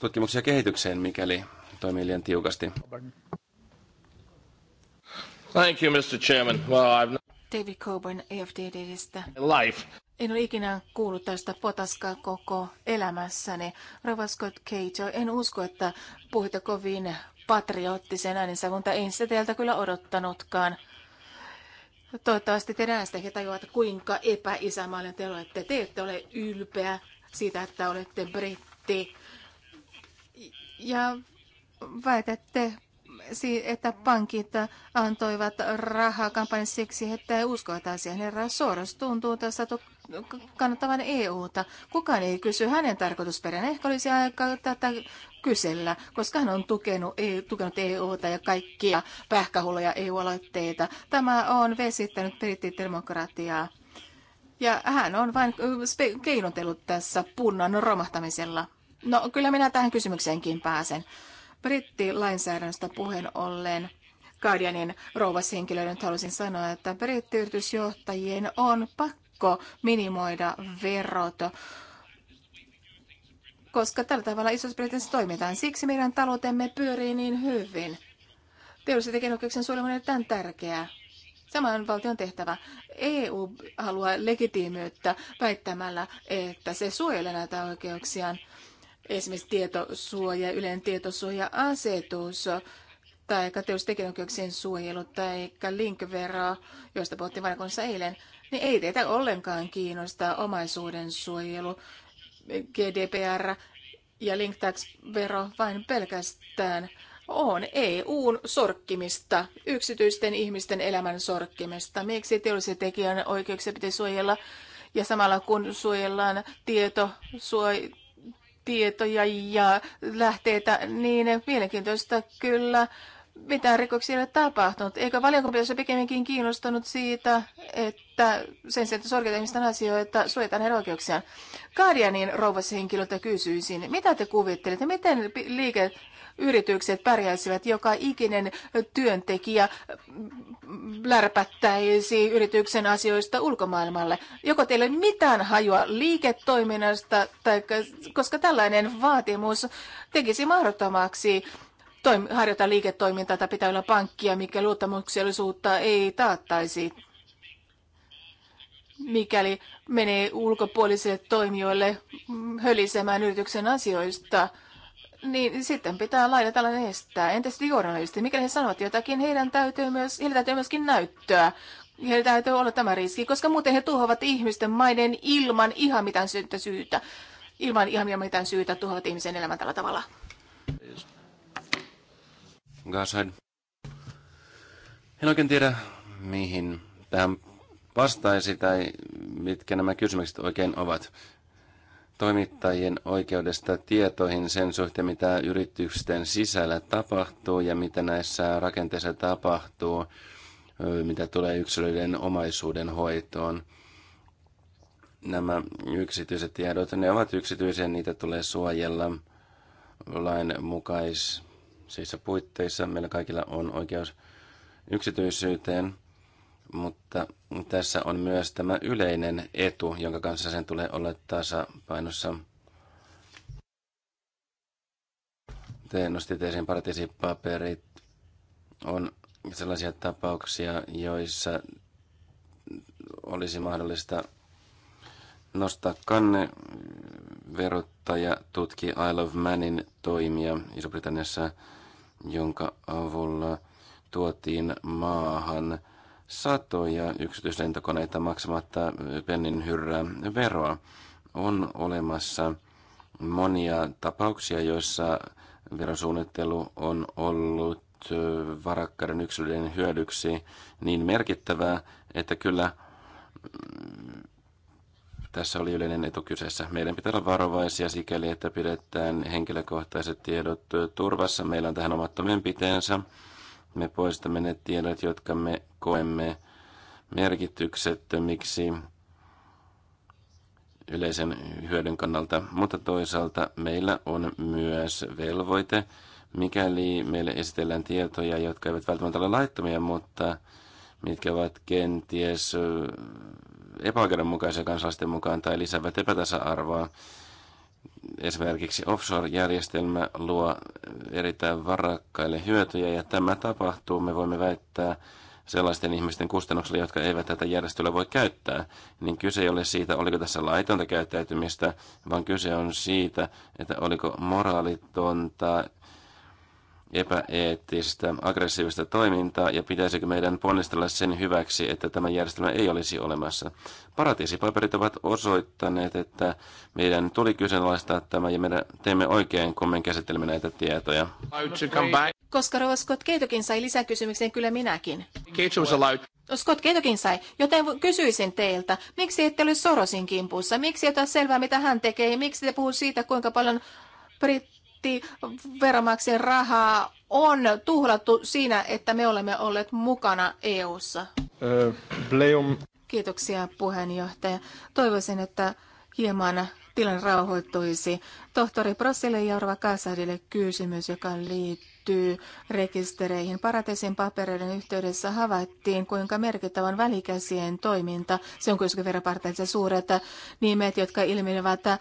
tutkimuksia kehitykseen, mikäli toimii liian tiukasti. Thank you, Mr. Chairman. Well, I've... David Coburn EFDDstä. Life. En ole ikinä kuullut tästä potaskaa koko elämässäni. Rova Scott Cato, en usko, että puhuitte kovin niin sä mutta en sitä teiltä kyllä odottanutkaan. Toivottavasti te näistä äänestäjät tajuatte, kuinka epäisämaallinen te olette. Te ette ole ylpeä siitä, että olette britti. Ja väitätte että pankit antoivat rahaa kampanjan siksi, että he uskoivat asiaan. Herra Soros tuntuu tässä kannattavan EUta. Kukaan ei kysy hänen tarkoitusperään. Ehkä olisi aika tätä kysellä, koska hän on tukenut, e- tukenut EUta ja kaikkia pähkähuloja EU-aloitteita. Tämä on vesittänyt brittidemokratiaa. Ja hän on vain keinotellut tässä punnan romahtamisella. No kyllä minä tähän kysymykseenkin pääsen brittilainsäädännöstä puheen ollen Guardianin rouvashenkilöiden halusin sanoa, että brittiyritysjohtajien on pakko minimoida verot koska tällä tavalla isossa britanniassa toimitaan. Siksi meidän taloutemme pyörii niin hyvin. Teollisen tekijänoikeuksien suojeleminen on erittäin tärkeää. on valtion tehtävä. EU haluaa legitiimiyttä väittämällä, että se suojelee näitä oikeuksiaan esimerkiksi tietosuoja, yleinen tietosuoja-asetus, tai teollistekijänoikeuksien suojelu tai linkvero, joista puhuttiin valiokunnassa eilen, niin ei teitä ollenkaan kiinnosta omaisuuden suojelu, GDPR ja Linktax-vero vain pelkästään on EUn sorkkimista, yksityisten ihmisten elämän sorkkimista. Miksi teollisen tekijän oikeuksia pitäisi suojella ja samalla kun suojellaan tieto, suoj, tietoja ja lähteitä, niin mielenkiintoista kyllä Mitä rikoksia ei ole tapahtunut. Eikö valiokunnassa pikemminkin kiinnostunut siitä, että sen sijaan, että sorkeita ihmisten asioita, suojataan heidän oikeuksiaan? Guardianin rouvashenkilöltä kysyisin, mitä te kuvittelette, miten liike, yritykset pärjäisivät, joka ikinen työntekijä lärpättäisi yrityksen asioista ulkomaailmalle. Joko teillä ei ole mitään hajua liiketoiminnasta, tai, koska tällainen vaatimus tekisi mahdottomaksi toim- harjoittaa liiketoimintaa tai pitää olla pankkia, mikä luottamuksellisuutta ei taattaisi mikäli menee ulkopuolisille toimijoille hölisemään yrityksen asioista niin sitten pitää laina tällainen estää. Entäs journalisti, Mikä he sanovat jotakin, heidän täytyy myös, heillä täytyy myöskin näyttöä. Heillä täytyy olla tämä riski, koska muuten he tuhoavat ihmisten maiden ilman ihan mitään syytä. syytä. Ilman ihan mitään syytä tuhoavat ihmisen elämän tällä tavalla. Gashead. En oikein tiedä, mihin tähän vastaisi tai mitkä nämä kysymykset oikein ovat toimittajien oikeudesta tietoihin sen suhteen, mitä yritysten sisällä tapahtuu ja mitä näissä rakenteissa tapahtuu, mitä tulee yksilöiden omaisuuden hoitoon. Nämä yksityiset tiedot, ne ovat yksityisiä, niitä tulee suojella lain mukaisissa puitteissa. Meillä kaikilla on oikeus yksityisyyteen – mutta tässä on myös tämä yleinen etu, jonka kanssa sen tulee olla tasapainossa. Te nostitte esiin partisipaperit. On sellaisia tapauksia, joissa olisi mahdollista nostaa kanne verottaja tutki Isle of Manin toimia Iso-Britanniassa, jonka avulla tuotiin maahan – satoja yksityislentokoneita maksamatta pennin hyrrää veroa. On olemassa monia tapauksia, joissa verosuunnittelu on ollut varakkaiden yksilöiden hyödyksi niin merkittävää, että kyllä mm, tässä oli yleinen etu kyseessä. Meidän pitää olla varovaisia sikäli, että pidetään henkilökohtaiset tiedot turvassa. Meillä on tähän omat toimenpiteensä. Me poistamme ne tiedot, jotka me koemme merkityksettömiksi yleisen hyödyn kannalta, mutta toisaalta meillä on myös velvoite, mikäli meille esitellään tietoja, jotka eivät välttämättä ole laittomia, mutta mitkä ovat kenties epäoikeudenmukaisia kansalaisten mukaan tai lisäävät epätasa-arvoa, Esimerkiksi offshore-järjestelmä luo erittäin varakkaille hyötyjä ja tämä tapahtuu, me voimme väittää, sellaisten ihmisten kustannuksella, jotka eivät tätä järjestelyä voi käyttää, niin kyse ei ole siitä, oliko tässä laitonta käyttäytymistä, vaan kyse on siitä, että oliko moraalitonta epäeettistä, aggressiivista toimintaa ja pitäisikö meidän ponnistella sen hyväksi, että tämä järjestelmä ei olisi olemassa. Paratiisipaperit ovat osoittaneet, että meidän tuli kyseenalaistaa tämä ja meidän teemme oikein, kun me käsittelemme näitä tietoja. Koska Rova Scott Keitokin sai lisäkysymyksen, kyllä minäkin. Scott Keitokin sai, joten kysyisin teiltä, miksi ette ole Sorosin kimpussa, miksi et ole selvää, mitä hän tekee, ja miksi te puhuu siitä, kuinka paljon Brit miljardi veromaksien rahaa on tuhlattu siinä, että me olemme olleet mukana EU:ssa. Bleum. Kiitoksia puheenjohtaja. Toivoisin, että hieman tilanne rauhoittuisi. Tohtori Brasille ja Orva Kasadille kysymys, joka liittyy liittyy rekistereihin. Paratesin papereiden yhteydessä havaittiin, kuinka merkittävä on välikäsien toiminta. Se on kuitenkin veropartaisia suuret nimet, jotka ilmenevät äh,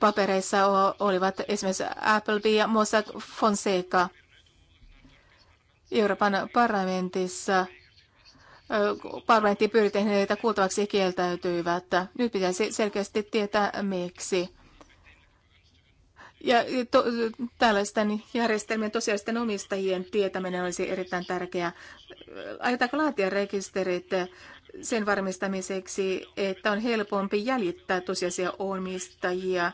papereissa olivat esimerkiksi Appleby ja Mossack Fonseca. Euroopan parlamentissa äh, parlamentti pyrittiin että kuultavaksi kieltäytyivät. Nyt pitäisi selkeästi tietää miksi. Ja to, tällaisten järjestelmien tosiaisten omistajien tietäminen olisi erittäin tärkeää. Aiotaanko laatia rekisterit sen varmistamiseksi, että on helpompi jäljittää tosiasia omistajia?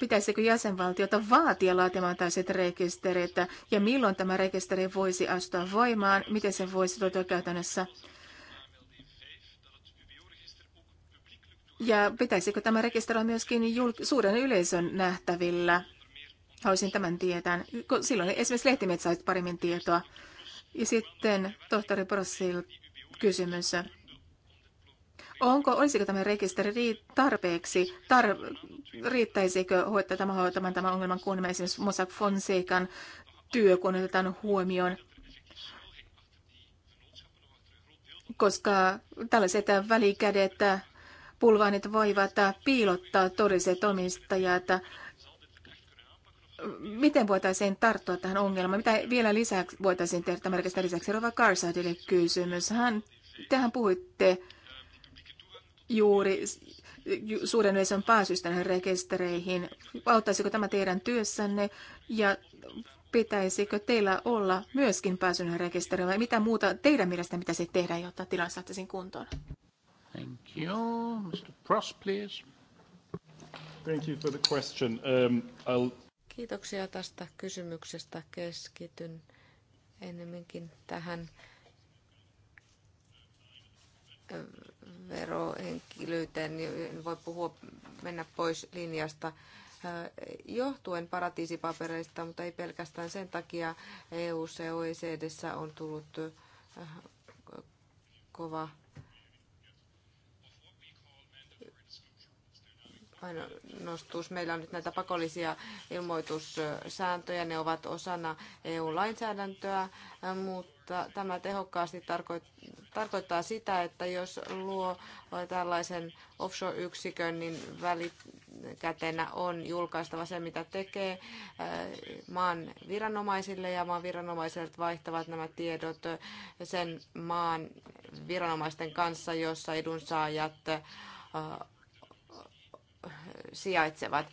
Pitäisikö jäsenvaltiota vaatia laatimaan tällaiset rekisterit ja milloin tämä rekisteri voisi astua voimaan, miten se voisi toteutua käytännössä? Ja pitäisikö tämä rekisteröidä myöskin julk- suuren yleisön nähtävillä? Haluaisin tämän tietää. Silloin esimerkiksi lehtimet saivat paremmin tietoa. Ja sitten tohtori Brossil kysymys. Onko, olisiko tämä rekisteri tarpeeksi? Tar- riittäisikö hoitaa tämä hoitamaan tämän ongelman kuin esimerkiksi Mossack Fonsecan työ, kun otetaan huomioon? Koska tällaiset välikädet Pulvaanit voivat piilottaa todelliset omistajat. Miten voitaisiin tarttua tähän ongelmaan? Mitä vielä lisäksi voitaisiin tehdä tämän lisäksi? Rova Karsadille kysymys. Hän, tehän puhuitte juuri suuren yleisön pääsystä näihin rekistereihin. Auttaisiko tämä teidän työssänne ja pitäisikö teillä olla myöskin pääsy näihin rekistereihin vai mitä muuta teidän mielestä pitäisi tehdä, jotta tilanne saataisiin kuntoon? you. Mr. please. Thank you for the question. Um, Kiitoksia tästä kysymyksestä. Keskityn ennemminkin tähän verohenkilyyteen, en voi puhua, mennä pois linjasta johtuen paratiisipapereista, mutta ei pelkästään sen takia EU-ssa ja OECDssä on tullut kova painostus. Meillä on nyt näitä pakollisia ilmoitussääntöjä, ne ovat osana EU-lainsäädäntöä, mutta tämä tehokkaasti tarkoittaa sitä, että jos luo tällaisen offshore-yksikön, niin välikätenä on julkaistava se, mitä tekee äh, maan viranomaisille, ja maan viranomaiset vaihtavat nämä tiedot sen maan viranomaisten kanssa, jossa edunsaajat äh, sijaitsevat.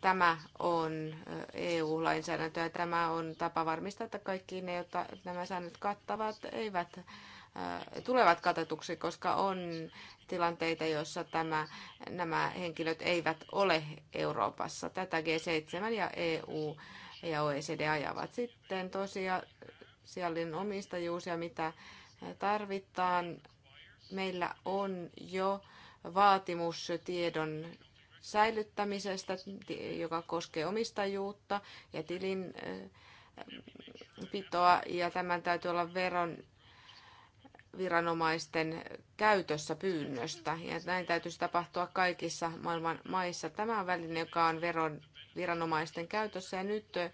Tämä on EU-lainsäädäntö ja tämä on tapa varmistaa, että kaikki ne, joita nämä säännöt kattavat, eivät tulevat katetuksi, koska on tilanteita, joissa tämä, nämä henkilöt eivät ole Euroopassa. Tätä G7 ja EU ja OECD ajavat sitten tosiaan siallinen omistajuus ja mitä tarvitaan. Meillä on jo vaatimus tiedon säilyttämisestä, joka koskee omistajuutta ja tilin äh, pitoa, ja tämän täytyy olla veron viranomaisten käytössä pyynnöstä. Ja näin täytyisi tapahtua kaikissa maailman maissa. Tämä on väline, joka on veron viranomaisten käytössä. Ja nyt äh,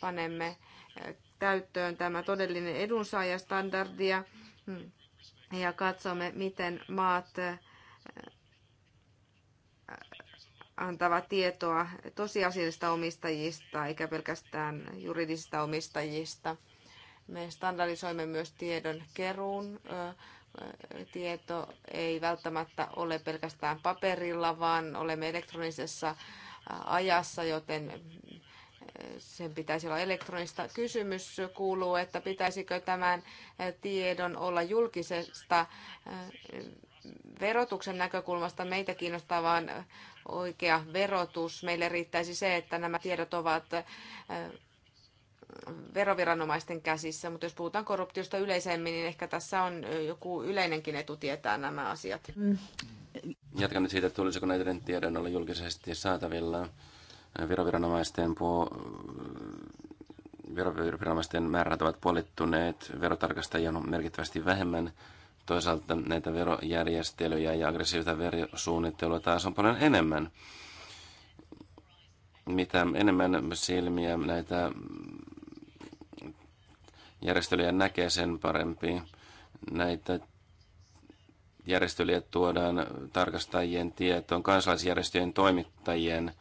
panemme käyttöön äh, tämä todellinen edunsaajastandardia mm, ja katsomme, miten maat antava tietoa tosiasiallisista omistajista eikä pelkästään juridisista omistajista. Me standardisoimme myös tiedon keruun. Tieto ei välttämättä ole pelkästään paperilla, vaan olemme elektronisessa ajassa, joten sen pitäisi olla elektronista. Kysymys kuuluu, että pitäisikö tämän tiedon olla julkisesta verotuksen näkökulmasta meitä kiinnostaa vain oikea verotus. Meille riittäisi se, että nämä tiedot ovat veroviranomaisten käsissä, mutta jos puhutaan korruptiosta yleisemmin, niin ehkä tässä on joku yleinenkin etu tietää nämä asiat. Mm. Jatkan nyt siitä, tulisiko näiden tiedon olla julkisesti saatavilla veroviranomaisten puo- veroviranomaisten määrät ovat puolittuneet, verotarkastajia on merkittävästi vähemmän Toisaalta näitä verojärjestelyjä ja aggressiivista verosuunnittelua taas on paljon enemmän. Mitä enemmän silmiä näitä järjestelyjä näkee, sen parempi. Näitä järjestelyjä tuodaan tarkastajien tietoon, kansalaisjärjestöjen toimittajien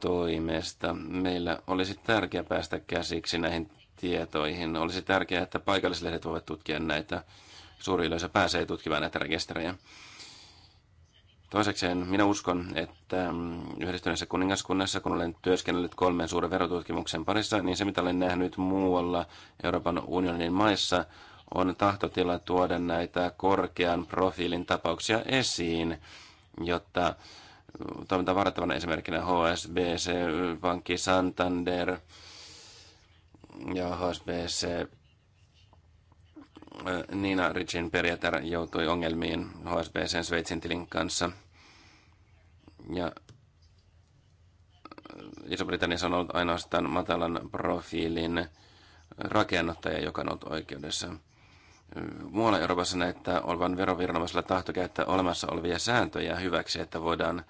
toimesta. Meillä olisi tärkeää päästä käsiksi näihin tietoihin. Olisi tärkeää, että paikallislehdet voivat tutkia näitä suuri yleisö pääsee tutkimaan näitä rekisterejä. Toisekseen minä uskon, että mm, yhdistyneessä kuningaskunnassa, kun olen työskennellyt kolmen suuren verotutkimuksen parissa, niin se mitä olen nähnyt muualla Euroopan unionin maissa on tahtotila tuoda näitä korkean profiilin tapauksia esiin, jotta mm, toimintaan varattavana esimerkkinä HSBC, Pankki Santander ja HSBC Nina Richin perjätär joutui ongelmiin HSBCn Sveitsin tilin kanssa. Ja Iso-Britanniassa on ollut ainoastaan matalan profiilin rakennuttaja, joka on ollut oikeudessa. Muualla Euroopassa näyttää olevan veroviranomaisella tahto käyttää olemassa olevia sääntöjä hyväksi, että voidaan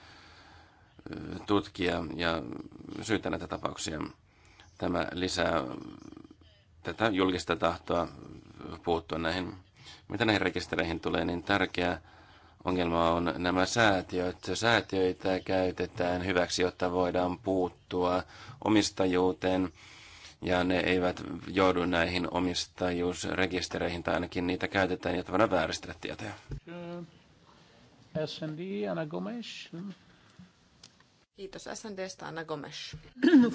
tutkia ja syyttää näitä tapauksia. Tämä lisää tätä julkista tahtoa puuttua näihin. Mitä näihin rekistereihin tulee, niin tärkeä ongelma on nämä säätiöt. Säätiöitä käytetään hyväksi, jotta voidaan puuttua omistajuuteen ja ne eivät joudu näihin omistajuusrekistereihin, tai ainakin niitä käytetään, jotta voidaan vääristellä tietoja. SND, Anna Gomes. Kiitos SNDstä, Anna Gomes.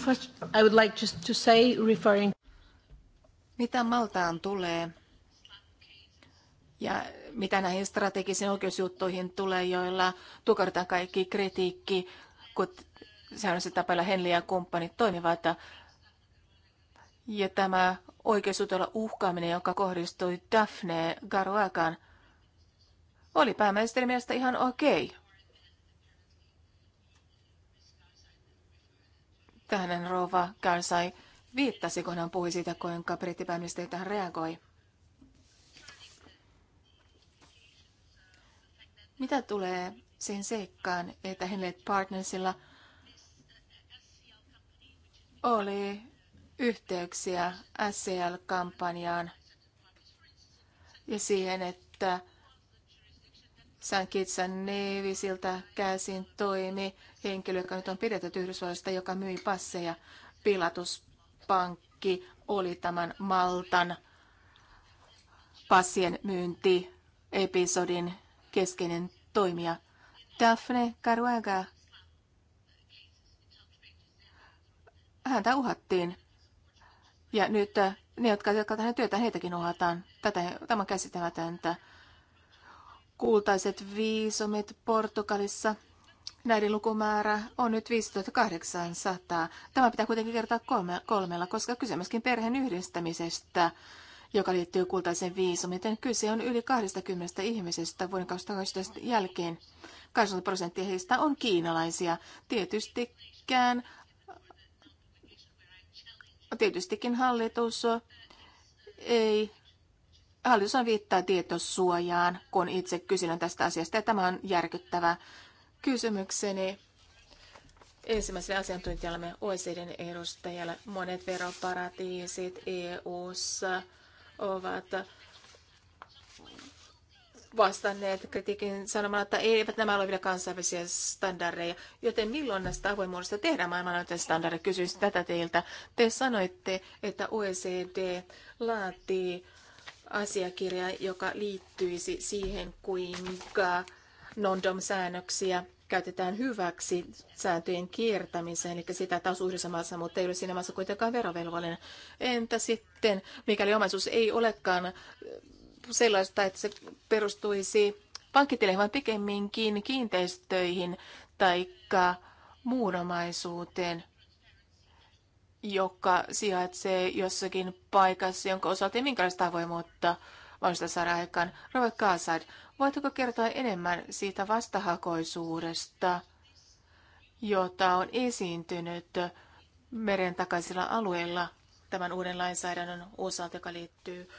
First, I would like just to say, referring... Mitä Maltaan tulee ja mitä näihin strategisiin oikeusjuttuihin tulee, joilla tukartaan kaikki kritiikki, kun säännöllisesti tapailla Henli ja kumppanit toimivat. Ja tämä oikeusjutella uhkaaminen, joka kohdistui Daphne Garuakan, oli pääministerin mielestä ihan okei. Okay. Tähän rouva Karsai viittasi, kun hän puhui siitä, kuinka brittipääministeri tähän reagoi. Mitä tulee sen seikkaan, että Henley Partnersilla oli yhteyksiä SCL-kampanjaan ja siihen, että San neivisiltä käsin toimi henkilö, joka nyt on pidetty Yhdysvalloista, joka myi passeja pilatus, pankki oli tämän Maltan passien myynti episodin keskeinen toimija. Daphne Caruaga, häntä uhattiin. Ja nyt ne, jotka, jotka hänen työtä, heitäkin uhataan. Tätä, tämä on käsittämätöntä. Kultaiset viisomet Portugalissa – Näiden lukumäärä on nyt 5800. Tämä pitää kuitenkin kertoa kolme, kolmella, koska kyse myöskin perheen yhdistämisestä, joka liittyy kultaisen viisumiten. Kyse on yli 20 ihmisestä vuoden 2018 jälkeen. 80 prosenttia heistä on kiinalaisia. Tietystikään, tietystikin hallitus ei Hallitus on viittaa tietosuojaan, kun itse kysyn tästä asiasta, ja tämä on järkyttävää. Kysymykseni ensimmäiselle asiantuntijalle OECDn edustajalle. Monet veroparatiisit EU:ssa ovat vastanneet kritiikin sanomalla, että eivät nämä ole vielä kansainvälisiä standardeja. Joten milloin näistä avoimuudesta tehdään maailmanlaajuisia standardeja? Kysyisin tätä teiltä. Te sanoitte, että OECD laatii asiakirja, joka liittyisi siihen, kuinka non-dom-säännöksiä käytetään hyväksi sääntöjen kiertämiseen, eli sitä asuu yhdessä maassa, mutta ei ole siinä maassa kuitenkaan verovelvollinen. Entä sitten, mikäli omaisuus ei olekaan äh, sellaista, että se perustuisi pankkitileihin, vaan pikemminkin kiinteistöihin tai muun omaisuuteen, joka sijaitsee jossakin paikassa, jonka osalta ei minkälaista avoimuutta mahdollista saada aikaan. Robert Kaasad, Voitteko kertoa enemmän siitä vastahakoisuudesta, jota on esiintynyt meren takaisilla alueilla tämän uuden lainsäädännön osalta, joka liittyy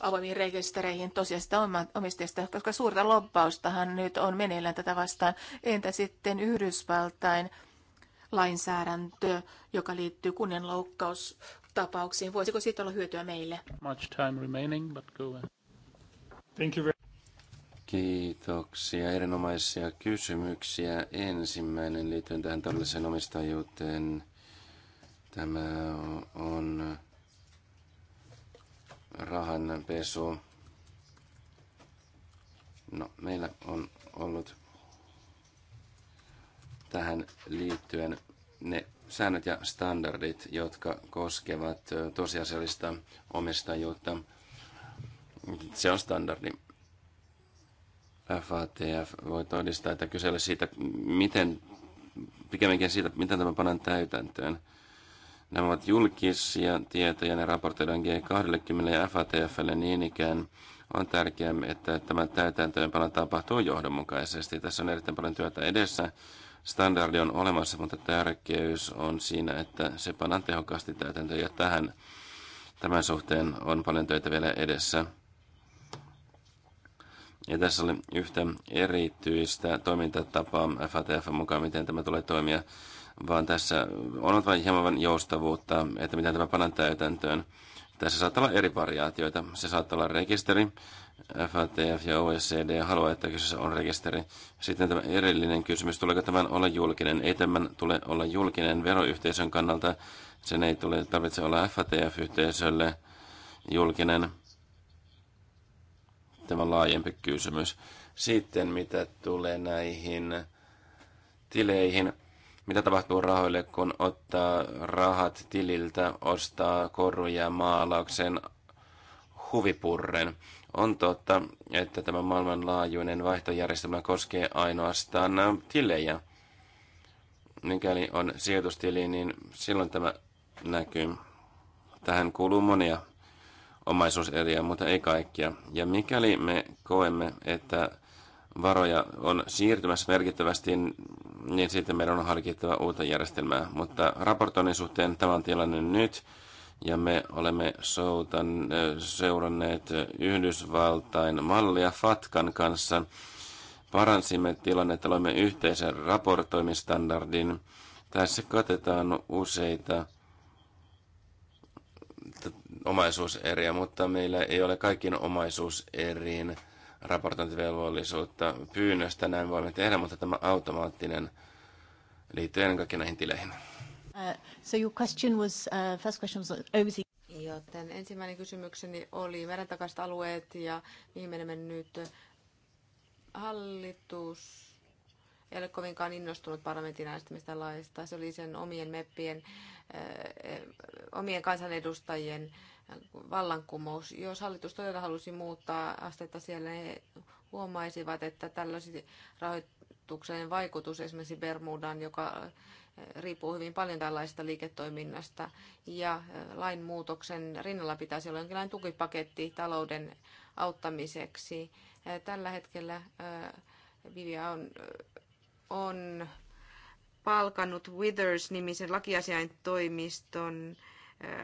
avoimiin rekistereihin tosiasta omistajista, koska suurta lobbaustahan nyt on meneillään tätä vastaan. Entä sitten Yhdysvaltain lainsäädäntö, joka liittyy kunnianloukkaustapauksiin? Voisiko siitä olla hyötyä meille? Much time remaining, but go ahead. Thank you very Kiitoksia. Erinomaisia kysymyksiä. Ensimmäinen liittyen tähän todelliseen omistajuuteen. Tämä on rahanpesu. No, meillä on ollut tähän liittyen ne säännöt ja standardit, jotka koskevat tosiasiallista omistajuutta. Se on standardi FATF voi todistaa, että kysellä siitä, miten, pikemminkin siitä, miten tämä panan täytäntöön. Nämä ovat julkisia tietoja, ne raportoidaan G20 ja FATFlle niin ikään. On tärkeää, että tämä täytäntöönpano tapahtuu johdonmukaisesti. Tässä on erittäin paljon työtä edessä. Standardi on olemassa, mutta tärkeys on siinä, että se pannaan tehokkaasti täytäntöön ja tähän tämän suhteen on paljon töitä vielä edessä. Ja tässä oli yhtä erityistä toimintatapaa FATF mukaan, miten tämä tulee toimia, vaan tässä on vain hieman joustavuutta, että miten tämä pannaan täytäntöön. Tässä saattaa olla eri variaatioita. Se saattaa olla rekisteri, FATF ja OECD haluaa, että kyseessä on rekisteri. Sitten tämä erillinen kysymys, tuleeko tämän olla julkinen? Ei tämän tule olla julkinen veroyhteisön kannalta. Sen ei tule, tarvitse olla FATF-yhteisölle julkinen Tämä laajempi kysymys. Sitten mitä tulee näihin tileihin, mitä tapahtuu rahoille, kun ottaa rahat tililtä, ostaa koruja maalauksen huvipurren. On totta, että tämä maailmanlaajuinen vaihtojärjestelmä koskee ainoastaan tilejä. Mikäli on sijoitustili, niin silloin tämä näkyy. Tähän kuuluu monia omaisuuseriä, mutta ei kaikkia. Ja mikäli me koemme, että varoja on siirtymässä merkittävästi, niin sitten meidän on harkittava uutta järjestelmää. Mutta raportoinnin suhteen tämä on tilanne nyt, ja me olemme soutan, seuranneet Yhdysvaltain mallia FATKan kanssa. Paransimme tilannetta, loimme yhteisen raportoimistandardin. Tässä katetaan useita omaisuuseriä, mutta meillä ei ole kaikkiin omaisuuseriin raportointivelvollisuutta pyynnöstä. Näin voimme tehdä, mutta tämä automaattinen liittyy ennen kaikkea näihin tileihin. Uh, so your question was, uh, first question was overseas. Joten ensimmäinen kysymykseni oli takaiset alueet ja mihin menemme nyt. Hallitus ei ole kovinkaan innostunut parlamentin äänestämistä laista. Se oli sen omien meppien, uh, omien kansanedustajien äh, vallankumous. Jos hallitus todella halusi muuttaa astetta siellä, he huomaisivat, että tällaisen rahoituksen vaikutus esimerkiksi Bermudan, joka eh, riippuu hyvin paljon tällaista liiketoiminnasta, ja eh, lainmuutoksen rinnalla pitäisi olla jonkinlainen tukipaketti talouden auttamiseksi. Eh, tällä hetkellä Vivia on, on palkannut Withers-nimisen lakiasiaintoimiston toimiston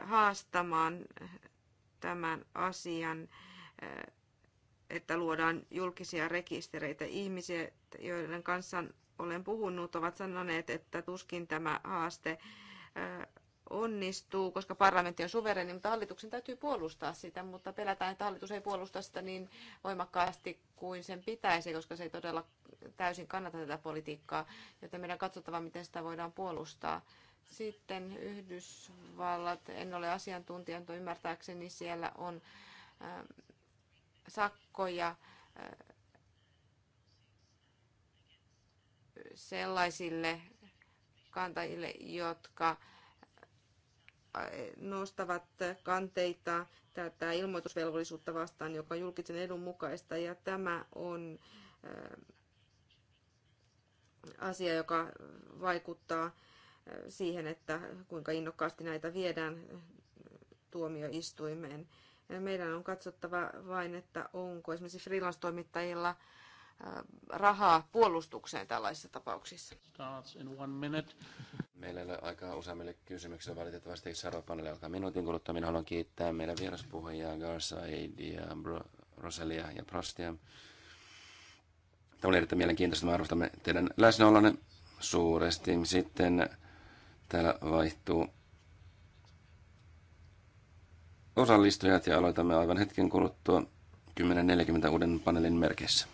haastamaan tämän asian, että luodaan julkisia rekistereitä. Ihmisiä, joiden kanssa olen puhunut, ovat sanoneet, että tuskin tämä haaste onnistuu, koska parlamentti on suvereni, mutta hallituksen täytyy puolustaa sitä, mutta pelätään, että hallitus ei puolusta sitä niin voimakkaasti kuin sen pitäisi, koska se ei todella täysin kannata tätä politiikkaa, joten meidän katsottava, miten sitä voidaan puolustaa. Sitten Yhdysvallat, en ole asiantuntija, mutta ymmärtääkseni siellä on ähm, sakkoja äh, sellaisille kantajille, jotka äh, nostavat kanteita tätä ilmoitusvelvollisuutta vastaan, joka on julkisen edun mukaista. Ja tämä on äh, asia, joka vaikuttaa siihen, että kuinka innokkaasti näitä viedään tuomioistuimeen. Meidän on katsottava vain, että onko esimerkiksi freelance-toimittajilla rahaa puolustukseen tällaisissa tapauksissa. Meillä ei ole aikaa useammille kysymyksille. Valitettavasti seuraava alkaa minuutin kuluttua. Minä haluan kiittää meidän vieraspuhujia Garsaidia, Roselia ja Prostia. Tämä oli erittäin mielenkiintoista. Me arvostamme teidän läsnäolonne suuresti. Sitten Täällä vaihtuu osallistujat ja aloitamme aivan hetken kuluttua 10.40 uuden paneelin merkissä.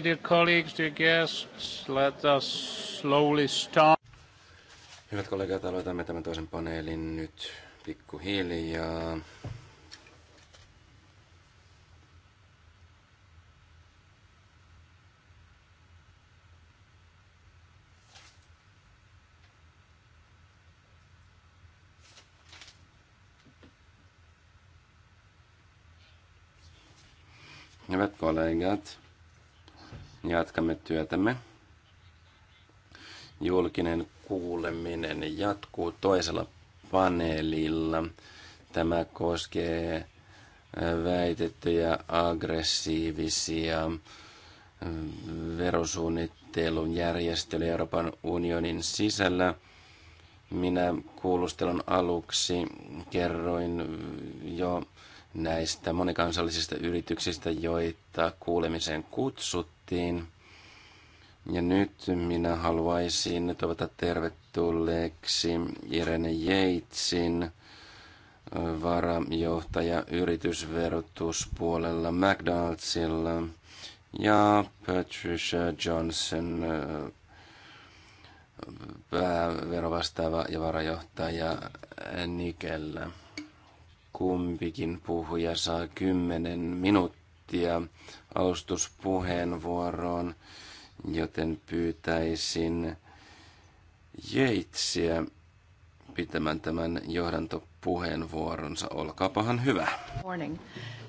dear colleagues, dear guests, let us slowly start. Hyvät kollegat, aloitamme tämän toisen paneelin nyt pikkuhiljaa. Hyvät kollegat, Jatkamme työtämme. Julkinen kuuleminen jatkuu toisella paneelilla. Tämä koskee väitettyjä aggressiivisia verosuunnittelun järjestelyjä Euroopan unionin sisällä. Minä kuulustelun aluksi kerroin jo näistä monikansallisista yrityksistä, joita kuulemiseen kutsuttiin. Ja nyt minä haluaisin toivota tervetulleeksi Irene Jeitsin, varajohtaja yritysverotuspuolella McDonaldsilla ja Patricia Johnson, pääverovastaava ja varajohtaja Nikellä kumpikin puhuja saa kymmenen minuuttia alustuspuheenvuoroon, joten pyytäisin Jeitsiä pitämään tämän johdantopuheenvuoronsa. Olkaapahan hyvä. Morning.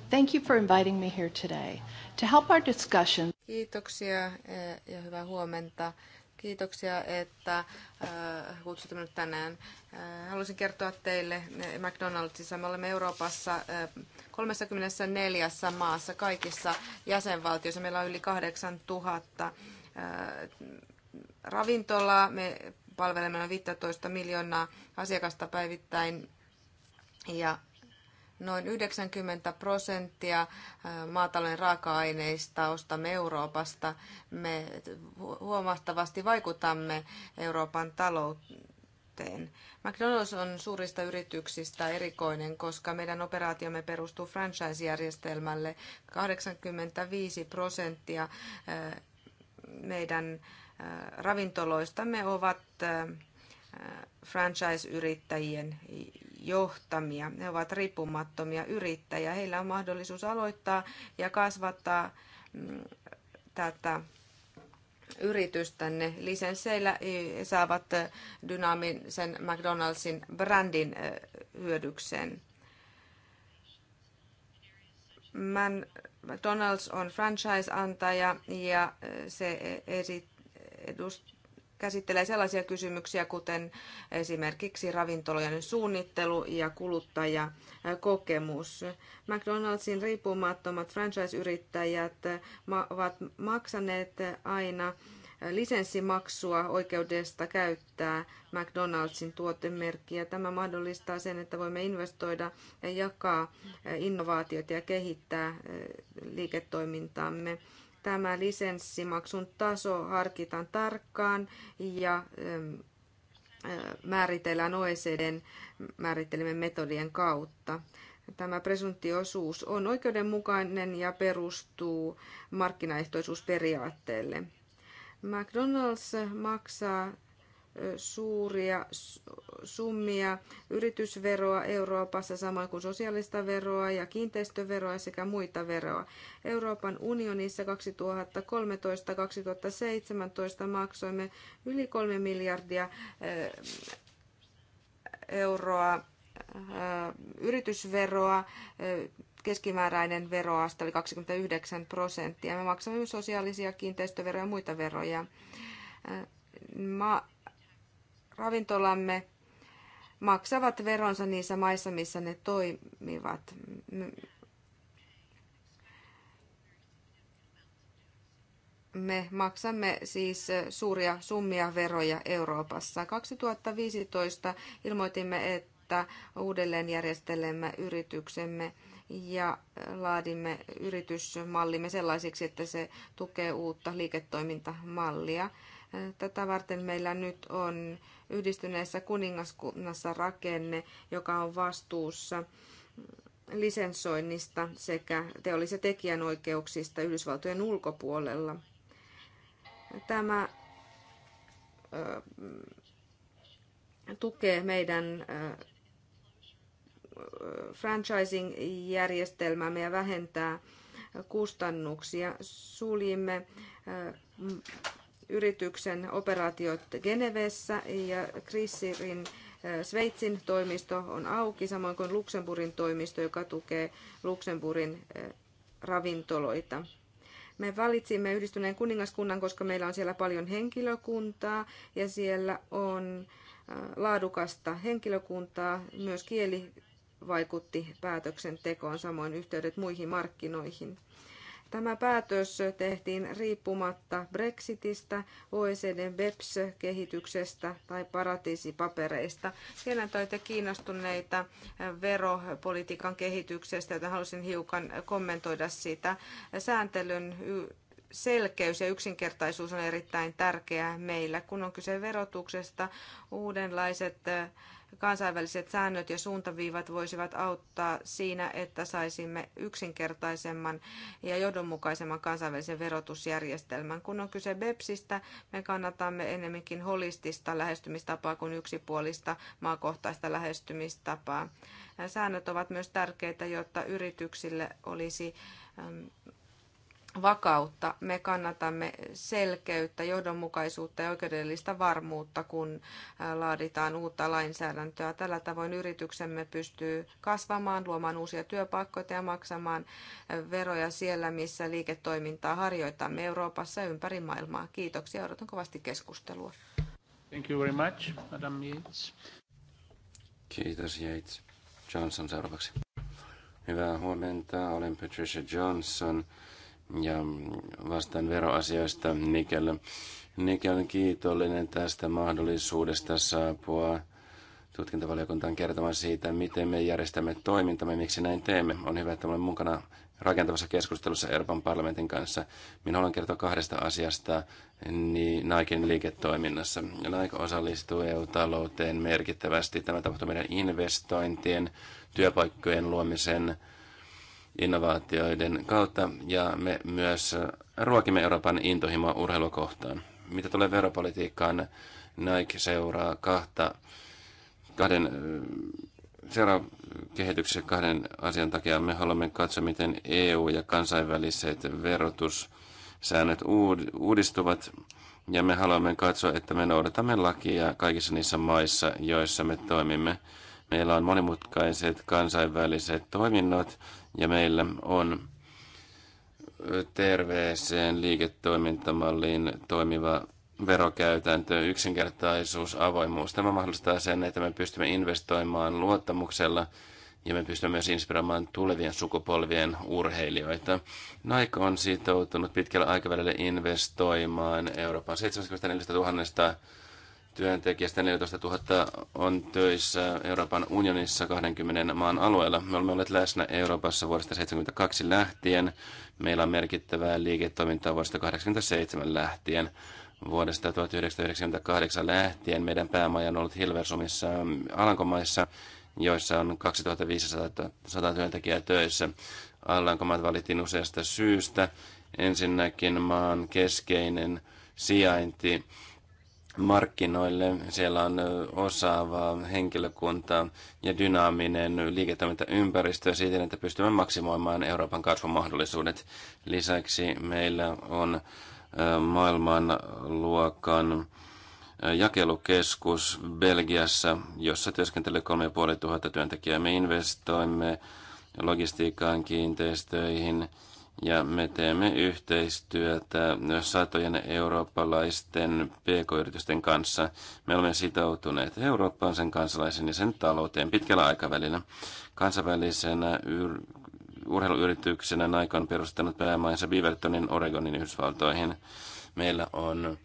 Thank you for inviting me here today to help our discussion. Kiitoksia eh, ja hyvää huomenta. Kiitoksia, että äh, kutsutte minut tänään. Äh, haluaisin kertoa teille McDonaldsissa. Me olemme Euroopassa 34 äh, maassa kaikissa jäsenvaltioissa. Meillä on yli 8000 ravintolaa. Me palvelemme noin 15 miljoonaa asiakasta päivittäin. Ja Noin 90 prosenttia maatalouden raaka-aineista ostamme Euroopasta. Me huomattavasti vaikutamme Euroopan talouteen. McDonald's on suurista yrityksistä erikoinen, koska meidän operaatiomme perustuu franchise-järjestelmälle. 85 prosenttia meidän ravintoloistamme ovat franchise-yrittäjien johtamia. Ne ovat riippumattomia yrittäjiä. Heillä on mahdollisuus aloittaa ja kasvattaa mm, tätä yritystänne lisensseillä e, saavat dynaamisen McDonaldsin brändin e, hyödykseen. Man, McDonald's on franchise-antaja ja e, se edustaa käsittelee sellaisia kysymyksiä, kuten esimerkiksi ravintolojen suunnittelu ja kuluttajakokemus. McDonald'sin riippumattomat franchise-yrittäjät ovat maksaneet aina lisenssimaksua oikeudesta käyttää McDonald'sin tuotemerkkiä. Tämä mahdollistaa sen, että voimme investoida ja jakaa innovaatioita ja kehittää eh, liiketoimintamme tämä lisenssimaksun taso harkitaan tarkkaan ja ähm, äh, määritellään OECDn määrittelemien metodien kautta. Tämä presunttiosuus on oikeudenmukainen ja perustuu markkinaehtoisuusperiaatteelle. McDonald's maksaa suuria summia yritysveroa Euroopassa, samoin kuin sosiaalista veroa ja kiinteistöveroa sekä muita veroa. Euroopan unionissa 2013-2017 maksoimme yli 3 miljardia euroa yritysveroa, keskimääräinen veroaste oli 29 prosenttia. Me maksamme myös sosiaalisia kiinteistöveroja ja muita veroja. Ma- ravintolamme maksavat veronsa niissä maissa, missä ne toimivat. Me maksamme siis suuria summia veroja Euroopassa. 2015 ilmoitimme, että uudelleen järjestelemme yrityksemme ja laadimme yritysmallimme sellaisiksi, että se tukee uutta liiketoimintamallia. Tätä varten meillä nyt on yhdistyneessä kuningaskunnassa rakenne, joka on vastuussa lisensoinnista sekä teollis- ja tekijänoikeuksista Yhdysvaltojen ulkopuolella. Tämä ö, tukee meidän ö, franchising järjestelmäämme ja vähentää kustannuksia. Suljimme yrityksen operaatiot Genevessä ja Krissirin äh, Sveitsin toimisto on auki, samoin kuin Luxemburgin toimisto, joka tukee Luxemburgin äh, ravintoloita. Me valitsimme yhdistyneen kuningaskunnan, koska meillä on siellä paljon henkilökuntaa ja siellä on äh, laadukasta henkilökuntaa. Myös kieli vaikutti päätöksentekoon, samoin yhteydet muihin markkinoihin. Tämä päätös tehtiin riippumatta Brexitistä, OECDn BEPS-kehityksestä tai paratiisipapereista. Siellä toitte kiinnostuneita veropolitiikan kehityksestä, joten halusin hiukan kommentoida sitä. Sääntelyn selkeys ja yksinkertaisuus on erittäin tärkeää meillä. Kun on kyse verotuksesta, uudenlaiset kansainväliset säännöt ja suuntaviivat voisivat auttaa siinä, että saisimme yksinkertaisemman ja johdonmukaisemman kansainvälisen verotusjärjestelmän. Kun on kyse BEPSistä, me kannatamme enemmänkin holistista lähestymistapaa kuin yksipuolista maakohtaista lähestymistapaa. Säännöt ovat myös tärkeitä, jotta yrityksille olisi vakautta. Me kannatamme selkeyttä, johdonmukaisuutta ja oikeudellista varmuutta, kun laaditaan uutta lainsäädäntöä. Tällä tavoin yrityksemme pystyy kasvamaan, luomaan uusia työpaikkoja ja maksamaan veroja siellä, missä liiketoimintaa harjoitamme Euroopassa ja ympäri maailmaa. Kiitoksia. Odotan kovasti keskustelua. Thank you very much, Madam Yates. Kiitos Yates. Johnson seuraavaksi. Hyvää huomenta. Olen Patricia Johnson ja mm, vastaan veroasioista Nikel. Nikel on kiitollinen tästä mahdollisuudesta saapua tutkintavaliokuntaan kertomaan siitä, miten me järjestämme toimintamme, miksi näin teemme. On hyvä, että olen mukana rakentavassa keskustelussa Euroopan parlamentin kanssa. Minä haluan kertoa kahdesta asiasta niin Naikin liiketoiminnassa. Naik osallistuu EU-talouteen merkittävästi. Tämä tapahtuu meidän investointien, työpaikkojen luomisen, innovaatioiden kautta ja me myös ruokimme Euroopan intohimoa urheilukohtaan. Mitä tulee veropolitiikkaan, Nike seuraa kahta, kahden, seuraa kehityksessä kahden asian takia. Me haluamme katsoa, miten EU ja kansainväliset verotussäännöt uudistuvat ja me haluamme katsoa, että me noudatamme lakia kaikissa niissä maissa, joissa me toimimme. Meillä on monimutkaiset kansainväliset toiminnot, ja meillä on terveeseen liiketoimintamalliin toimiva verokäytäntö, yksinkertaisuus, avoimuus. Tämä mahdollistaa sen, että me pystymme investoimaan luottamuksella ja me pystymme myös inspiroimaan tulevien sukupolvien urheilijoita. Naiko on sitoutunut pitkällä aikavälillä investoimaan Euroopan 74 000 työntekijästä 14 000 on töissä Euroopan unionissa 20 maan alueella. Me olemme olleet läsnä Euroopassa vuodesta 1972 lähtien. Meillä on merkittävää liiketoimintaa vuodesta 1987 lähtien. Vuodesta 1998 lähtien meidän päämaja on ollut Hilversumissa Alankomaissa, joissa on 2500 työntekijää töissä. Alankomaat valittiin useasta syystä. Ensinnäkin maan keskeinen sijainti markkinoille. Siellä on osaavaa henkilökuntaa ja dynaaminen liiketoimintaympäristö siten, että pystymme maksimoimaan Euroopan kasvumahdollisuudet. mahdollisuudet. Lisäksi meillä on maailmanluokan jakelukeskus Belgiassa, jossa työskentelee 3500 työntekijää. Me investoimme logistiikkaan, kiinteistöihin, ja me teemme yhteistyötä satojen eurooppalaisten pk-yritysten kanssa. Me olemme sitoutuneet Eurooppaan, sen kansalaisen ja sen talouteen pitkällä aikavälillä. Kansainvälisenä yr- urheiluyrityksenä Nike on perustanut päämaansa Beavertonin Oregonin Yhdysvaltoihin. Meillä on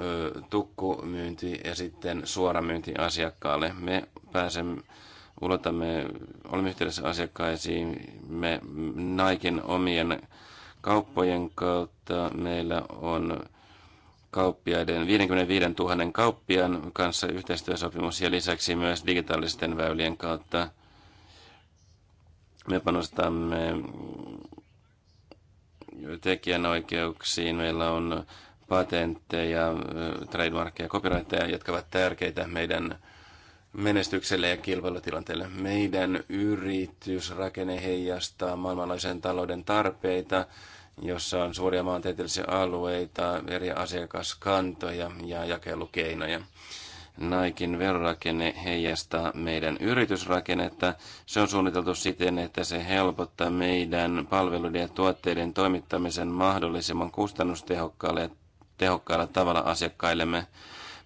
ö, tukkumyynti ja sitten suoramyynti asiakkaalle. Me pääsemme ulotamme, olemme yhteydessä asiakkaisiin, me Naikin omien kauppojen kautta meillä on kauppiaiden 55 000 kauppiaan kanssa yhteistyösopimus ja lisäksi myös digitaalisten väylien kautta me panostamme tekijänoikeuksiin. Meillä on patentteja, trademarkkeja, copyrightteja, jotka ovat tärkeitä meidän menestykselle ja kilpailutilanteelle. Meidän yritysrakenne heijastaa maailmanlaisen talouden tarpeita, jossa on suuria maantieteellisiä alueita, eri asiakaskantoja ja jakelukeinoja. Naikin verorakenne heijastaa meidän yritysrakennetta. Se on suunniteltu siten, että se helpottaa meidän palveluiden ja tuotteiden toimittamisen mahdollisimman kustannustehokkaalle tehokkaalla tavalla asiakkaillemme.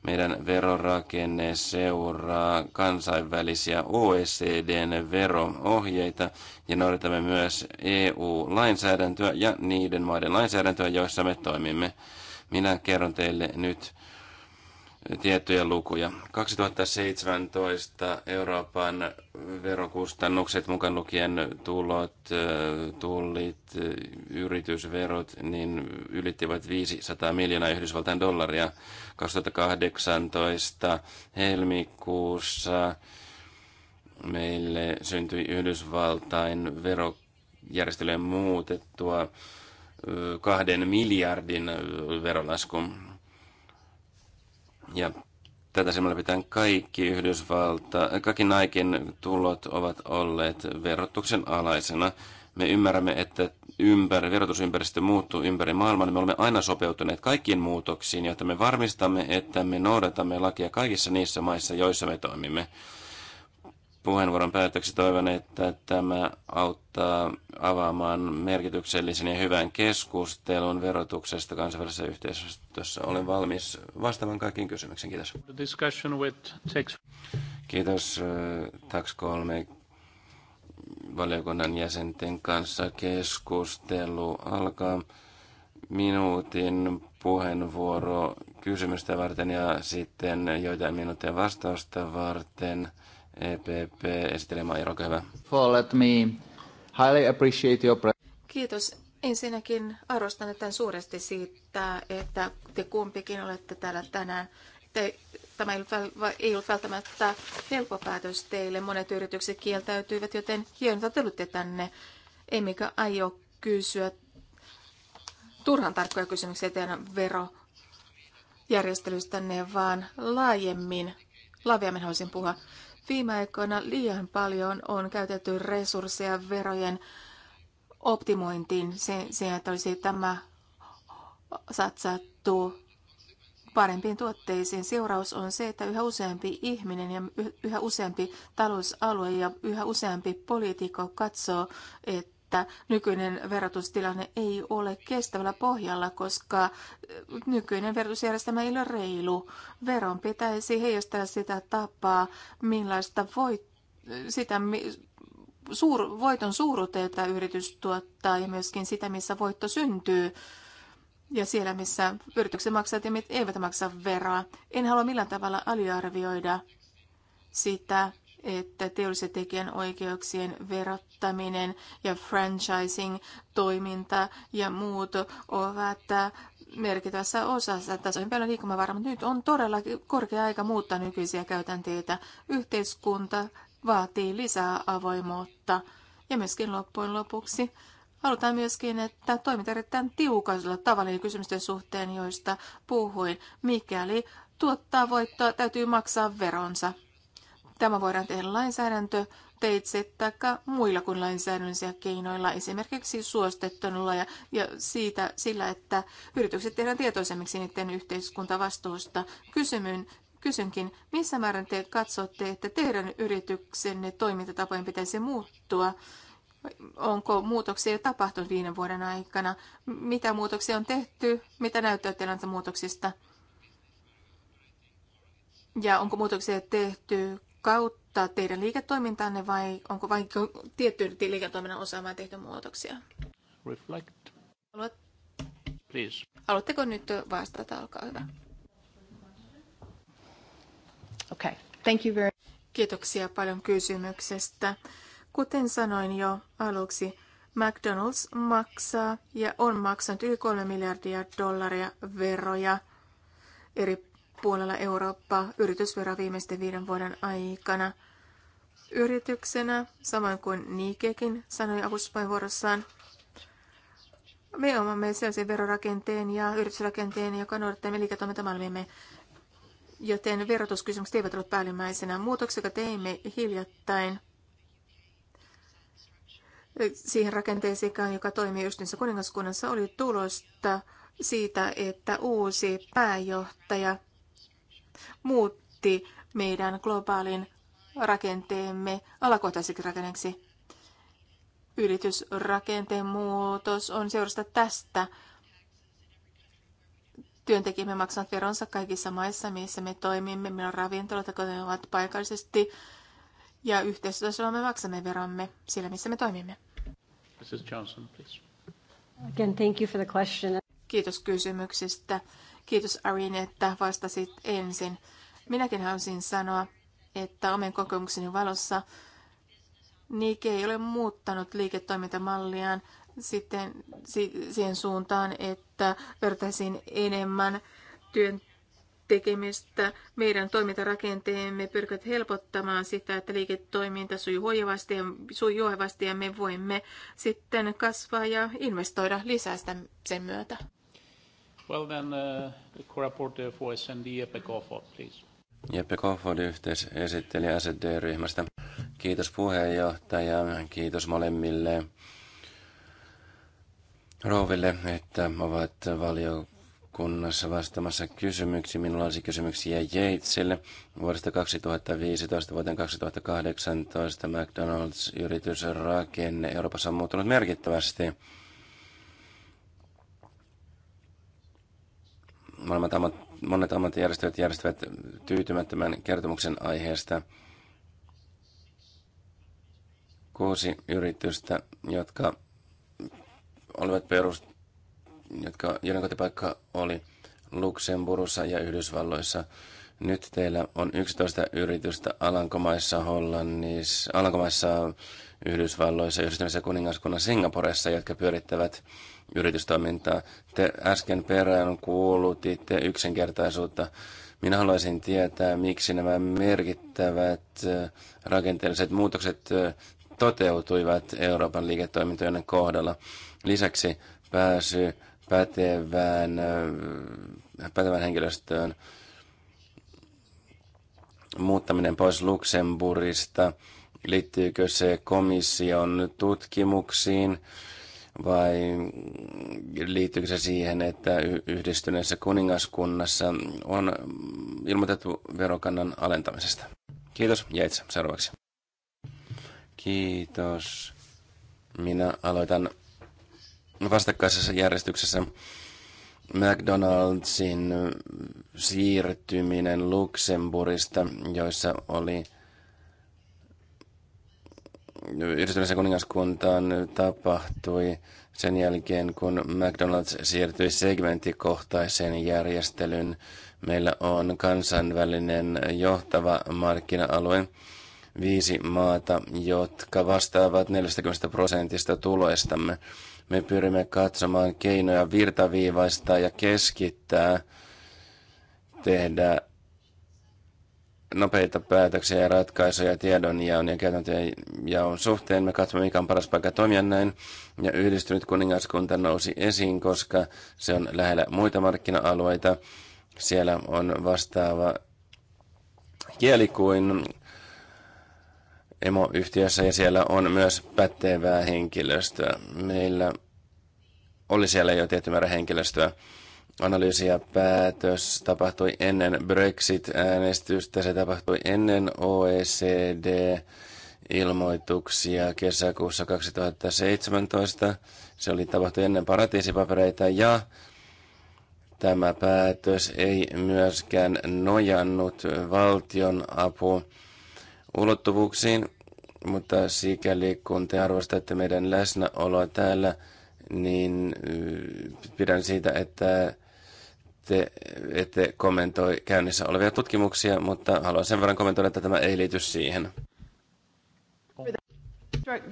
Meidän verorakenne seuraa kansainvälisiä OECDn veroohjeita ja noudatamme myös EU-lainsäädäntöä ja niiden maiden lainsäädäntöä, joissa me toimimme. Minä kerron teille nyt tiettyjä lukuja. 2017 Euroopan verokustannukset, mukaan lukien tulot, tullit, yritysverot, niin ylittivät 500 miljoonaa Yhdysvaltain dollaria. 2018 helmikuussa meille syntyi Yhdysvaltain verojärjestelyjen muutettua kahden miljardin verolasku. Ja tätä silmällä pitää kaikki Yhdysvalta, kaikki Naikin tulot ovat olleet verotuksen alaisena. Me ymmärrämme, että ympäri, verotusympäristö muuttuu ympäri maailmaa, niin me olemme aina sopeutuneet kaikkiin muutoksiin, jotta me varmistamme, että me noudatamme lakia kaikissa niissä maissa, joissa me toimimme. Puheenvuoron päätöksi toivon, että tämä auttaa avaamaan merkityksellisen ja hyvän keskustelun verotuksesta kansainvälisessä yhteisössä. Olen valmis vastaamaan kaikkiin kysymyksiin. Kiitos. Kiitos. Äh, tax 3 valiokunnan jäsenten kanssa keskustelu alkaa minuutin puheenvuoro kysymystä varten ja sitten joitain minuutteja vastausta varten. EPP esittelemään, olkaa hyvä. Let me highly appreciate your Kiitos. Ensinnäkin arvostan tämän suuresti siitä, että te kumpikin olette täällä tänään. Te Tämä ei ollut välttämättä helppo päätös teille. Monet yritykset kieltäytyivät, joten hienoa te tänne. Emmekä aio kysyä turhan tarkkoja kysymyksiä teidän verojärjestelystänne, vaan laajemmin, laviammin haluaisin puhua. Viime aikoina liian paljon on käytetty resursseja verojen optimointiin sen, sen että olisi tämä satsattu parempiin tuotteisiin. Seuraus on se, että yhä useampi ihminen ja yhä useampi talousalue ja yhä useampi poliitikko katsoo, että nykyinen verotustilanne ei ole kestävällä pohjalla, koska nykyinen verotusjärjestelmä ei ole reilu. Veron pitäisi heijastaa sitä tapaa, millaista voit, sitä, suur, voiton suuruuteita yritys tuottaa ja myöskin sitä, missä voitto syntyy ja siellä, missä yrityksen maksajat eivät maksa veroa. En halua millään tavalla aliarvioida sitä, että teollisen oikeuksien verottaminen ja franchising-toiminta ja muut ovat merkittävässä osassa. Tässä on paljon liikkumavaraa, mutta nyt on todella korkea aika muuttaa nykyisiä käytänteitä. Yhteiskunta vaatii lisää avoimuutta ja myöskin loppujen lopuksi Halutaan myöskin, että toiminta erittäin tiukaisella tavalla ja kysymysten suhteen, joista puhuin. Mikäli tuottaa voittoa, täytyy maksaa veronsa. Tämä voidaan tehdä lainsäädäntö teitse tai muilla kuin lainsäädännöllisillä keinoilla, esimerkiksi suostettuna ja, ja siitä, sillä, että yritykset tehdään tietoisemmiksi niiden yhteiskuntavastuusta. Kysymyn, kysynkin, missä määrin te katsotte, että teidän yrityksenne toimintatapojen pitäisi muuttua? Onko muutoksia jo tapahtunut viiden vuoden aikana? Mitä muutoksia on tehty? Mitä näyttää teillä muutoksista? Ja onko muutoksia tehty kautta teidän liiketoimintanne vai onko vain tiettyyn liiketoiminnan osaamaan tehty muutoksia? Reflect. Haluat... Please. Haluatteko nyt vastata? Olkaa hyvä. Okay. Thank you very... Kiitoksia paljon kysymyksestä. Kuten sanoin jo aluksi, McDonald's maksaa ja on maksanut yli 3 miljardia dollaria veroja eri puolella Eurooppaa yritysvero viimeisten viiden vuoden aikana. Yrityksenä, samoin kuin Nikekin sanoi avustuspainvuorossaan, me omamme sellaisen verorakenteen ja yritysrakenteen, joka noudattaa me liiketoimintamalmimme, joten verotuskysymykset eivät ole päällimmäisenä. Muutoksia, joka teimme hiljattain, siihen rakenteeseen, joka toimii yhdessä kuningaskunnassa, oli tulosta siitä, että uusi pääjohtaja muutti meidän globaalin rakenteemme alakohtaiseksi rakenneksi. Yritysrakenteen muutos on seurasta tästä. Työntekijämme maksavat veronsa kaikissa maissa, missä me toimimme. Meillä on ravintolat, jotka ovat paikallisesti ja yhteistyössä me maksamme veromme sillä, missä me toimimme. Mrs. Johnson, please. Again, thank you for the question. Kiitos kysymyksistä. Kiitos Arin, että vastasit ensin. Minäkin halusin sanoa, että omien kokemukseni valossa Nike ei ole muuttanut liiketoimintamalliaan sitten siihen suuntaan, että vertaisin enemmän työn tekemistä. Meidän toimintarakenteemme pyrkivät helpottamaan sitä, että liiketoiminta sujuu hoivasti ja, ja me voimme sitten kasvaa ja investoida lisää sitä sen myötä. Well then, uh, SND, Jeppe Kofod, please. Jeppe SD-ryhmästä. Kiitos puheenjohtaja, kiitos molemmille rouville, että ovat valiokunnan valiokunnassa vastaamassa kysymyksiin. Minulla olisi kysymyksiä Jeitsille. Vuodesta 2015 vuoteen 2018 McDonald's-yritysrakenne Euroopassa on muuttunut merkittävästi. Monet, ammat, monet ammattijärjestöt järjestävät tyytymättömän kertomuksen aiheesta. Kuusi yritystä, jotka olivat perustettu jotka, joiden kotipaikka oli Luxemburgissa ja Yhdysvalloissa. Nyt teillä on 11 yritystä Alankomaissa, Hollannissa, Alankomaissa, Yhdysvalloissa, Yhdistyneessä kuningaskunnassa, Singaporessa, jotka pyörittävät yritystoimintaa. Te äsken perään kuulutitte yksinkertaisuutta. Minä haluaisin tietää, miksi nämä merkittävät rakenteelliset muutokset toteutuivat Euroopan liiketoimintojen kohdalla. Lisäksi pääsy pätevään, äh, pätevään henkilöstöön muuttaminen pois Luxemburgista, liittyykö se komission tutkimuksiin vai liittyykö se siihen, että yhdistyneessä kuningaskunnassa on ilmoitettu verokannan alentamisesta? Kiitos, Jeitsa, seuraavaksi. Kiitos. Minä aloitan vastakkaisessa järjestyksessä McDonaldsin siirtyminen Luxemburgista, joissa oli yhdistyneessä kuningaskuntaan tapahtui sen jälkeen, kun McDonald's siirtyi segmenttikohtaisen järjestelyyn. Meillä on kansainvälinen johtava markkina-alue. Viisi maata, jotka vastaavat 40 prosentista tuloistamme. Me pyrimme katsomaan keinoja virtaviivaista ja keskittää, tehdä nopeita päätöksiä ja ratkaisuja tiedon ja käytäntöjen on suhteen. Me katsomme, mikä on paras paikka toimia näin. Ja yhdistynyt kuningaskunta nousi esiin, koska se on lähellä muita markkina-alueita. Siellä on vastaava kieli kuin emoyhtiössä ja siellä on myös pätevää henkilöstöä. Meillä oli siellä jo tietty määrä henkilöstöä. Analyysi ja päätös tapahtui ennen Brexit-äänestystä, se tapahtui ennen OECD ilmoituksia kesäkuussa 2017. Se oli tapahtunut ennen paratiisipapereita ja tämä päätös ei myöskään nojannut valtion apu ulottuvuuksiin, mutta sikäli kun te arvostatte meidän läsnäoloa täällä, niin pidän siitä, että te ette kommentoi käynnissä olevia tutkimuksia, mutta haluan sen verran kommentoida, että tämä ei liity siihen.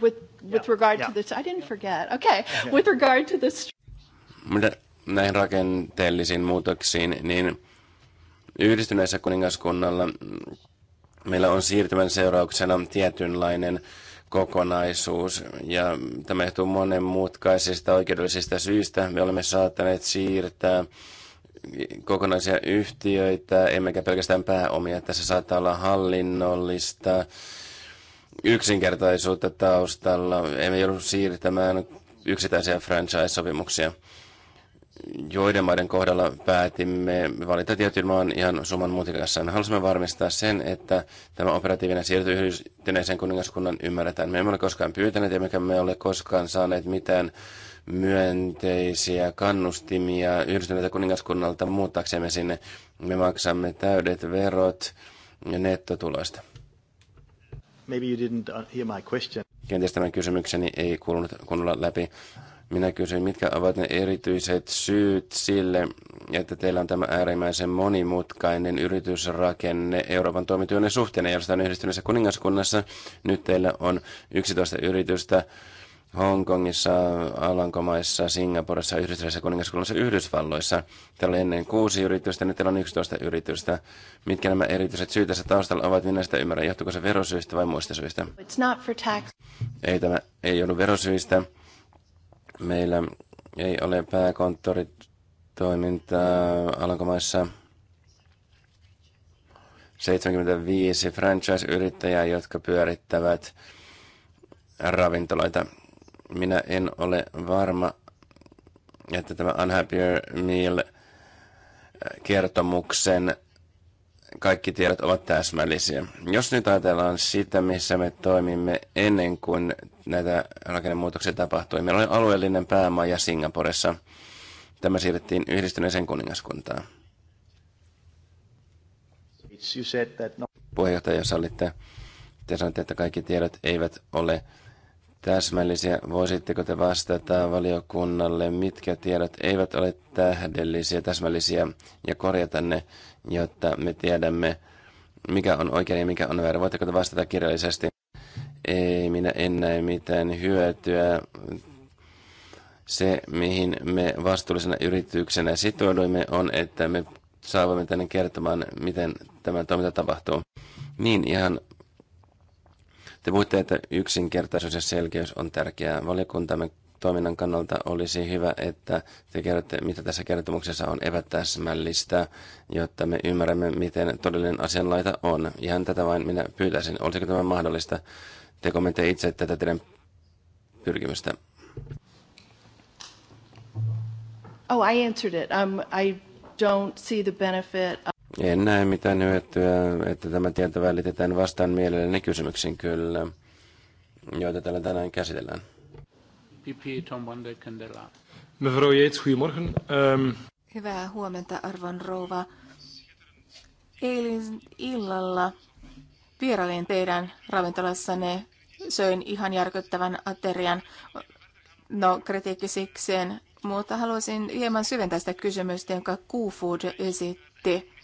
With, with regard to this, I didn't forget. Okay, with regard to this... Mitä näihin rakenteellisiin muutoksiin, niin yhdistyneessä kuningaskunnalla meillä on siirtymän seurauksena tietynlainen kokonaisuus, ja tämä johtuu mutkaisista oikeudellisista syistä. Me olemme saattaneet siirtää kokonaisia yhtiöitä, emmekä pelkästään pääomia. Tässä saattaa olla hallinnollista yksinkertaisuutta taustalla. Emme joudu siirtämään yksittäisiä franchise-sopimuksia joiden maiden kohdalla päätimme valita tietyn maan ihan summan muutikassa. Me halusimme varmistaa sen, että tämä operatiivinen siirto yhdistyneeseen kuningaskunnan ymmärretään. Me emme ole koskaan pyytäneet, emmekä me ole koskaan saaneet mitään myönteisiä kannustimia yhdistyneeltä kuningaskunnalta muuttaaksemme sinne. Me maksamme täydet verot nettotuloista. Maybe you didn't uh, hear my question. Kenties tämän kysymykseni ei kuulunut kunnolla läpi. Minä kysyin, mitkä ovat ne erityiset syyt sille, että teillä on tämä äärimmäisen monimutkainen yritysrakenne Euroopan toimityönne suhteen, ja on yhdistyneessä kuningaskunnassa. Nyt teillä on 11 yritystä Hongkongissa, Alankomaissa, Singapurissa, Yhdistyneessä kuningaskunnassa, Yhdysvalloissa. Täällä oli ennen kuusi yritystä, nyt teillä on 11 yritystä. Mitkä nämä erityiset syyt tässä taustalla ovat, minä sitä ymmärrän. Johtuuko se verosyistä vai muista syistä? Ei tämä ei ollut verosyistä Meillä ei ole pääkonttoritoimintaa Alankomaissa. 75 franchise-yrittäjää, jotka pyörittävät ravintoloita. Minä en ole varma, että tämä Unhappier Meal kertomuksen kaikki tiedot ovat täsmällisiä. Jos nyt ajatellaan sitä, missä me toimimme ennen kuin näitä rakennemuutoksia tapahtui. Meillä oli alueellinen päämaja Singaporessa. Tämä siirrettiin yhdistyneeseen kuningaskuntaan. Puheenjohtaja, jos sallitte, te sanotte, että kaikki tiedot eivät ole täsmällisiä. Voisitteko te vastata valiokunnalle, mitkä tiedot eivät ole tähdellisiä, täsmällisiä ja korjata ne? jotta me tiedämme, mikä on oikein ja mikä on väärä. Voitteko te vastata kirjallisesti? Ei, minä en näe mitään hyötyä. Se, mihin me vastuullisena yrityksenä sitouduimme, on, että me saavamme tänne kertomaan, miten tämä toiminta tapahtuu. Niin, ihan te puhutte, että yksinkertaisuus ja selkeys on tärkeää. Valiokuntamme toiminnan kannalta olisi hyvä, että te kerrotte, mitä tässä kertomuksessa on epätäsmällistä, jotta me ymmärrämme, miten todellinen asianlaita on. Ihan tätä vain minä pyytäisin. Olisiko tämä mahdollista? Te kommentte itse tätä teidän pyrkimystä. Oh, I answered it. Um, I don't see the benefit. Of... En näe mitään hyötyä, että tämä tieto välitetään vastaan mielelläni kysymyksiin kyllä, joita täällä tänään käsitellään. Tom van Mevrouw goedemorgen. Um... Ehm, Hyvää huomenta, arvon rouva. Eilen illalla vierailin teidän ravintolassanne, söin ihan järkyttävän aterian. No, kritiikki sikseen, mutta haluaisin hieman syventää sitä kysymystä, jonka Q-Food esitti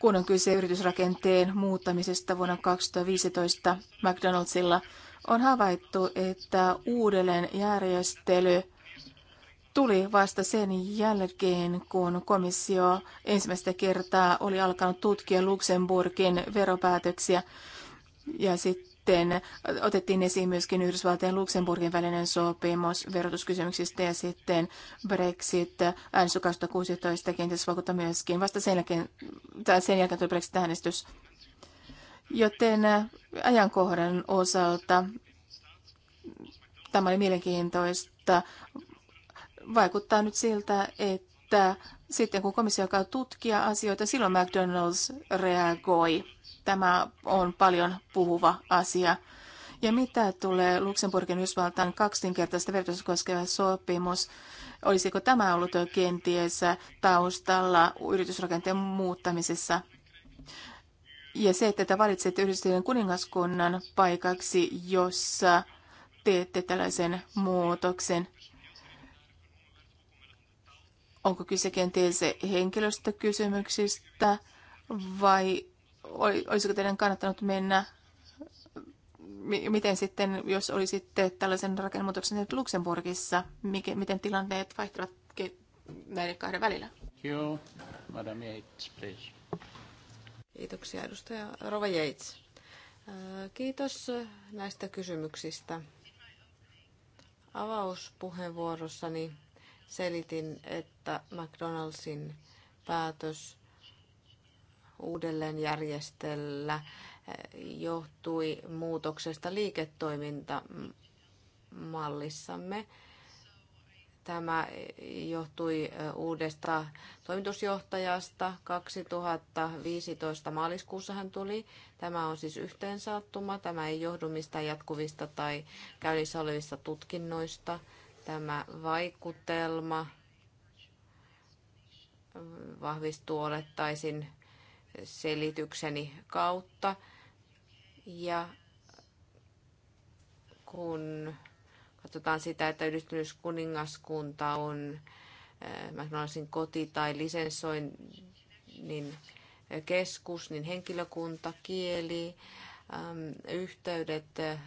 kun on kyse yritysrakenteen muuttamisesta vuonna 2015 McDonaldsilla, on havaittu, että uudelleen järjestely tuli vasta sen jälkeen, kun komissio ensimmäistä kertaa oli alkanut tutkia Luxemburgin veropäätöksiä ja sitten sitten otettiin esiin myöskin Yhdysvaltain ja Luxemburgin välinen sopimus verotuskysymyksistä ja sitten Brexit äänestys 2016 kenties vaikuttaa myöskin. Vasta sen jälkeen, tai sen jälkeen tuli Brexit-äänestys. Joten äh, ajankohdan osalta tämä oli mielenkiintoista. Vaikuttaa nyt siltä, että sitten kun komissio alkaa tutkia asioita, silloin McDonald's reagoi Tämä on paljon puhuva asia. Ja mitä tulee Luxemburgin Yhdysvaltain kaksinkertaista verotusta koskeva sopimus, olisiko tämä ollut jo kenties taustalla yritysrakenteen muuttamisessa? Ja se, että te valitsette yhdistyneen kuningaskunnan paikaksi, jossa teette tällaisen muutoksen, onko kyse kenties henkilöstökysymyksistä vai olisiko teidän kannattanut mennä, miten sitten, jos olisitte tällaisen rakennemuutoksen Luxemburgissa, miten tilanteet vaihtuvat näiden kahden välillä? Joo, Madame Yates, please. Kiitoksia edustaja Rova Yates. Äh, kiitos näistä kysymyksistä. Avauspuheenvuorossani selitin, että McDonaldsin päätös uudelleenjärjestellä eh, johtui muutoksesta liiketoimintamallissamme. Tämä johtui eh, uudesta toimitusjohtajasta. 2015 maaliskuussa hän tuli. Tämä on siis yhteensattuma. Tämä ei johdu mistään jatkuvista tai käynnissä olevista tutkinnoista. Tämä vaikutelma vahvistuu olettaisin selitykseni kautta. Ja kun katsotaan sitä, että yhdistynyt kuningaskunta on äh, sanoisin, koti tai lisensoinnin keskus, niin henkilökunta, kieli, yhteydet äh,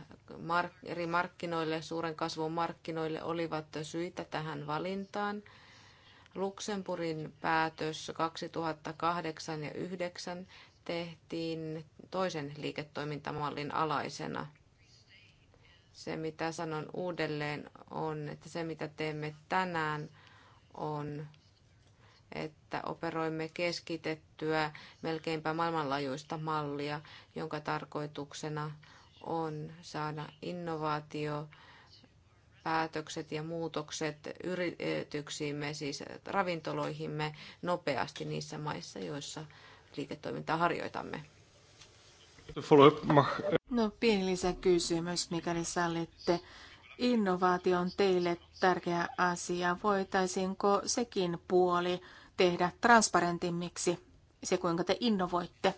eri markkinoille, suuren kasvun markkinoille olivat syitä tähän valintaan. Luxemburgin päätös 2008 ja 2009 tehtiin toisen liiketoimintamallin alaisena. Se, mitä sanon uudelleen, on, että se, mitä teemme tänään, on, että operoimme keskitettyä melkeinpä maailmanlaajuista mallia, jonka tarkoituksena on saada innovaatio päätökset ja muutokset yrityksiimme, siis ravintoloihimme nopeasti niissä maissa, joissa liiketoimintaa harjoitamme. No pieni lisäkysymys, mikäli sallitte. Innovaatio on teille tärkeä asia. Voitaisinko sekin puoli tehdä transparentimmiksi, se kuinka te innovoitte?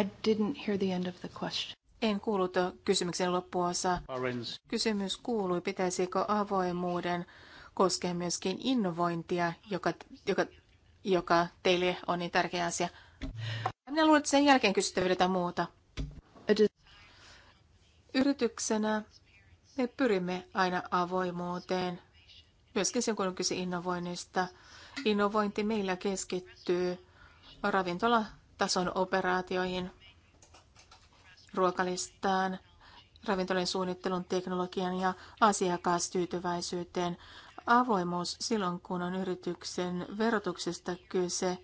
I didn't hear the end of the question. En kuullut kysymyksen loppuosa. Kysymys kuului, pitäisikö avoimuuden koskea myöskin innovointia, joka, joka, joka teille on niin tärkeä asia. Minä luulen, että sen jälkeen kysyttävyydetään muuta. Yrityksenä me pyrimme aina avoimuuteen, myöskin sen kun on kyse innovoinnista. Innovointi meillä keskittyy ravintolatason operaatioihin – ruokalistaan, ravintolan suunnittelun teknologian ja asiakastyytyväisyyteen. Avoimuus silloin, kun on yrityksen verotuksesta kyse,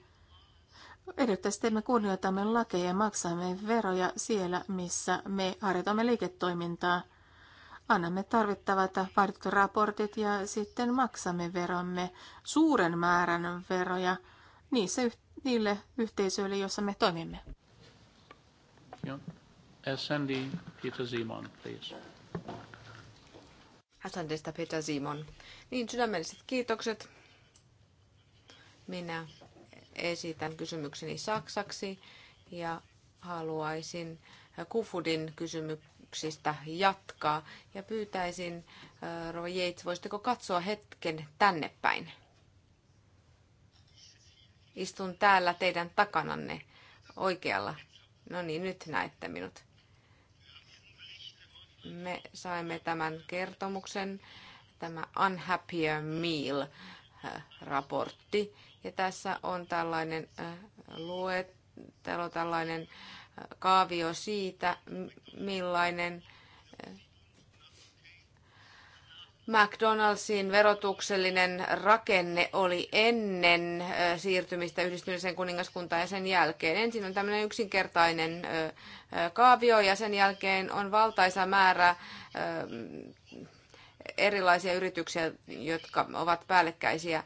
edellyttäisi, että me kunnioitamme lakeja ja maksamme veroja siellä, missä me harjoitamme liiketoimintaa. Annamme tarvittavat vaaditut raportit ja sitten maksamme veromme suuren määrän veroja niissä, niille yhteisöille, joissa me toimimme. Joo. SND Peter Simon, please. SNDstä Peter Simon. Niin, sydämelliset kiitokset. Minä esitän kysymykseni saksaksi ja haluaisin Kufudin kysymyksistä jatkaa ja pyytäisin, Rova Yates, voisitteko katsoa hetken tänne päin? Istun täällä teidän takananne oikealla. No niin, nyt näette minut me saimme tämän kertomuksen, tämä Unhappier Meal-raportti. Äh, ja tässä on tällainen äh, luettelo, tällainen äh, kaavio siitä, millainen McDonaldsin verotuksellinen rakenne oli ennen siirtymistä yhdistyneeseen kuningaskuntaan ja sen jälkeen. Ensin on tämmöinen yksinkertainen kaavio ja sen jälkeen on valtaisa määrä erilaisia yrityksiä, jotka ovat päällekkäisiä.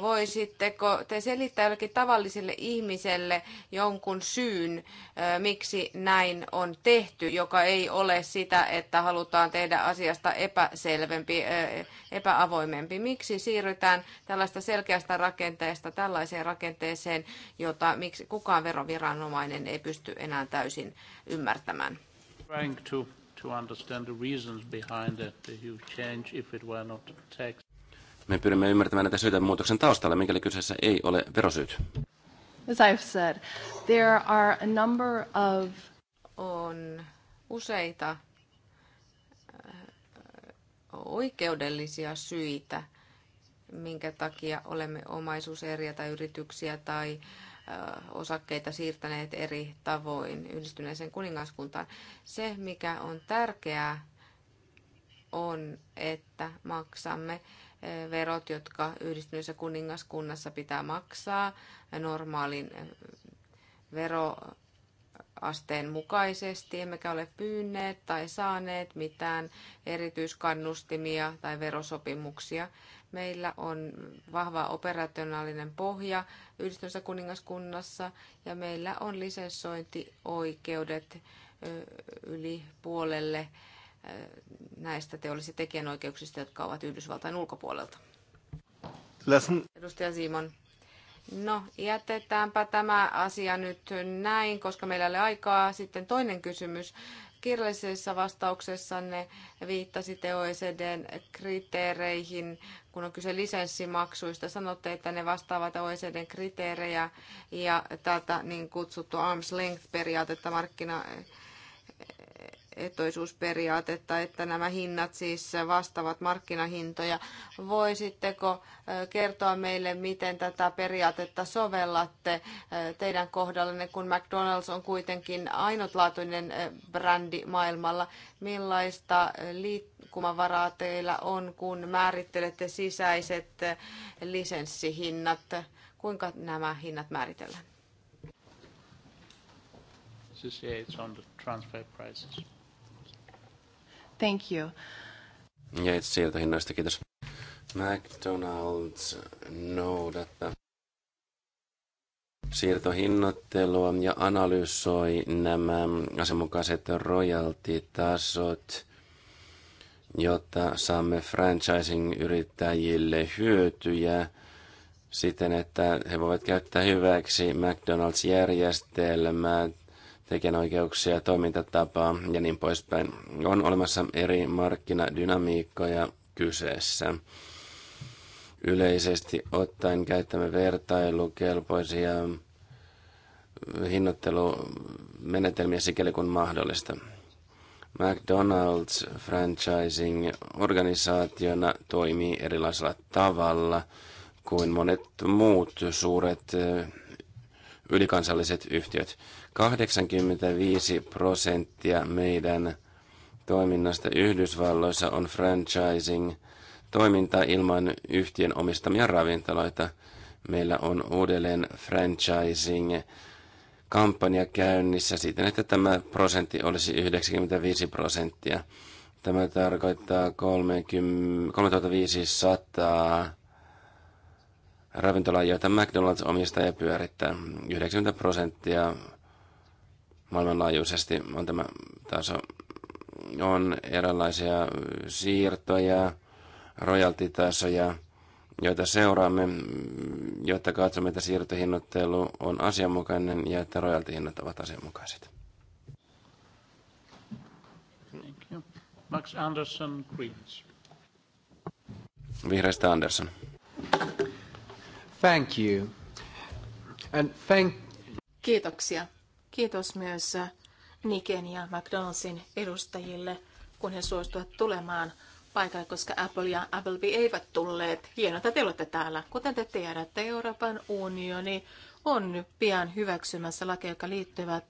Voisitteko te selittää jollekin tavalliselle ihmiselle jonkun syyn, miksi näin on tehty, joka ei ole sitä, että halutaan tehdä asiasta epäselvempi, epäavoimempi? Miksi siirrytään tällaista selkeästä rakenteesta tällaiseen rakenteeseen, jota miksi kukaan veroviranomainen ei pysty enää täysin ymmärtämään? Trying to to understand the reasons behind that huge change if it were not tax. Me pyrimme ymmärtämään näitä syitä muutoksen taustalla, mikäli kyseessä ei ole verosyyt. As I've said, there are a number of... On useita äh, oikeudellisia syitä, minkä takia olemme omaisuuseriä tai yrityksiä tai äh, osakkeita siirtäneet eri tavoin yhdistyneeseen kuningaskuntaan. Se, mikä on tärkeää, on, että maksamme verot, jotka yhdistyneessä kuningaskunnassa pitää maksaa normaalin veroasteen mukaisesti. Emmekä ole pyynneet tai saaneet mitään erityiskannustimia tai verosopimuksia. Meillä on vahva operationaalinen pohja yhdistyneessä kuningaskunnassa ja meillä on lisenssointioikeudet yli puolelle näistä teollisista tekijänoikeuksista, jotka ovat Yhdysvaltain ulkopuolelta. Läsen. Edustaja Simon. No, jätetäänpä tämä asia nyt näin, koska meillä ei ole aikaa. Sitten toinen kysymys. Kirjallisessa vastauksessanne viittasitte OECDn kriteereihin, kun on kyse lisenssimaksuista. Sanotte, että ne vastaavat OECDn kriteerejä ja tätä niin kutsuttua arm's length-periaatetta markkina- markkinaehtoisuusperiaatetta, että nämä hinnat siis vastaavat markkinahintoja. Voisitteko kertoa meille, miten tätä periaatetta sovellatte teidän kohdallanne, kun McDonald's on kuitenkin ainutlaatuinen brändi maailmalla? Millaista liikkumavaraa teillä on, kun määrittelette sisäiset lisenssihinnat? Kuinka nämä hinnat määritellään? associates on the transfer prices. Thank you. Ja itse hinnoista, kiitos. McDonald's noudattaa siirtohinnoittelua ja analysoi nämä asemukaiset royalty-tasot, jotta saamme franchising-yrittäjille hyötyjä siten, että he voivat käyttää hyväksi McDonald's-järjestelmää tekijänoikeuksia, toimintatapaa ja niin poispäin. On olemassa eri markkinadynamiikkoja kyseessä. Yleisesti ottaen käyttämme vertailukelpoisia hinnoittelumenetelmiä sikäli kuin mahdollista. McDonald's franchising-organisaationa toimii erilaisella tavalla kuin monet muut suuret ylikansalliset yhtiöt. 85 prosenttia meidän toiminnasta Yhdysvalloissa on franchising toiminta ilman yhtiön omistamia ravintoloita. Meillä on uudelleen franchising kampanja käynnissä siten, että tämä prosentti olisi 95 prosenttia. Tämä tarkoittaa 30, 3500 ravintolaa, joita McDonald's omistaa ja pyörittää. 90 prosenttia maailmanlaajuisesti on tämä taso. On erilaisia siirtoja, rojaltitasoja, joita seuraamme, jotta katsomme, että siirtohinnoittelu on asianmukainen ja että rojaltihinnat ovat asianmukaiset. Max Anderson, Greens. Vihreistä Anderson. Thank you. And thank... Kiitoksia. Kiitos myös Niken ja McDonaldsin edustajille, kun he suostuivat tulemaan paikalle, koska Apple ja Appleby eivät tulleet. Hienoa, että te olette täällä. Kuten te tiedätte, Euroopan unioni on nyt pian hyväksymässä lakeja, jotka liittyvät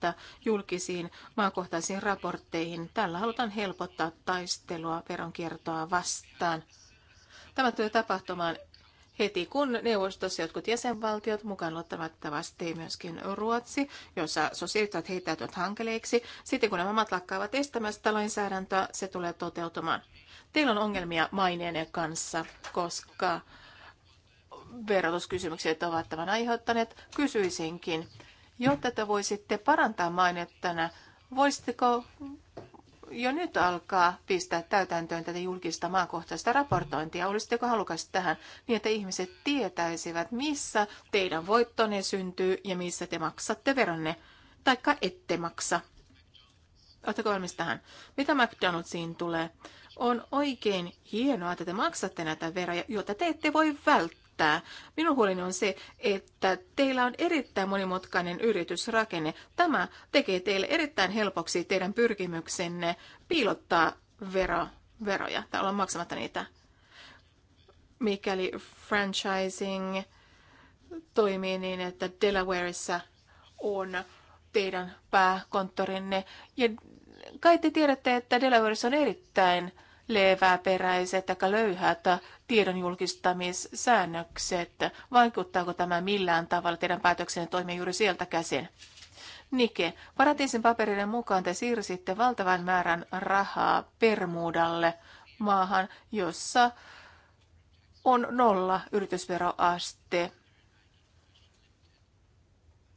julkisiin maakohtaisiin raportteihin. Tällä halutaan helpottaa taistelua veronkiertoa vastaan. Tämä tulee tapahtumaan heti kun neuvostossa jotkut jäsenvaltiot mukaan luottavattavasti myöskin Ruotsi, jossa sosiaalityöt heittäytyvät hankeleiksi. Sitten kun nämä maat lakkaavat estämästä lainsäädäntöä, se tulee toteutumaan. Teillä on ongelmia maineen kanssa, koska verotuskysymykset ovat tämän aiheuttaneet. Kysyisinkin, jotta te voisitte parantaa mainettana, voisitteko jo nyt alkaa pistää täytäntöön tätä julkista maakohtaista raportointia. Olisitteko halukas tähän niin, että ihmiset tietäisivät, missä teidän voittonne syntyy ja missä te maksatte veronne, taikka ette maksa. Oletteko valmis tähän? Mitä McDonald'siin tulee? On oikein hienoa, että te maksatte näitä veroja, joita te ette voi välttää välttää. Minun huoleni on se, että teillä on erittäin monimutkainen yritysrakenne. Tämä tekee teille erittäin helpoksi teidän pyrkimyksenne piilottaa vero, veroja tai olla maksamatta niitä. Mikäli franchising toimii niin, että Delawareissa on teidän pääkonttorinne. Ja kai te tiedätte, että Delawareissa on erittäin leväperäiset tai löyhät tiedon julkistamissäännökset? Vaikuttaako tämä millään tavalla teidän päätöksenne toimia juuri sieltä käsin? Nike, paratiisin paperien mukaan te siirsitte valtavan määrän rahaa Permuudalle maahan, jossa on nolla yritysveroaste.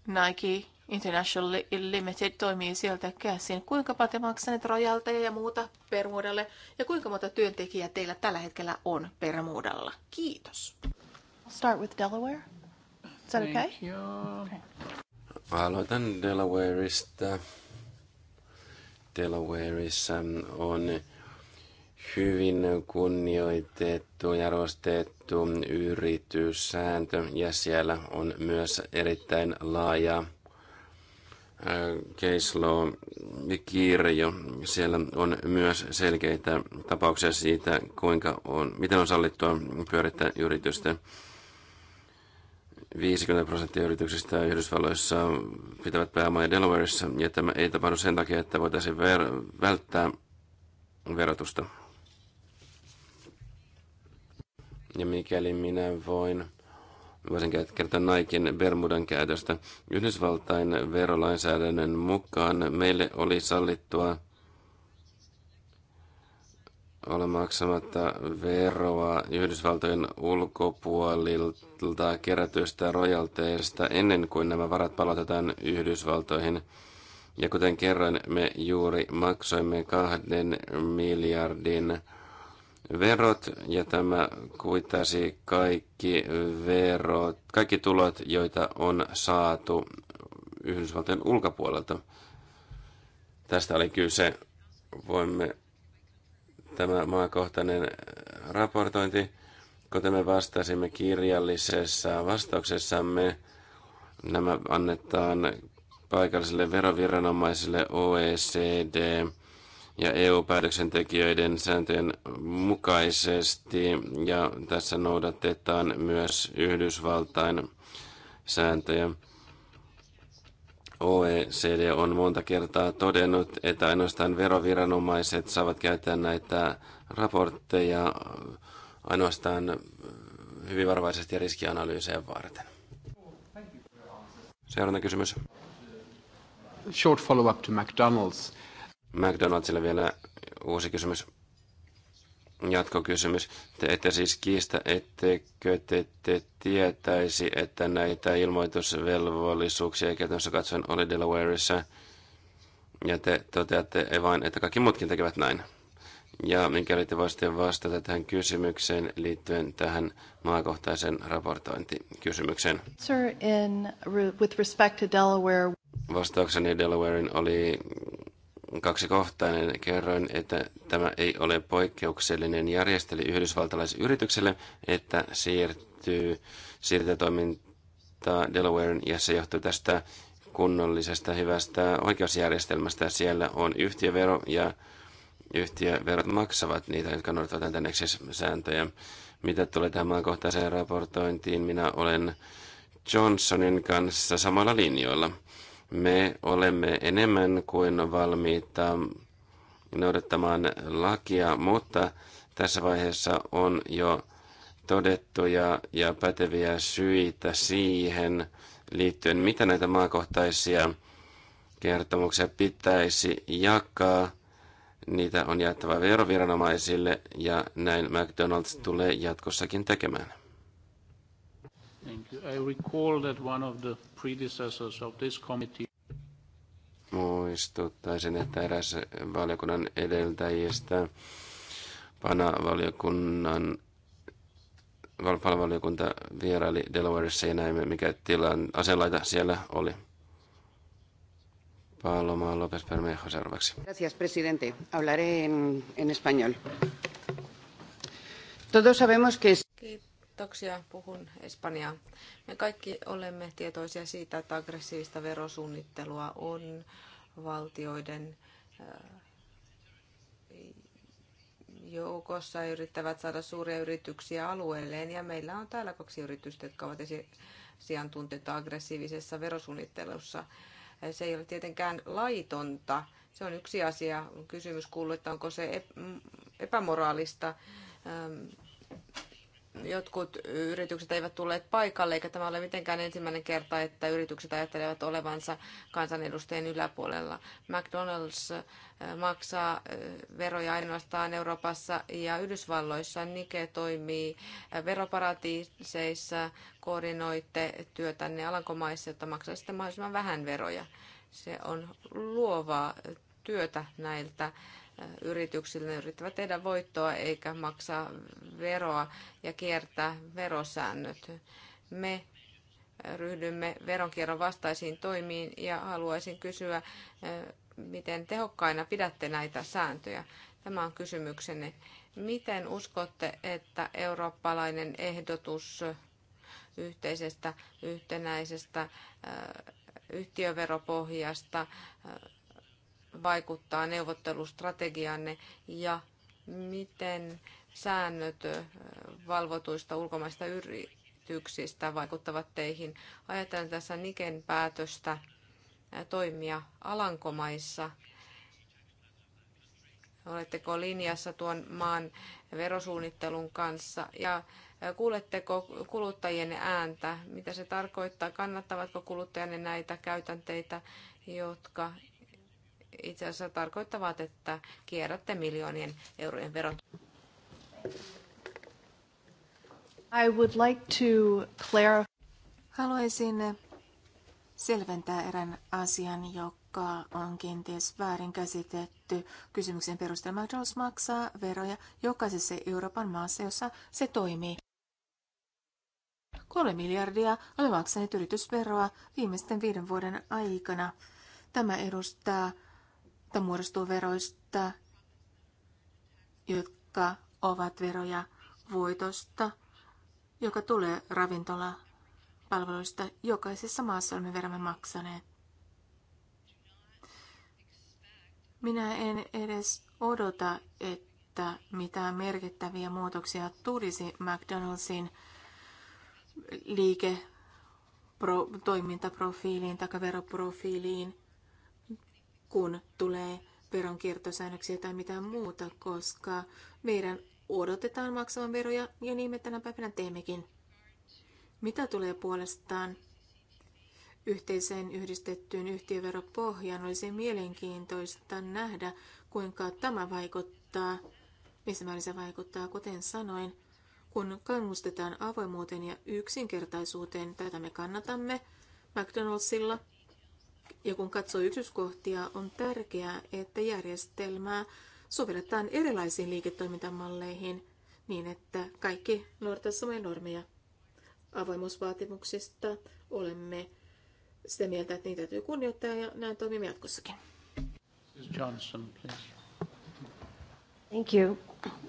Nike International Limited toimii sieltä käsin. Kuinka paljon te maksaneet rojalteja ja muuta Permuudalle ja kuinka monta työntekijää teillä tällä hetkellä on Permuudalla? Kiitos. I'll start with Delaware. Is that okay? okay. Aloitan Delawareista. Delawareissa on hyvin kunnioitettu ja arvostettu yrityssääntö ja siellä on myös erittäin laaja Äh, case law-kirjo. Siellä on myös selkeitä tapauksia siitä, kuinka on, miten on sallittua pyörittää yritystä. 50 prosenttia yrityksistä Yhdysvalloissa pitävät pääomaa Delawareissa, ja tämä ei tapahdu sen takia, että voitaisiin ver- välttää verotusta. Ja mikäli minä voin Voisin kertoa Naikin Bermudan käytöstä. Yhdysvaltain verolainsäädännön mukaan meille oli sallittua olla maksamatta veroa Yhdysvaltojen ulkopuolilta kerätyistä rojalteista ennen kuin nämä varat palautetaan Yhdysvaltoihin. Ja kuten kerroin, me juuri maksoimme kahden miljardin verot ja tämä kuittasi kaikki verot, kaikki tulot, joita on saatu Yhdysvaltojen ulkopuolelta. Tästä oli kyse. Voimme tämä maakohtainen raportointi, kuten me vastasimme kirjallisessa vastauksessamme, nämä annetaan paikallisille veroviranomaisille OECD, ja EU-päätöksentekijöiden sääntöjen mukaisesti. Ja tässä noudatetaan myös Yhdysvaltain sääntöjä. OECD on monta kertaa todennut, että ainoastaan veroviranomaiset saavat käyttää näitä raportteja ainoastaan hyvin varovaisesti ja riskianalyyseen varten. Seuraava kysymys. Short follow-up to McDonald's. McDonaldsille vielä uusi kysymys. Jatkokysymys. Te ette siis kiistä, ettekö te, te tietäisi, että näitä ilmoitusvelvollisuuksia ei käytännössä katsoen oli Delawareissa. Ja te toteatte vain, että kaikki muutkin tekevät näin. Ja mikäli te voisitte vastata tähän kysymykseen liittyen tähän maakohtaisen raportointikysymykseen. Sir, in, with respect to Delaware. Vastaukseni Delawarein oli kaksikohtainen. Kerroin, että tämä ei ole poikkeuksellinen järjestely yhdysvaltalaisyritykselle, että siirtyy siirtotoimintaa Delawarein ja se johtuu tästä kunnollisesta hyvästä oikeusjärjestelmästä. Siellä on yhtiövero ja yhtiöverot maksavat niitä, jotka noudattavat tänne siis sääntöjä. Mitä tulee tähän maakohtaiseen raportointiin, minä olen Johnsonin kanssa samalla linjoilla – me olemme enemmän kuin valmiita noudattamaan lakia, mutta tässä vaiheessa on jo todettuja ja päteviä syitä siihen liittyen, mitä näitä maakohtaisia kertomuksia pitäisi jakaa. Niitä on jaettava veroviranomaisille ja näin McDonald's tulee jatkossakin tekemään. Thank you. I recall that one of the predecessors of this committee Muistuttaisin, että eräs valiokunnan edeltäjistä PANA-valiokunnan valiokunta vieraili Delawareissa ja näimme, mikä tilan asenlaita siellä oli. Paloma López Bermejo seuraavaksi. Gracias, presidente. Hablaré en, en español. Todos sabemos que... Kiitoksia, puhun Espanjaa. Me kaikki olemme tietoisia siitä, että aggressiivista verosuunnittelua on valtioiden äh, joukossa yrittävät saada suuria yrityksiä alueelleen. Ja meillä on täällä kaksi yritystä, jotka ovat asiantuntijoita aggressiivisessa verosuunnittelussa. Se ei ole tietenkään laitonta. Se on yksi asia. Kysymys kuuluu, että onko se epämoraalista ähm, jotkut yritykset eivät tulleet paikalle, eikä tämä ole mitenkään ensimmäinen kerta, että yritykset ajattelevat olevansa kansanedustajien yläpuolella. McDonald's äh, maksaa äh, veroja ainoastaan Euroopassa ja Yhdysvalloissa. Nike toimii äh, veroparatiiseissa, koordinoitte työtänne Alankomaissa, jotta sitten mahdollisimman vähän veroja. Se on luovaa työtä näiltä yrityksille. Ne yrittävät tehdä voittoa eikä maksaa veroa ja kiertää verosäännöt. Me ryhdymme veronkierron vastaisiin toimiin ja haluaisin kysyä, miten tehokkaina pidätte näitä sääntöjä. Tämä on kysymyksenne. Miten uskotte, että eurooppalainen ehdotus yhteisestä yhtenäisestä yhtiöveropohjasta vaikuttaa neuvottelustrategianne ja miten säännöt valvotuista ulkomaista yrityksistä vaikuttavat teihin. Ajatellaan tässä Niken päätöstä toimia Alankomaissa. Oletteko linjassa tuon maan verosuunnittelun kanssa ja kuuletteko kuluttajien ääntä? Mitä se tarkoittaa? Kannattavatko kuluttajanne näitä käytänteitä, jotka itse asiassa tarkoittavat, että kierrätte miljoonien eurojen verot. I would like to Haluaisin selventää erään asian, joka on kenties väärin käsitetty. Kysymyksen perusteella McDonald's maksaa veroja jokaisessa Euroopan maassa, jossa se toimii. Kolme miljardia olemme maksaneet yritysveroa viimeisten viiden vuoden aikana. Tämä edustaa katto muodostuu veroista, jotka ovat veroja voitosta, joka tulee ravintola-palveluista, Jokaisessa maassa olemme veromme maksaneet. Minä en edes odota, että mitään merkittäviä muutoksia tulisi McDonaldsin liike toimintaprofiiliin tai veroprofiiliin kun tulee veronkiertosäännöksiä tai mitään muuta, koska meidän odotetaan maksamaan veroja ja niin me tänä päivänä teemmekin. Mitä tulee puolestaan yhteiseen yhdistettyyn yhtiöveropohjaan, olisi mielenkiintoista nähdä, kuinka tämä vaikuttaa, missä määrin se vaikuttaa, kuten sanoin, kun kannustetaan avoimuuteen ja yksinkertaisuuteen, tätä me kannatamme McDonaldsilla – ja kun katsoo yksityiskohtia, on tärkeää, että järjestelmää sovelletaan erilaisiin liiketoimintamalleihin niin, että kaikki noudattavat samoja normeja. Avoimuusvaatimuksista olemme sitä mieltä, että niitä täytyy kunnioittaa ja näin toimimme jatkossakin. Johnson, Thank you.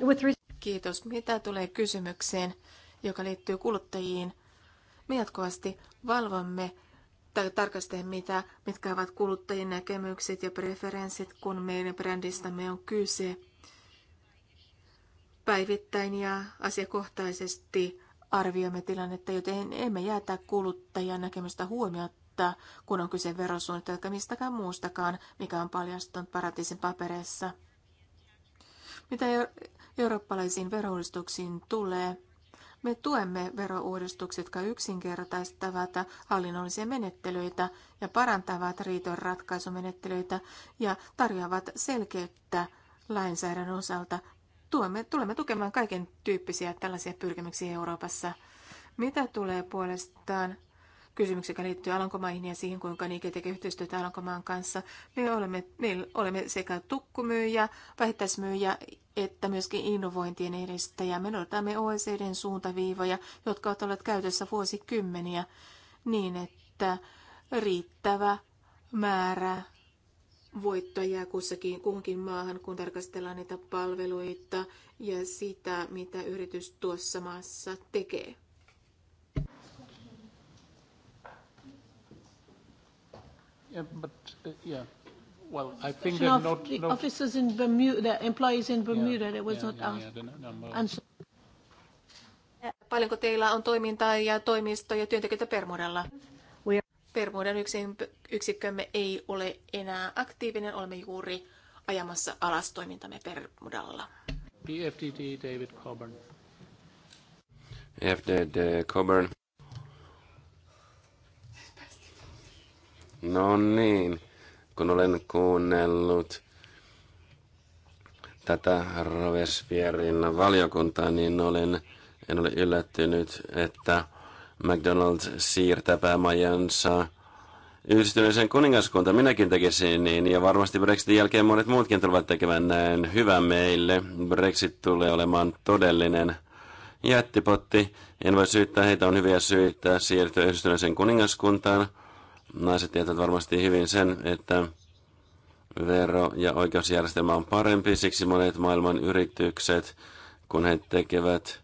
With Kiitos. Mitä tulee kysymykseen, joka liittyy kuluttajiin? Me jatkuvasti valvomme tarkasti, mitä, mitkä ovat kuluttajien näkemykset ja preferenssit, kun meidän brändistämme on kyse. Päivittäin ja asiakohtaisesti arvioimme tilannetta, joten emme jäätä kuluttajan näkemystä huomiotta, kun on kyse verosuunnitelmasta mistäkään muustakaan, mikä on paljastunut paratiisin papereissa. Mitä eurooppalaisiin verouudistuksiin tulee, me tuemme verouudistukset, jotka yksinkertaistavat hallinnollisia menettelyitä ja parantavat riiton ratkaisumenettelyitä ja tarjoavat selkeyttä lainsäädännön osalta. Tuemme, tulemme tukemaan kaiken tyyppisiä tällaisia pyrkimyksiä Euroopassa. Mitä tulee puolestaan kysymyksiä, jotka liittyy Alankomaihin ja siihen, kuinka Nike tekee yhteistyötä Alankomaan kanssa. Me olemme, me olemme sekä tukkumyyjä, vähittäismyyjä että myöskin innovointien edistäjä. Me noudatamme OECDn suuntaviivoja, jotka ovat olleet käytössä vuosikymmeniä niin, että riittävä määrä voittajia kussakin kuhunkin maahan, kun tarkastellaan niitä palveluita ja sitä, mitä yritys tuossa maassa tekee. but uh, yeah. Well, I think that not the no officers in Bermuda, employees in Bermuda, yeah, that was yeah, not yeah, asked. Yeah, Paljonko teillä on toimintaa ja toimistoja työntekijöitä Bermudalla? Bermudan yksikkömme ei ole enää aktiivinen. Olemme juuri ajamassa alas toimintamme permodella. EFDD David Coburn. FDD Coburn. No niin, kun olen kuunnellut tätä Rovesvierin valiokuntaa, niin olen, en ole yllättynyt, että McDonald's siirtää päämajansa yhdistyneeseen kuningaskunta. Minäkin tekisin niin, ja varmasti Brexitin jälkeen monet muutkin tulevat tekemään näin. Hyvä meille. Brexit tulee olemaan todellinen jättipotti. En voi syyttää heitä, on hyviä syitä siirtyä yhdistyneeseen kuningaskuntaan Naiset tietävät varmasti hyvin sen, että vero- ja oikeusjärjestelmä on parempi, siksi monet maailman yritykset, kun he tekevät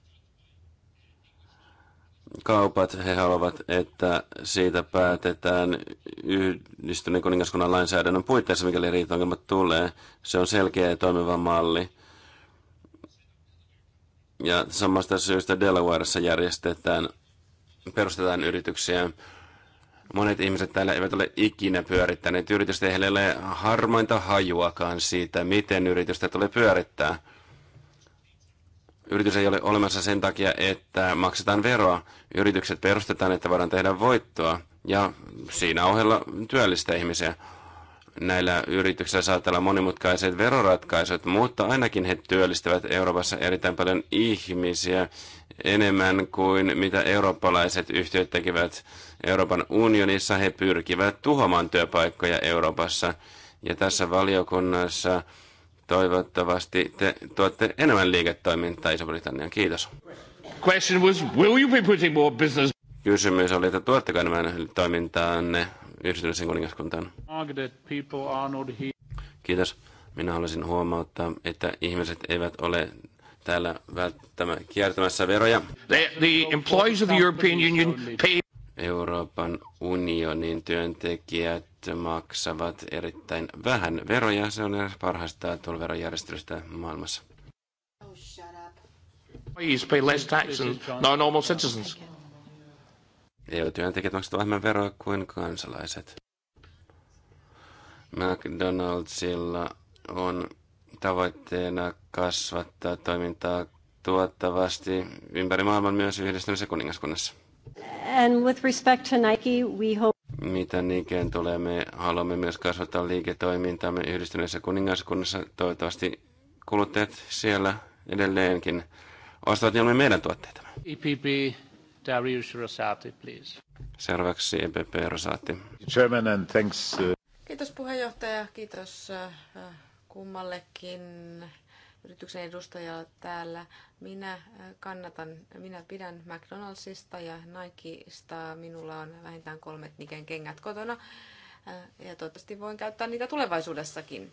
kaupat, he haluavat, että siitä päätetään yhdistyneen kuningaskunnan lainsäädännön puitteissa, mikäli riitongelmat tulee. Se on selkeä ja toimiva malli. Ja samasta syystä Delawaressa järjestetään, perustetaan yrityksiä Monet ihmiset täällä eivät ole ikinä pyörittäneet yritystä, ei ole harmainta hajuakaan siitä, miten yritystä tulee pyörittää. Yritys ei ole olemassa sen takia, että maksetaan veroa. Yritykset perustetaan, että voidaan tehdä voittoa ja siinä ohella työllistä ihmisiä. Näillä yrityksillä saattaa olla monimutkaiset veroratkaisut, mutta ainakin he työllistävät Euroopassa erittäin paljon ihmisiä enemmän kuin mitä eurooppalaiset yhtiöt tekevät Euroopan unionissa. He pyrkivät tuhoamaan työpaikkoja Euroopassa. Ja tässä valiokunnassa toivottavasti te tuotte enemmän liiketoimintaa iso britannian Kiitos. Was, Kysymys oli, että tuotteko enemmän toimintaanne yhdistyneeseen kuningaskuntaan? Kiitos. Minä haluaisin huomauttaa, että ihmiset eivät ole täällä välttämättä kiertämässä veroja. The, the employees of the European Union pay Euroopan unionin työntekijät maksavat erittäin vähän veroja. Se on parhaista tuloverojärjestelystä maailmassa. EU-työntekijät e maksavat vähemmän veroa kuin kansalaiset. McDonaldsilla on tavoitteena kasvattaa toimintaa tuottavasti ympäri maailman myös yhdistyneessä kuningaskunnassa. And with respect to Nike, we hope... Mitä Nikeen tulee, me haluamme myös kasvattaa liiketoimintaamme yhdistyneessä kuningaskunnassa. Toivottavasti kuluttajat siellä edelleenkin ostavat ilman meidän tuotteita. EPP, Darius Rosati, please. Seuraavaksi EPP Rosati. Chairman and thanks. Uh, kiitos puheenjohtaja, kiitos äh, äh, kummallekin yrityksen edustaja täällä. Minä äh, kannatan, minä pidän McDonaldsista ja Nikeista. Minulla on vähintään kolmet Niken kengät kotona äh, ja toivottavasti voin käyttää niitä tulevaisuudessakin.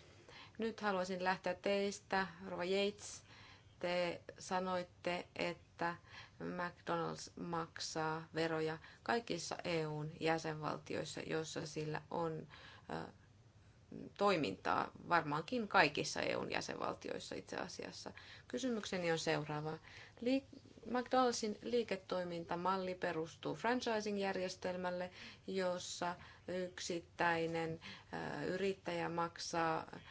Nyt haluaisin lähteä teistä, Rova Yates. Te sanoitte, että McDonald's maksaa veroja kaikissa EUn jäsenvaltioissa, joissa sillä on äh, toimintaa varmaankin kaikissa EUn jäsenvaltioissa itse asiassa. Kysymykseni on seuraava. Liik- McDonaldsin liiketoimintamalli perustuu franchising-järjestelmälle, jossa yksittäinen äh, yrittäjä maksaa äh,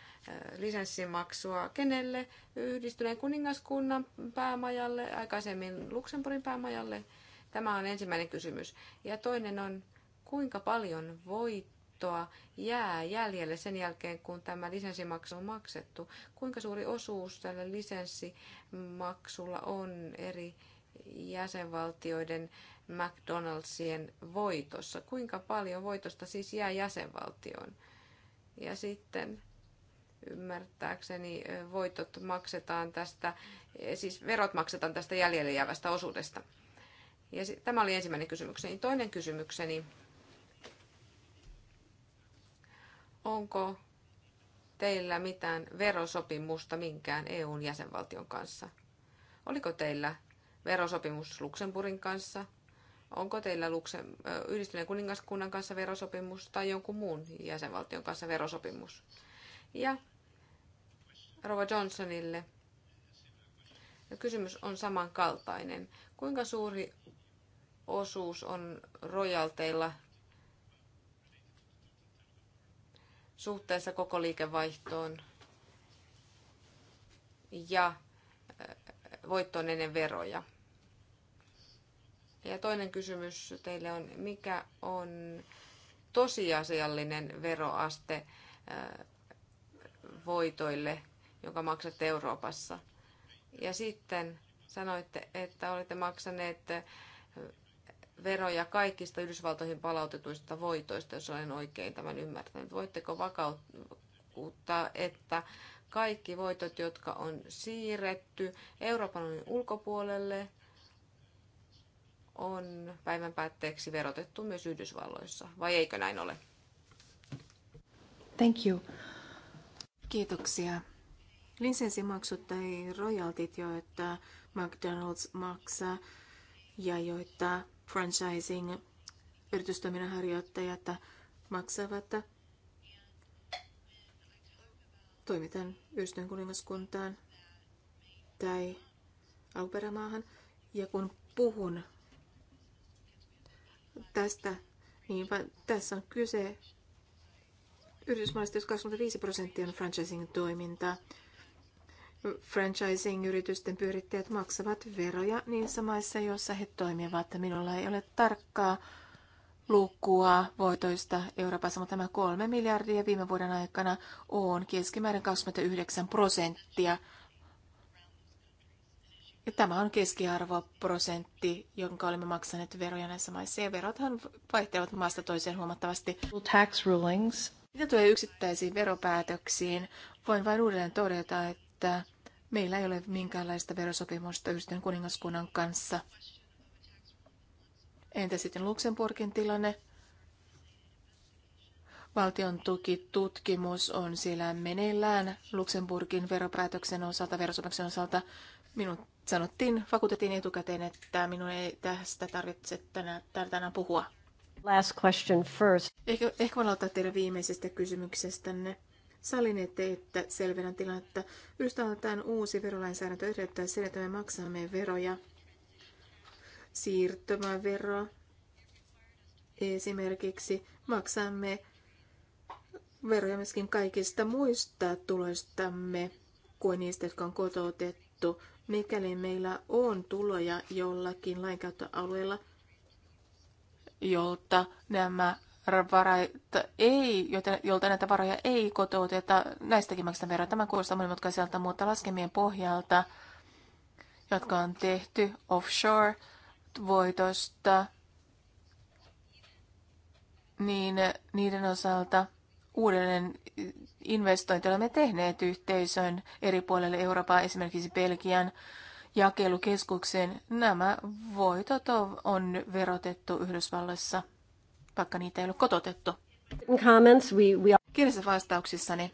lisenssimaksua kenelle? Yhdistyneen kuningaskunnan päämajalle, aikaisemmin Luxemburgin päämajalle. Tämä on ensimmäinen kysymys. Ja toinen on, kuinka paljon voit tuottoa jää jäljelle sen jälkeen, kun tämä lisenssimaksu on maksettu? Kuinka suuri osuus tällä lisenssimaksulla on eri jäsenvaltioiden McDonaldsien voitossa? Kuinka paljon voitosta siis jää jäsenvaltioon? Ja sitten ymmärtääkseni voitot maksetaan tästä, siis verot maksetaan tästä jäljelle jäävästä osuudesta. Ja tämä oli ensimmäinen kysymykseni. Toinen kysymykseni Onko teillä mitään verosopimusta minkään EUn jäsenvaltion kanssa? Oliko teillä verosopimus Luxemburgin kanssa? Onko teillä Luxem- yhdistyneen kuningaskunnan kanssa verosopimus tai jonkun muun jäsenvaltion kanssa verosopimus? Ja Rova Johnsonille. Ja kysymys on samankaltainen. Kuinka suuri osuus on rojalteilla suhteessa koko liikevaihtoon ja äh, voittoon ennen veroja. Ja toinen kysymys teille on, mikä on tosiasiallinen veroaste äh, voitoille, joka maksatte Euroopassa? Ja sitten sanoitte, että olette maksaneet äh, veroja kaikista Yhdysvaltoihin palautetuista voitoista, jos olen oikein tämän ymmärtänyt. Voitteko vakauttaa, että kaikki voitot, jotka on siirretty Euroopan unionin ulkopuolelle, on päivän päätteeksi verotettu myös Yhdysvalloissa, vai eikö näin ole? Thank you. Kiitoksia. Lisenssimaksut tai royaltit, joita McDonald's maksaa ja joita franchising yritystoiminnan harjoittajat maksavat. Toimitan yhdistön kuningaskuntaan tai alkuperämaahan. Ja kun puhun tästä, niin tässä on kyse yritysmaalista, jos 25 prosenttia on franchising-toimintaa franchising-yritysten pyörittäjät maksavat veroja niissä maissa, joissa he toimivat. Minulla ei ole tarkkaa lukua voitoista Euroopassa, mutta tämä kolme miljardia viime vuoden aikana on keskimäärin 29 prosenttia. Ja tämä on keskiarvoprosentti, jonka olemme maksaneet veroja näissä maissa. Ja verothan vaihtelevat maasta toiseen huomattavasti. Tax rulings. Mitä tulee yksittäisiin veropäätöksiin, voin vain uudelleen todeta, että että meillä ei ole minkäänlaista verosopimusta yhdistyneen kuningaskunnan kanssa. Entä sitten Luxemburgin tilanne? Valtion tukitutkimus on siellä meneillään Luxemburgin veropäätöksen osalta, verosopimuksen osalta. Minun sanottiin, vakuutettiin etukäteen, että minun ei tästä tarvitse tänään, tänään puhua. Last question first. Ehkä, ehkä voin aloittaa teidän viimeisestä kysymyksestänne sallinette, että selvennän tilannetta. Yhdysvaltain uusi verolainsäädäntö edellyttää sen, että me maksamme veroja. Siirtomavero esimerkiksi maksamme veroja myöskin kaikista muista tuloistamme kuin niistä, jotka on kotoutettu. Mikäli meillä on tuloja jollakin lainkäyttöalueella, jolta nämä varoja ei, jolta näitä varoja ei kotouteta, näistäkin maksetaan veroa. Tämä kuulostaa monimutkaiselta, mutta laskemien pohjalta, jotka on tehty offshore-voitosta, niin niiden osalta uudelleen investointi olemme tehneet yhteisön eri puolelle Eurooppaa, esimerkiksi Belgian jakelukeskuksen. Nämä voitot on verotettu Yhdysvalloissa vaikka niitä ei ollut kototettu. Kirjassa vastauksissani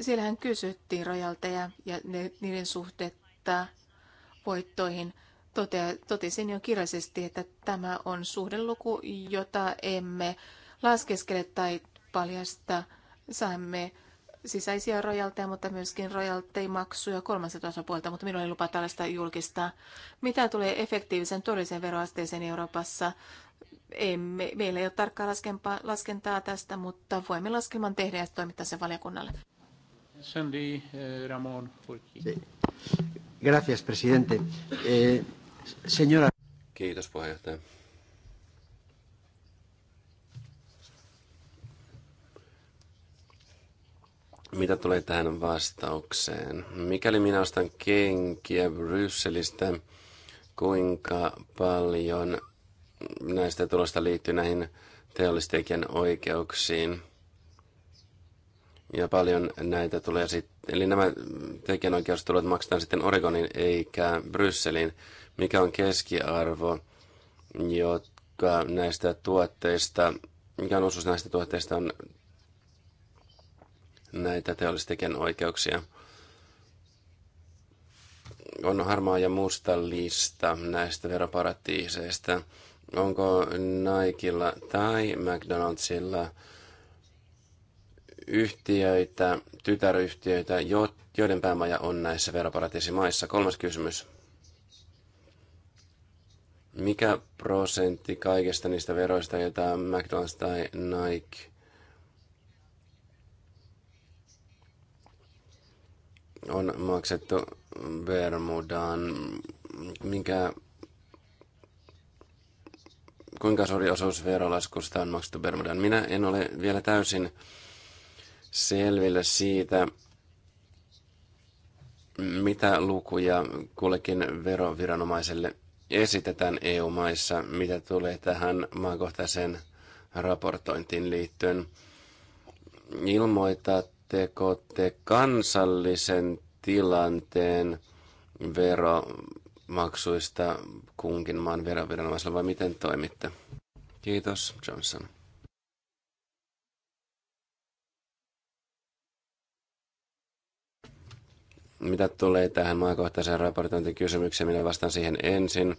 siellähän kysyttiin rojalteja ja ne, niiden suhteetta voittoihin. Totea, totesin jo kirjallisesti, että tämä on suhdeluku, jota emme laskeskele tai paljasta. Saamme sisäisiä rojalteja, mutta myöskin rojalteimaksuja kolmansilta osapuolta, mutta minulla ei lupa tällaista julkistaa. Mitä tulee efektiivisen todellisen veroasteeseen Euroopassa? Ei, me, meillä ei ole tarkkaa laskentaa tästä, mutta voimme laskelman tehdä ja toimittaa sen valiokunnalle. Sandy eh, Ramon Gracias, presidente. Eh, señora... Kiitos puheenjohtaja. Mitä tulee tähän vastaukseen? Mikäli minä ostan kenkiä Brysselistä, kuinka paljon näistä tulosta liittyy näihin teollistekijän oikeuksiin? Ja paljon näitä tulee sitten, eli nämä tekijänoikeustulot maksetaan sitten Oregonin eikä Brysselin. Mikä on keskiarvo, jotka näistä tuotteista, mikä on osuus näistä tuotteista on näitä teollistekijän oikeuksia. On harmaa ja musta lista näistä veroparatiiseista. Onko Nikella tai McDonaldsilla yhtiöitä, tytäryhtiöitä, joiden päämaja on näissä veroparatiisimaissa? Kolmas kysymys. Mikä prosentti kaikesta niistä veroista, joita McDonald's tai Nike on maksettu Bermudaan, mikä kuinka suuri osuus verolaskusta on maksettu Bermudaan. Minä en ole vielä täysin selvillä siitä, mitä lukuja kullekin veroviranomaiselle esitetään EU-maissa, mitä tulee tähän maakohtaiseen raportointiin liittyen. Ilmoitat Tunnetteko te kansallisen tilanteen veromaksuista kunkin maan veroviranomaisella vai miten toimitte? Kiitos, Johnson. Mitä tulee tähän maakohtaiseen raportointikysymykseen, minä vastaan siihen ensin.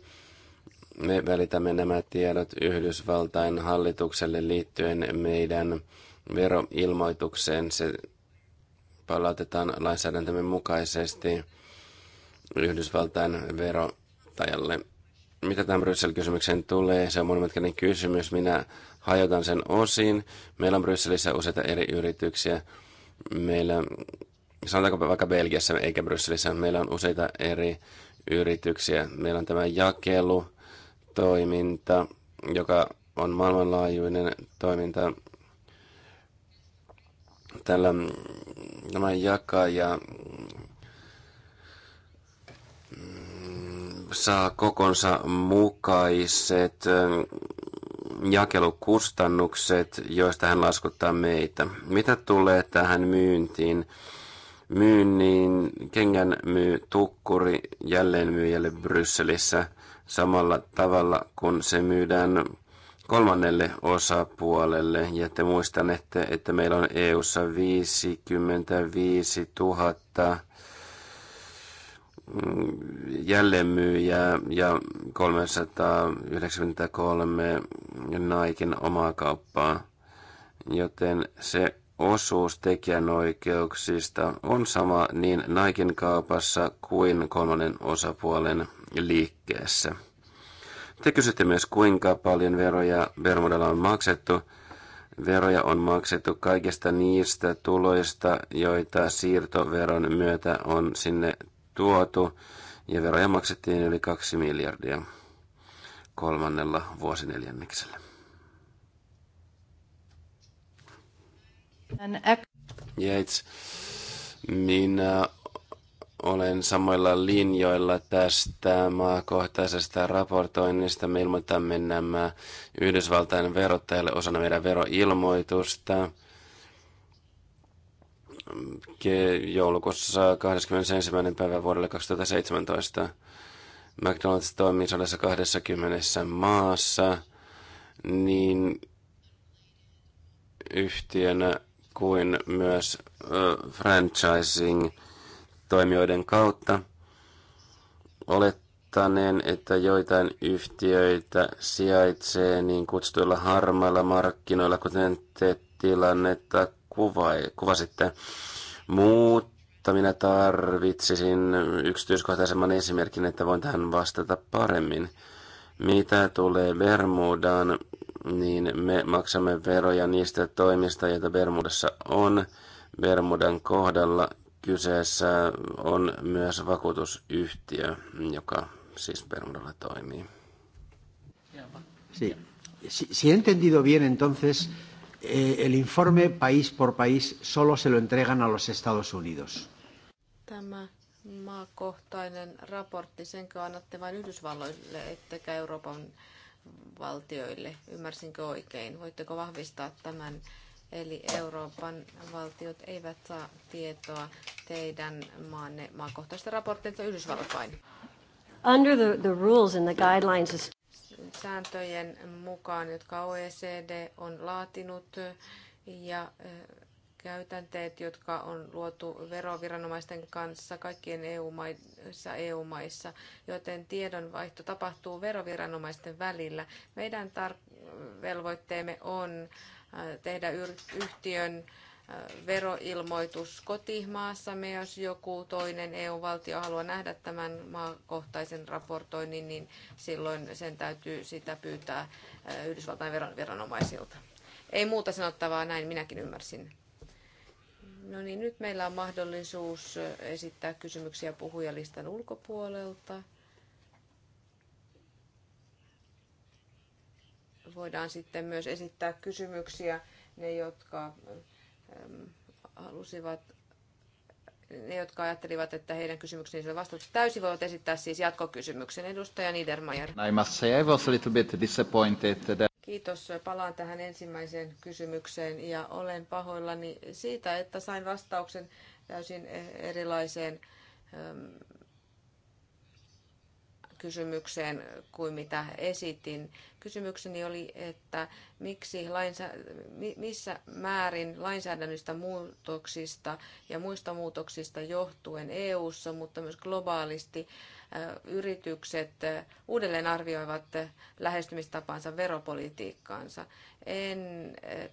Me välitämme nämä tiedot Yhdysvaltain hallitukselle liittyen meidän veroilmoitukseen. Se palautetaan lainsäädäntömme mukaisesti Yhdysvaltain verotajalle. Mitä tämän Bryssel-kysymykseen tulee? Se on monimutkainen kysymys. Minä hajotan sen osiin. Meillä on Brysselissä useita eri yrityksiä. Meillä, sanotaanko vaikka Belgiassa eikä Brysselissä, meillä on useita eri yrityksiä. Meillä on tämä jakelutoiminta, joka on maailmanlaajuinen toiminta. Tällä nämä jakaa ja mm, saa kokonsa mukaiset mm, jakelukustannukset, joista hän laskuttaa meitä. Mitä tulee tähän myyntiin? Myynnin kengän myy tukkuri jälleen myyjälle Brysselissä samalla tavalla, kun se myydään kolmannelle osapuolelle. Ja te muistanette, että meillä on EU-ssa 55 000 jälleenmyyjää ja 393 Naikin omaa kauppaa, joten se osuus tekijänoikeuksista on sama niin Naikin kaupassa kuin kolmannen osapuolen liikkeessä. Te kysytte myös, kuinka paljon veroja Bermudalla on maksettu. Veroja on maksettu kaikista niistä tuloista, joita siirtoveron myötä on sinne tuotu, ja veroja maksettiin yli 2 miljardia kolmannella vuosineljänneksellä. Yates, minä olen samoilla linjoilla tästä maakohtaisesta raportoinnista. Me ilmoitamme nämä Yhdysvaltain verottajalle osana meidän veroilmoitusta. Joulukuussa 21. päivä vuodelle 2017 McDonald's toimii 120 maassa, niin yhtiönä kuin myös franchising toimijoiden kautta olettaneen, että joitain yhtiöitä sijaitsee niin kutsutuilla harmailla markkinoilla, kuten te tilannetta kuvasitte. Mutta minä tarvitsisin yksityiskohtaisemman esimerkin, että voin tähän vastata paremmin. Mitä tulee Bermudaan, niin me maksamme veroja niistä toimista, joita Bermudassa on. Bermudan kohdalla Kyseessä on myös vakuutusyhtiö, joka siis Bermudalla toimii. Sí. Si, si he entendido bien, entonces, eh, el informe país por país solo se lo entregan a los Estados Unidos. Tämä maakohtainen raportti, sen annatte vain Yhdysvalloille, ettekä Euroopan valtioille? Ymmärsinkö oikein? Voitteko vahvistaa tämän? Eli Euroopan valtiot eivät saa tietoa teidän maanne maakohtaisista raportteista Yhdysvallat vain. Under the, the rules and the guidelines is... sääntöjen mukaan, jotka OECD on laatinut ja käytänteet, jotka on luotu veroviranomaisten kanssa kaikkien EU-maissa, EU-maissa, joten tiedonvaihto tapahtuu veroviranomaisten välillä. Meidän tar- velvoitteemme on äh, Äh, tehdä yhtiön äh, veroilmoitus kotimaassamme. Jos joku toinen EU-valtio haluaa nähdä tämän maakohtaisen raportoinnin, niin silloin sen täytyy sitä pyytää äh, Yhdysvaltain veronomaisilta. Ei muuta sanottavaa, näin minäkin ymmärsin. No niin, nyt meillä on mahdollisuus esittää kysymyksiä puhujalistan ulkopuolelta. voidaan sitten myös esittää kysymyksiä, ne jotka ähm, halusivat ne, jotka ajattelivat, että heidän kysymyksensä on vastattu täysin, voivat esittää siis jatkokysymyksen. Edustaja Niedermayer. I must say I was a little bit disappointed that... Kiitos. Palaan tähän ensimmäiseen kysymykseen ja olen pahoillani siitä, että sain vastauksen täysin erilaiseen ähm, kysymykseen kuin mitä esitin. Kysymykseni oli, että miksi lainsä- missä määrin lainsäädännöistä muutoksista ja muista muutoksista johtuen EU:ssa, mutta myös globaalisti yritykset uudelleen arvioivat lähestymistapansa veropolitiikkaansa. En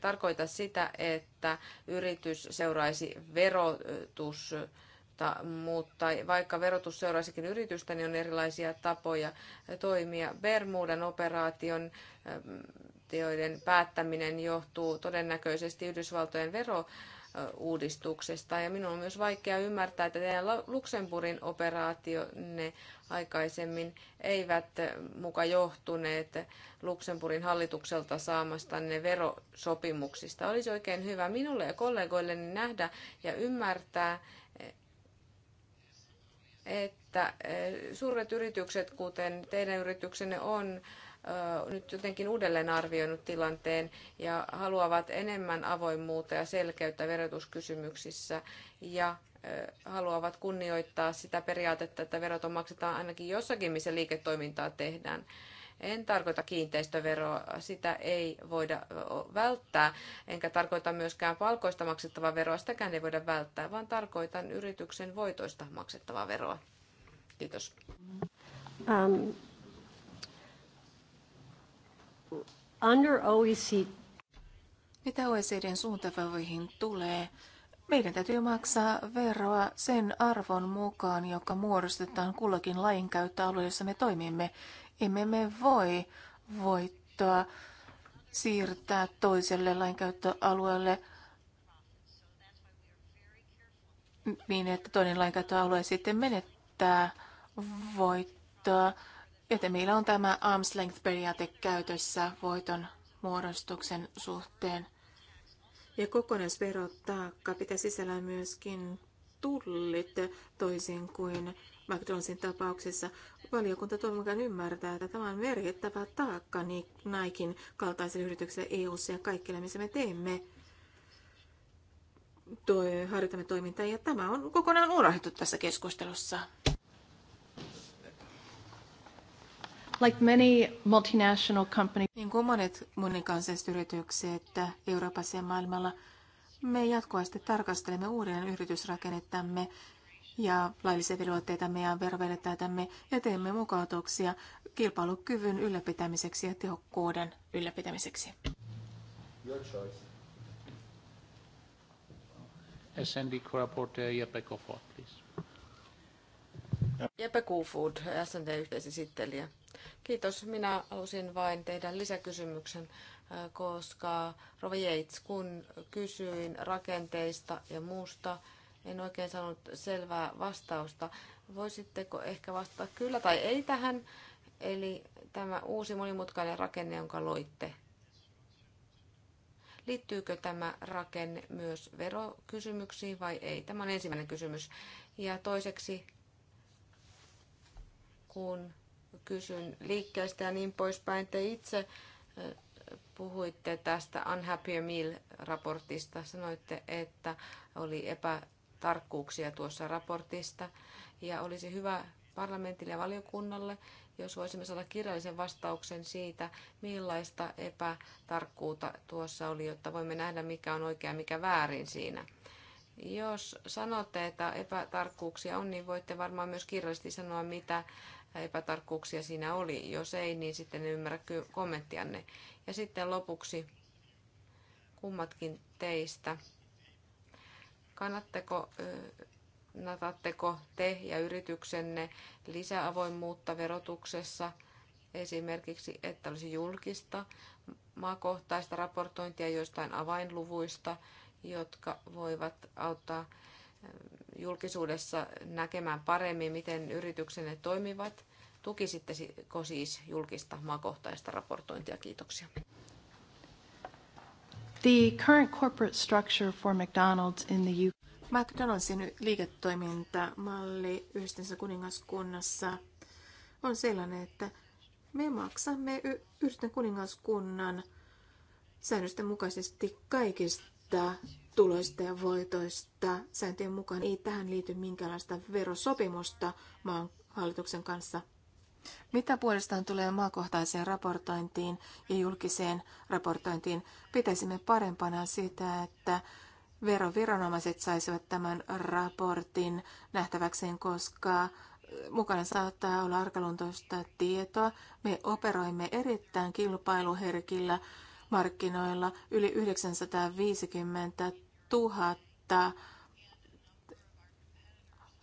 tarkoita sitä, että yritys seuraisi verotus mutta vaikka verotus seuraisikin yritystä, niin on erilaisia tapoja toimia. Bermudan operaation teoiden päättäminen johtuu todennäköisesti Yhdysvaltojen vero uudistuksesta. Ja minun on myös vaikea ymmärtää, että teidän Luxemburgin ne aikaisemmin eivät muka johtuneet Luxemburgin hallitukselta saamasta ne verosopimuksista. Olisi oikein hyvä minulle ja kollegoilleni nähdä ja ymmärtää, että eh, suuret yritykset, kuten teidän yrityksenne on, nyt jotenkin uudelleen arvioinut tilanteen ja haluavat enemmän avoimuutta ja selkeyttä verotuskysymyksissä ja haluavat kunnioittaa sitä periaatetta, että verot on maksetaan ainakin jossakin, missä liiketoimintaa tehdään. En tarkoita kiinteistöveroa, sitä ei voida välttää, enkä tarkoita myöskään palkoista maksettavaa veroa, sitäkään ei voida välttää, vaan tarkoitan yrityksen voitoista maksettavaa veroa. Kiitos. Um, under OECD... Mitä OECDn suuntaviivoihin tulee? Meidän täytyy maksaa veroa sen arvon mukaan, joka muodostetaan kullakin lajin jossa me toimimme. Emme me voi voittoa siirtää toiselle lainkäyttöalueelle niin, että toinen lainkäyttöalue sitten menettää voittoa. Joten meillä on tämä arm's length-periaate käytössä voiton muodostuksen suhteen. Ja kokonaisverotaakka pitää sisällään myöskin tullit toisin kuin McDonaldsin tapauksessa. Valiokunta toivon mukaan ymmärtää, että tämä on merkittävä taakka näikin kaltaisille yrityksille eu ja kaikille, missä me teemme toi, harjoitamme toimintaa. Ja tämä on kokonaan unohdettu tässä keskustelussa. Like many multinational companies. Niin kuin monet monikansalliset yritykset Euroopassa ja maailmalla, me jatkuvasti tarkastelemme uudelleen yritysrakennettamme ja laillisia velvoitteita ja verovelvoitteitamme ja teemme mukautuksia kilpailukyvyn ylläpitämiseksi ja tehokkuuden ylläpitämiseksi. Your choice. SND co-rapporteur Jeppe Kofod, please. Jeppe Kofod, SND-yhteisesittelijä. Kiitos. Minä halusin vain tehdä lisäkysymyksen, äh, koska Rova Yates, kun kysyin rakenteista ja muusta, en oikein saanut selvää vastausta. Voisitteko ehkä vastata kyllä tai ei tähän? Eli tämä uusi monimutkainen rakenne, jonka loitte, liittyykö tämä rakenne myös verokysymyksiin vai ei? Tämä on ensimmäinen kysymys. Ja toiseksi, kun kysyn liikkeestä ja niin poispäin, te itse puhuitte tästä Unhappy Meal-raportista. Sanoitte, että oli epä tarkkuuksia tuossa raportista. Ja olisi hyvä parlamentille ja valiokunnalle, jos voisimme saada kirjallisen vastauksen siitä, millaista epätarkkuutta tuossa oli, jotta voimme nähdä, mikä on oikea ja mikä väärin siinä. Jos sanotte, että epätarkkuuksia on, niin voitte varmaan myös kirjallisesti sanoa, mitä epätarkkuuksia siinä oli. Jos ei, niin sitten en ymmärrä kommenttianne. Ja sitten lopuksi kummatkin teistä Kannatteko, natatteko te ja yrityksenne lisäavoimuutta verotuksessa esimerkiksi, että olisi julkista maakohtaista raportointia joistain avainluvuista, jotka voivat auttaa julkisuudessa näkemään paremmin, miten yrityksenne toimivat. Tukisitteko siis julkista maakohtaista raportointia? Kiitoksia. The current corporate structure for McDonald's in the UK. McDonald'sin liiketoimintamalli yhdistyneessä kuningaskunnassa on sellainen, että me maksamme yhdistyneen kuningaskunnan säännösten mukaisesti kaikista tuloista ja voitoista. Sääntöjen mukaan ei tähän liity minkäänlaista verosopimusta maan hallituksen kanssa – mitä puolestaan tulee maakohtaiseen raportointiin ja julkiseen raportointiin, pitäisimme parempana sitä, että veroviranomaiset saisivat tämän raportin nähtäväkseen, koska mukana saattaa olla arkaluontoista tietoa. Me operoimme erittäin kilpailuherkillä markkinoilla yli 950 000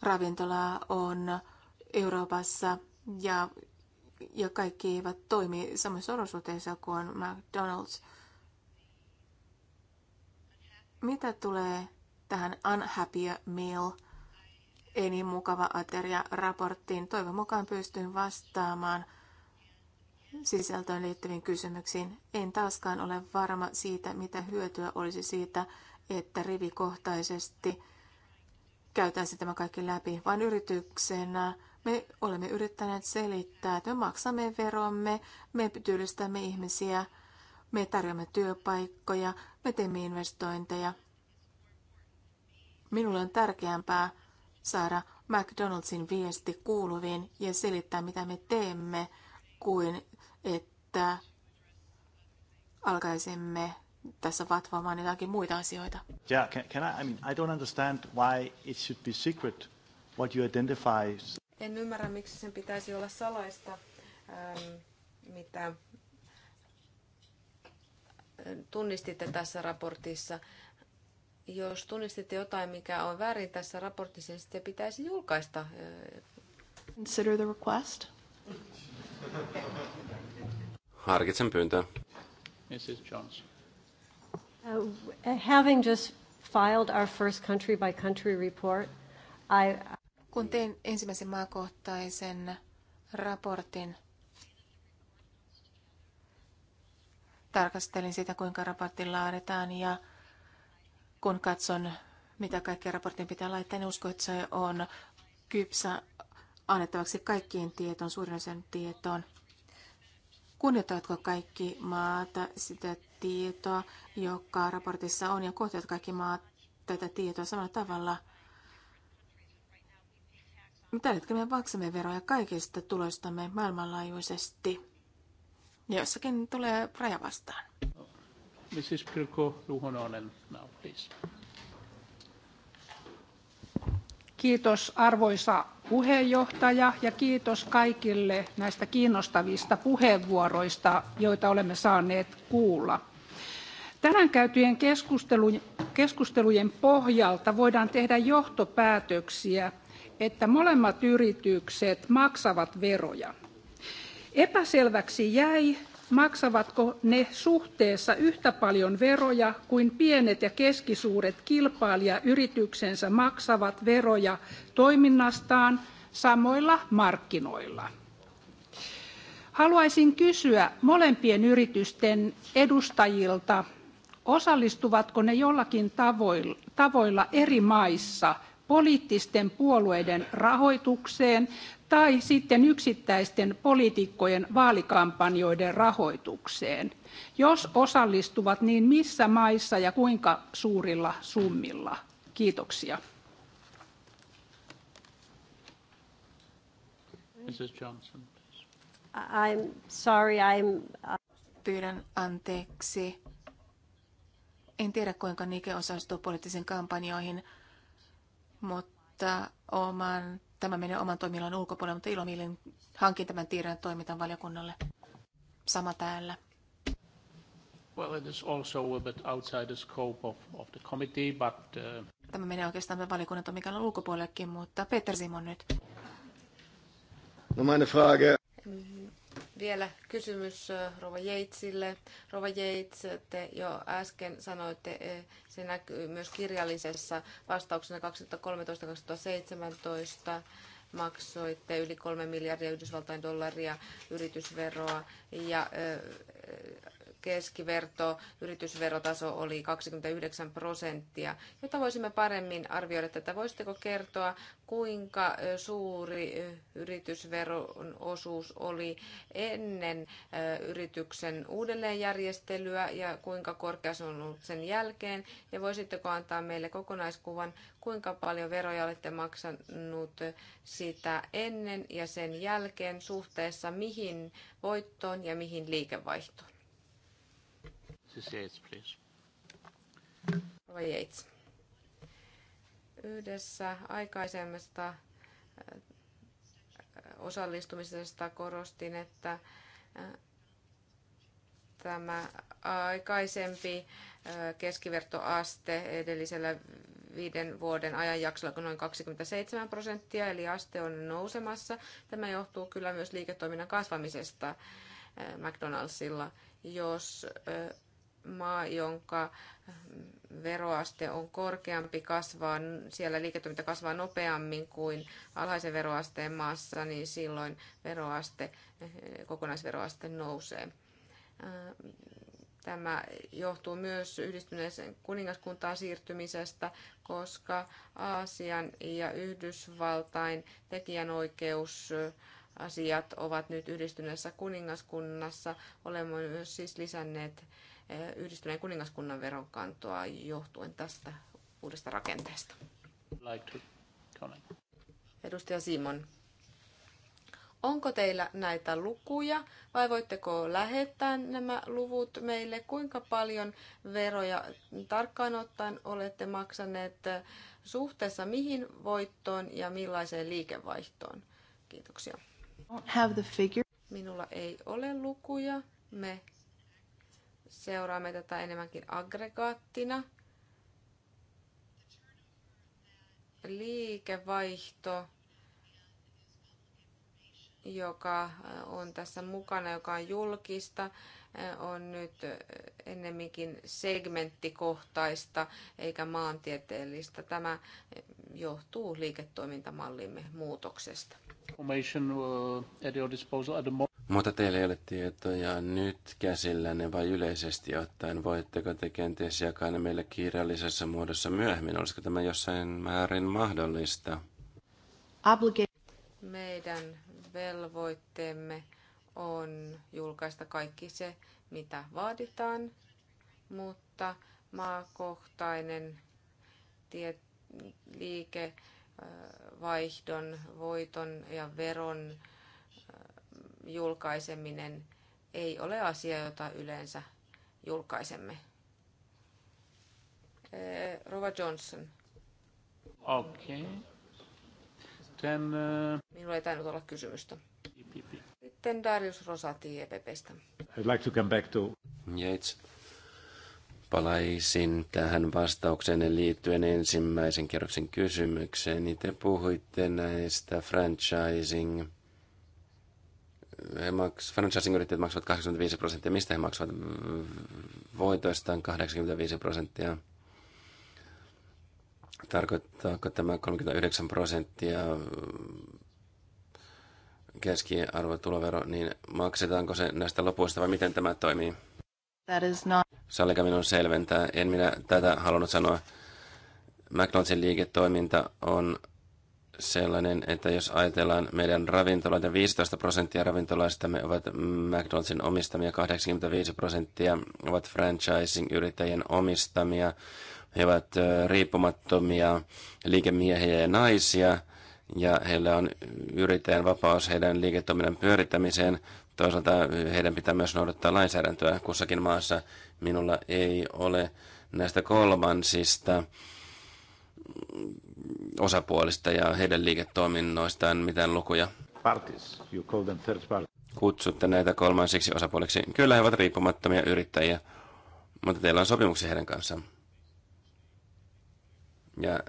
ravintolaa on Euroopassa ja, ja kaikki eivät toimi samassa olosuhteessa kuin McDonald's. Mitä tulee tähän Unhappy Meal, niin mukava ateria raporttiin, toivon mukaan pystyn vastaamaan sisältöön liittyviin kysymyksiin. En taaskaan ole varma siitä, mitä hyötyä olisi siitä, että rivikohtaisesti käytäisiin tämä kaikki läpi, vaan yrityksenä me olemme yrittäneet selittää, että me maksamme veromme, me työllistämme ihmisiä, me tarjoamme työpaikkoja, me teemme investointeja. Minulle on tärkeämpää saada McDonaldsin viesti kuuluviin ja selittää, mitä me teemme, kuin että alkaisimme tässä vatvomaan jotakin muita asioita. Yeah, can, can I, I mean, I don't understand why it should be secret what you identify. En ymmärrä, miksi sen pitäisi olla salaista, ähm, mitä äh, tunnistitte tässä raportissa. Jos tunnistitte jotain, mikä on väärin tässä raportissa, niin sitten pitäisi julkaista. Äh, Consider the request. Harkitsen pyyntöä. Mrs. Jones. Uh, having just filed our first country by country report, I, kun tein ensimmäisen maakohtaisen raportin, tarkastelin sitä, kuinka raportti laaditaan ja kun katson, mitä kaikkea raportin pitää laittaa, niin uskon, että se on kypsä annettavaksi kaikkien tietoon, suurin osan tietoon. Kunnioitatko kaikki maata sitä tietoa, joka raportissa on, ja kohtaavat kaikki maat tätä tietoa samalla tavalla – mutta tällä hetkellä me maksamme veroja kaikista tuloistamme maailmanlaajuisesti. Ja jossakin tulee raja vastaan. Mrs. Pirko Ruhonen, now please. Kiitos arvoisa puheenjohtaja ja kiitos kaikille näistä kiinnostavista puheenvuoroista, joita olemme saaneet kuulla. Tänään käytyjen keskustelujen pohjalta voidaan tehdä johtopäätöksiä – että molemmat yritykset maksavat veroja. Epäselväksi jäi, maksavatko ne suhteessa yhtä paljon veroja kuin pienet ja keskisuuret kilpailijayrityksensä maksavat veroja toiminnastaan samoilla markkinoilla. Haluaisin kysyä molempien yritysten edustajilta, osallistuvatko ne jollakin tavoilla eri maissa poliittisten puolueiden rahoitukseen tai sitten yksittäisten poliitikkojen vaalikampanjoiden rahoitukseen jos osallistuvat niin missä maissa ja kuinka suurilla summilla? Kiitoksia. Mrs. Johnson, please. I'm sorry, I'm... Uh, Pyydän anteeksi. En tiedä, kuinka Nike osallistuu poliittisiin kampanjoihin mutta oman, tämä menee oman toimialan ulkopuolelle, mutta ilomielin hankin tämän tiedon ja toimitan valiokunnalle. Sama täällä. Well, it is also a bit outside the scope of, of the committee, but... Uh... Tämä menee oikeastaan valiokunnan toimikalan ulkopuolellekin, mutta Peter Simon nyt. No meine Frage. Vielä kysymys Rova Jeitsille. Rova Jeits, te jo äsken sanoitte, se näkyy myös kirjallisessa vastauksena 2013-2017 maksoitte yli 3 miljardia Yhdysvaltain dollaria yritysveroa ja keskiverto yritysverotaso oli 29 prosenttia, jotta voisimme paremmin arvioida tätä. Voisitteko kertoa, kuinka suuri yritysveron osuus oli ennen yrityksen uudelleenjärjestelyä ja kuinka korkea se on ollut sen jälkeen? Ja voisitteko antaa meille kokonaiskuvan, kuinka paljon veroja olette maksanut sitä ennen ja sen jälkeen suhteessa mihin voittoon ja mihin liikevaihtoon? Mrs. please. Yates. Yhdessä aikaisemmasta äh, osallistumisesta korostin, että äh, tämä aikaisempi äh, keskivertoaste edellisellä viiden vuoden ajanjaksolla noin 27 prosenttia, eli aste on nousemassa. Tämä johtuu kyllä myös liiketoiminnan kasvamisesta McDonaldsilla. Jos maa, jonka veroaste on korkeampi, kasvaa, siellä liiketoiminta kasvaa nopeammin kuin alhaisen veroasteen maassa, niin silloin veroaste, kokonaisveroaste nousee. Tämä johtuu myös yhdistyneeseen kuningaskuntaan siirtymisestä, koska Aasian ja Yhdysvaltain tekijänoikeus asiat ovat nyt yhdistyneessä kuningaskunnassa. Olemme myös siis lisänneet yhdistyneen kuningaskunnan veronkantoa johtuen tästä uudesta rakenteesta. Edustaja Simon, onko teillä näitä lukuja vai voitteko lähettää nämä luvut meille? Kuinka paljon veroja tarkkaan ottaen olette maksaneet suhteessa mihin voittoon ja millaiseen liikevaihtoon? Kiitoksia. Minulla ei ole lukuja. Me seuraamme tätä enemmänkin aggregaattina. Liikevaihto, joka on tässä mukana, joka on julkista, on nyt ennemminkin segmenttikohtaista eikä maantieteellistä. Tämä johtuu liiketoimintamallimme muutoksesta. Information uh, at your disposal at the mutta teillä ei ole tietoja nyt käsillänne vai yleisesti ottaen, voitteko te kenties jakaa ne meille kirjallisessa muodossa myöhemmin? Olisiko tämä jossain määrin mahdollista? Meidän velvoitteemme on julkaista kaikki se, mitä vaaditaan, mutta maakohtainen tie, liike, vaihdon, voiton ja veron julkaiseminen ei ole asia, jota yleensä julkaisemme. Rova Johnson. Okei. Okay. uh... Minulla ei tainnut olla kysymystä. E Sitten Darius Rosati EPPstä. I'd like to come back to... Yates. Palaisin tähän vastaukseen liittyen ensimmäisen kerroksen kysymykseen. Niin te puhuitte näistä franchising he maks, franchising-yrittäjät maksavat 85 prosenttia. Mistä he maksavat voitoistaan 85 prosenttia? Tarkoittaako tämä 39 prosenttia keskiarvotulovero, niin maksetaanko se näistä lopuista vai miten tämä toimii? That is not... Sallika minun selventää. En minä tätä halunnut sanoa. McDonaldsin liiketoiminta on sellainen, että jos ajatellaan meidän ravintoloita, 15 prosenttia me ovat McDonaldsin omistamia, 85 prosenttia ovat franchising-yrittäjien omistamia. He ovat riippumattomia liikemiehiä ja naisia, ja heillä on yrittäjän vapaus heidän liiketoiminnan pyörittämiseen. Toisaalta heidän pitää myös noudattaa lainsäädäntöä kussakin maassa. Minulla ei ole näistä kolmansista osapuolista ja heidän liiketoiminnoistaan mitään lukuja? Parties. You call them third party. Kutsutte näitä kolmansiksi osapuoliksi. Kyllä he ovat riippumattomia yrittäjiä, mutta teillä on sopimuksia heidän kanssaan. Ja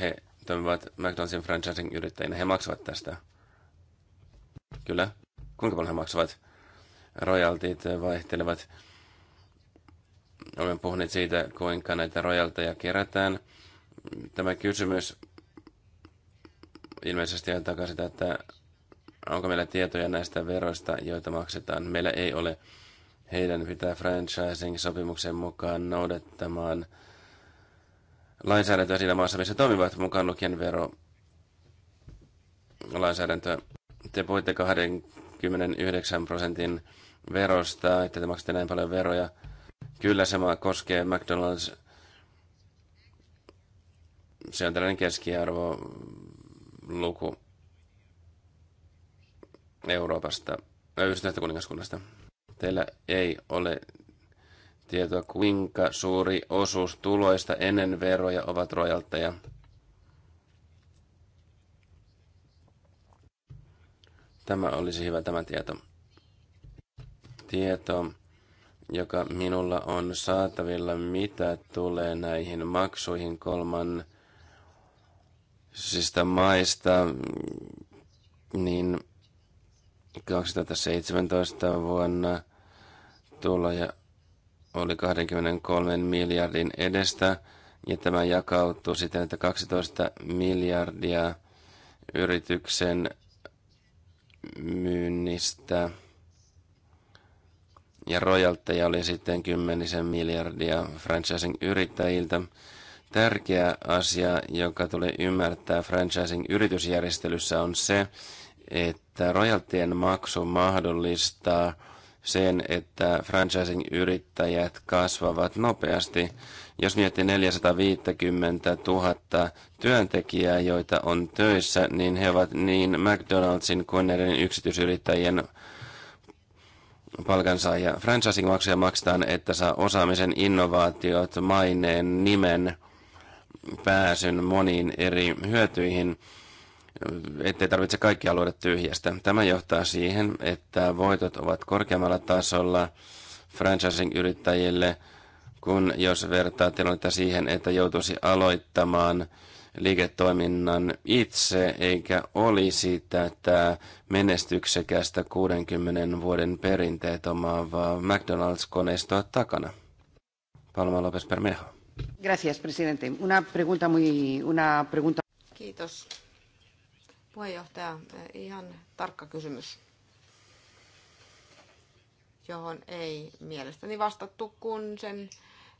he toimivat McDonald'sin franchising-yrittäjinä. He maksavat tästä. Kyllä. Kuinka paljon he maksavat? Royaltit vaihtelevat. olen puhuneet siitä, kuinka näitä rojalteja kerätään – tämä kysymys ilmeisesti on sitä, että onko meillä tietoja näistä veroista, joita maksetaan. Meillä ei ole. Heidän pitää franchising-sopimuksen mukaan noudattamaan lainsäädäntöä siinä maassa, missä toimivat mukaan lukien vero lainsäädäntöä. Te puhuitte 29 prosentin verosta, että te maksatte näin paljon veroja. Kyllä se koskee McDonald's se on tällainen keskiarvo luku Euroopasta, yhdistyneestä kuningaskunnasta. Teillä ei ole tietoa, kuinka suuri osuus tuloista ennen veroja ovat rojaltteja. Tämä olisi hyvä tämä tieto. Tieto, joka minulla on saatavilla, mitä tulee näihin maksuihin kolman sisistä maista, niin 2017 vuonna tuloja oli 23 miljardin edestä, ja tämä jakautuu siten, että 12 miljardia yrityksen myynnistä ja rojalteja oli sitten kymmenisen miljardia franchising-yrittäjiltä. Tärkeä asia, joka tulee ymmärtää franchising-yritysjärjestelyssä on se, että rojaltien maksu mahdollistaa sen, että franchising-yrittäjät kasvavat nopeasti. Jos miettii 450 000 työntekijää, joita on töissä, niin he ovat niin McDonaldsin kuin näiden yksityisyrittäjien palkansaajia. Franchising-maksuja maksetaan, että saa osaamisen, innovaatiot, maineen, nimen – pääsyn moniin eri hyötyihin, ettei tarvitse kaikki alueet tyhjästä. Tämä johtaa siihen, että voitot ovat korkeammalla tasolla franchising-yrittäjille, kun jos vertaa tilannetta siihen, että joutuisi aloittamaan liiketoiminnan itse, eikä olisi tätä menestyksekästä 60 vuoden perinteet omaavaa McDonald's-koneistoa takana. Palma Lopes Permeho. Gracias, presidente. Una pregunta muy, una pregunta. Kiitos. Puheenjohtaja, eh, ihan tarkka kysymys, johon ei mielestäni vastattu, kun sen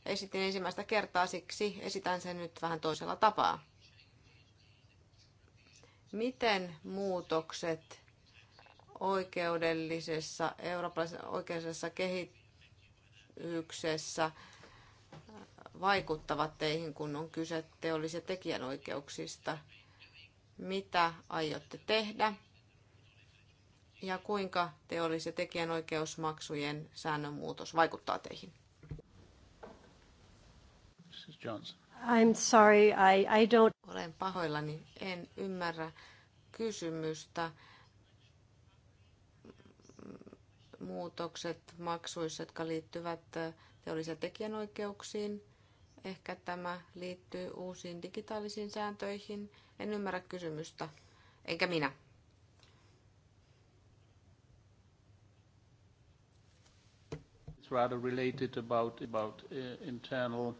esitin ensimmäistä kertaa, siksi esitän sen nyt vähän toisella tapaa. Miten muutokset oikeudellisessa, eurooppalaisessa oikeudellisessa kehityksessä – vaikuttavat teihin, kun on kyse teollis- ja tekijänoikeuksista? Mitä aiotte tehdä? Ja kuinka teollis- ja tekijänoikeusmaksujen säännönmuutos vaikuttaa teihin? I'm sorry, I, I don't... Olen pahoillani, en ymmärrä kysymystä. Muutokset maksuissa, jotka liittyvät teollisiin tekijänoikeuksiin. Ehkä tämä liittyy uusiin digitaalisiin sääntöihin. En ymmärrä kysymystä, enkä minä. rather related about, about uh, internal uh,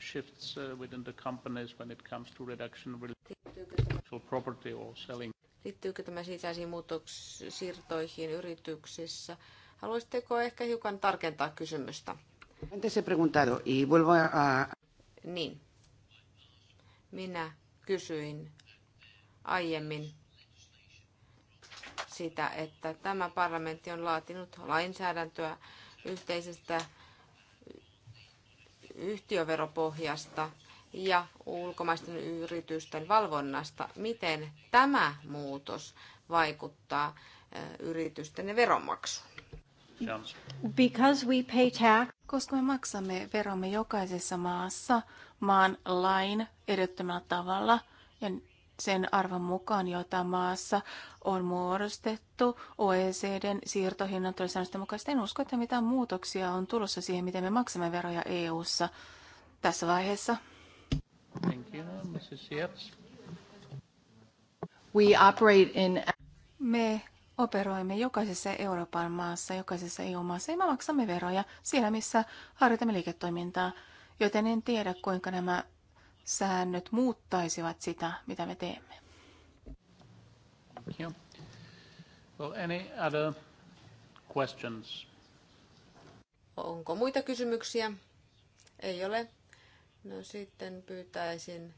shifts uh, within the companies when it comes to reduction related property or selling. Liittyykö tämä sisäisiin muutoksiin yrityksissä? Haluaisitteko ehkä hiukan tarkentaa kysymystä? Antes he preguntado y vuelvo a... Niin. Minä kysyin aiemmin sitä, että tämä parlamentti on laatinut lainsäädäntöä yhteisestä yhtiöveropohjasta ja ulkomaisten yritysten valvonnasta. Miten tämä muutos vaikuttaa yritysten veronmaksuun? Because we pay tax koska me maksamme veromme jokaisessa maassa maan lain edettömällä tavalla ja sen arvon mukaan, jota maassa on muodostettu OECDn siirtohinnan säännösten mukaisesti. En usko, että mitään muutoksia on tulossa siihen, miten me maksamme veroja EU-ssa tässä vaiheessa. Thank you, Mrs. We operate in... Me operoimme jokaisessa Euroopan maassa, jokaisessa EU-maassa ja me maksamme veroja siellä, missä harjoitamme liiketoimintaa, joten en tiedä, kuinka nämä säännöt muuttaisivat sitä, mitä me teemme. Well, any other questions? Onko muita kysymyksiä? Ei ole. No sitten pyytäisin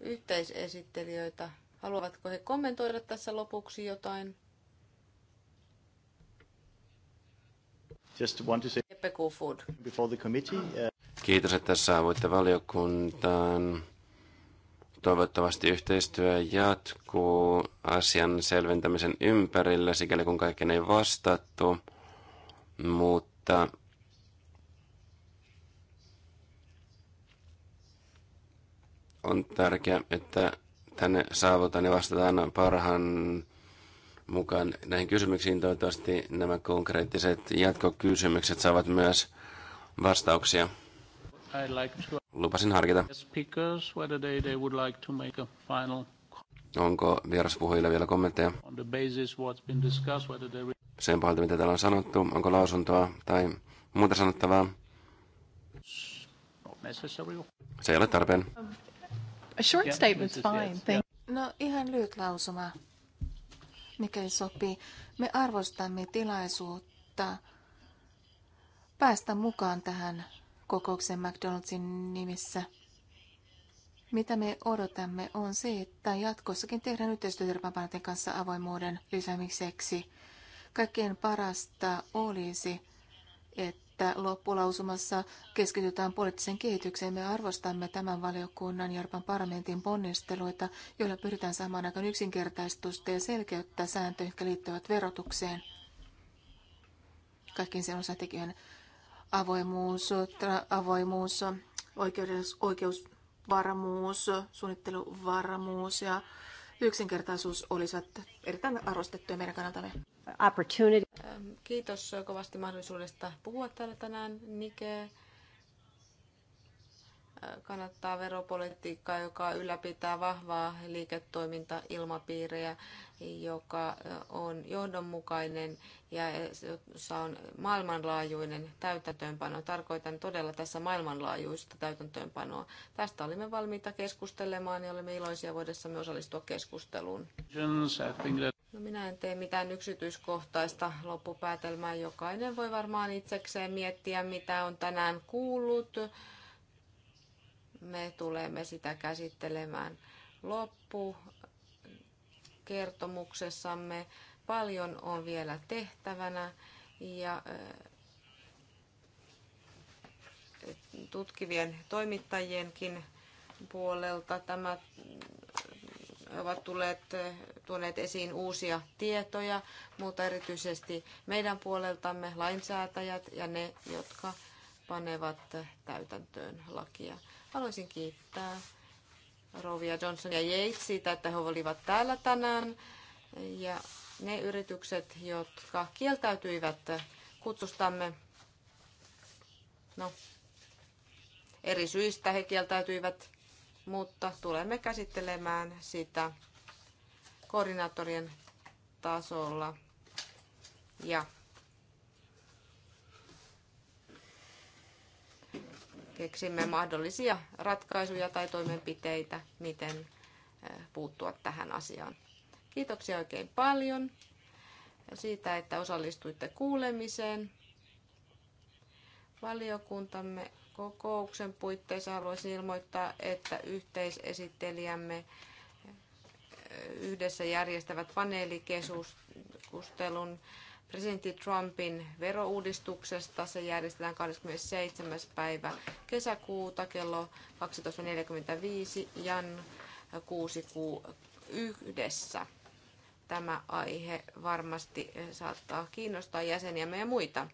yhteisesittelijöitä. Haluavatko he kommentoida tässä lopuksi jotain? Just want to say before the committee. Uh, Kiitos, että saavuitte valiokuntaan. Toivottavasti yhteistyö jatkuu asian selventämisen ympärillä, sikäli kun kaikkeen ei vastattu. Mutta on tärkeää, että tänne saavutaan ja vastataan parhaan mukaan näihin kysymyksiin. Toivottavasti nämä konkreettiset jatkokysymykset saavat myös vastauksia. Lupasin harkita. Onko vieraspuhujilla vielä kommentteja? Sen pohjalta, mitä täällä on sanottu, onko lausuntoa tai muuta sanottavaa? Se ei ole tarpeen. A short statement's fine. no ihan lyhyt lausuma mikäli sopii. Me arvostamme tilaisuutta päästä mukaan tähän kokouksen McDonaldsin nimissä. Mitä me odotamme on se, että jatkossakin tehdään yhteistyötä kanssa avoimuuden lisäämiseksi. Kaikkein parasta olisi, että että loppulausumassa keskitytään poliittiseen kehitykseen. Me arvostamme tämän valiokunnan ja Euroopan parlamentin ponnisteluita, joilla pyritään saamaan aikaan yksinkertaistusta ja selkeyttä sääntöjä, jotka liittyvät verotukseen. Kaikkiin sen osatekijöiden avoimuus, tra- avoimuus oikeus, oikeusvarmuus, suunnitteluvarmuus ja yksinkertaisuus olisivat erittäin arvostettuja meidän kannaltamme. Opportunity. Kiitos kovasti mahdollisuudesta puhua täällä tänään, Nike kannattaa veropolitiikkaa, joka ylläpitää vahvaa liiketoimintailmapiiriä, joka on johdonmukainen ja jossa on maailmanlaajuinen täytäntöönpano. Tarkoitan todella tässä maailmanlaajuista täytäntöönpanoa. Tästä olimme valmiita keskustelemaan ja olemme iloisia voidessamme osallistua keskusteluun. No minä en tee mitään yksityiskohtaista loppupäätelmää. Jokainen voi varmaan itsekseen miettiä, mitä on tänään kuullut me tulemme sitä käsittelemään loppukertomuksessamme. Paljon on vielä tehtävänä ja eh, tutkivien toimittajienkin puolelta tämä eh, ovat tulleet, eh, tuoneet esiin uusia tietoja, mutta erityisesti meidän puoleltamme lainsäätäjät ja ne, jotka panevat täytäntöön lakia. Haluaisin kiittää Rovia Johnson ja Yates siitä, että he olivat täällä tänään. Ja ne yritykset, jotka kieltäytyivät kutsustamme, no eri syistä he kieltäytyivät, mutta tulemme käsittelemään sitä koordinaattorien tasolla. Ja keksimme mahdollisia ratkaisuja tai toimenpiteitä, miten puuttua tähän asiaan. Kiitoksia oikein paljon siitä, että osallistuitte kuulemiseen. Valiokuntamme kokouksen puitteissa haluaisin ilmoittaa, että yhteisesittelijämme yhdessä järjestävät paneelikeskustelun presidentti Trumpin verouudistuksesta. Se järjestetään 27. päivä kesäkuuta kello 12.45 Jan yhdessä. Tämä aihe varmasti saattaa kiinnostaa jäseniämme ja muita.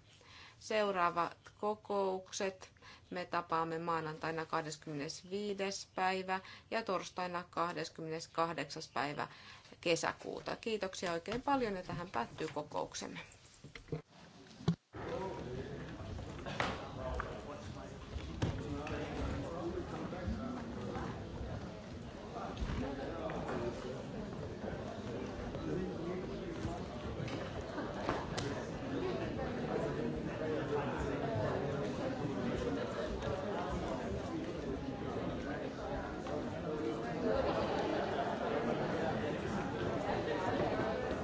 Seuraavat kokoukset. Me tapaamme maanantaina 25. päivä ja torstaina 28. päivä kesäkuuta. Kiitoksia oikein paljon ja tähän päättyy kokouksemme.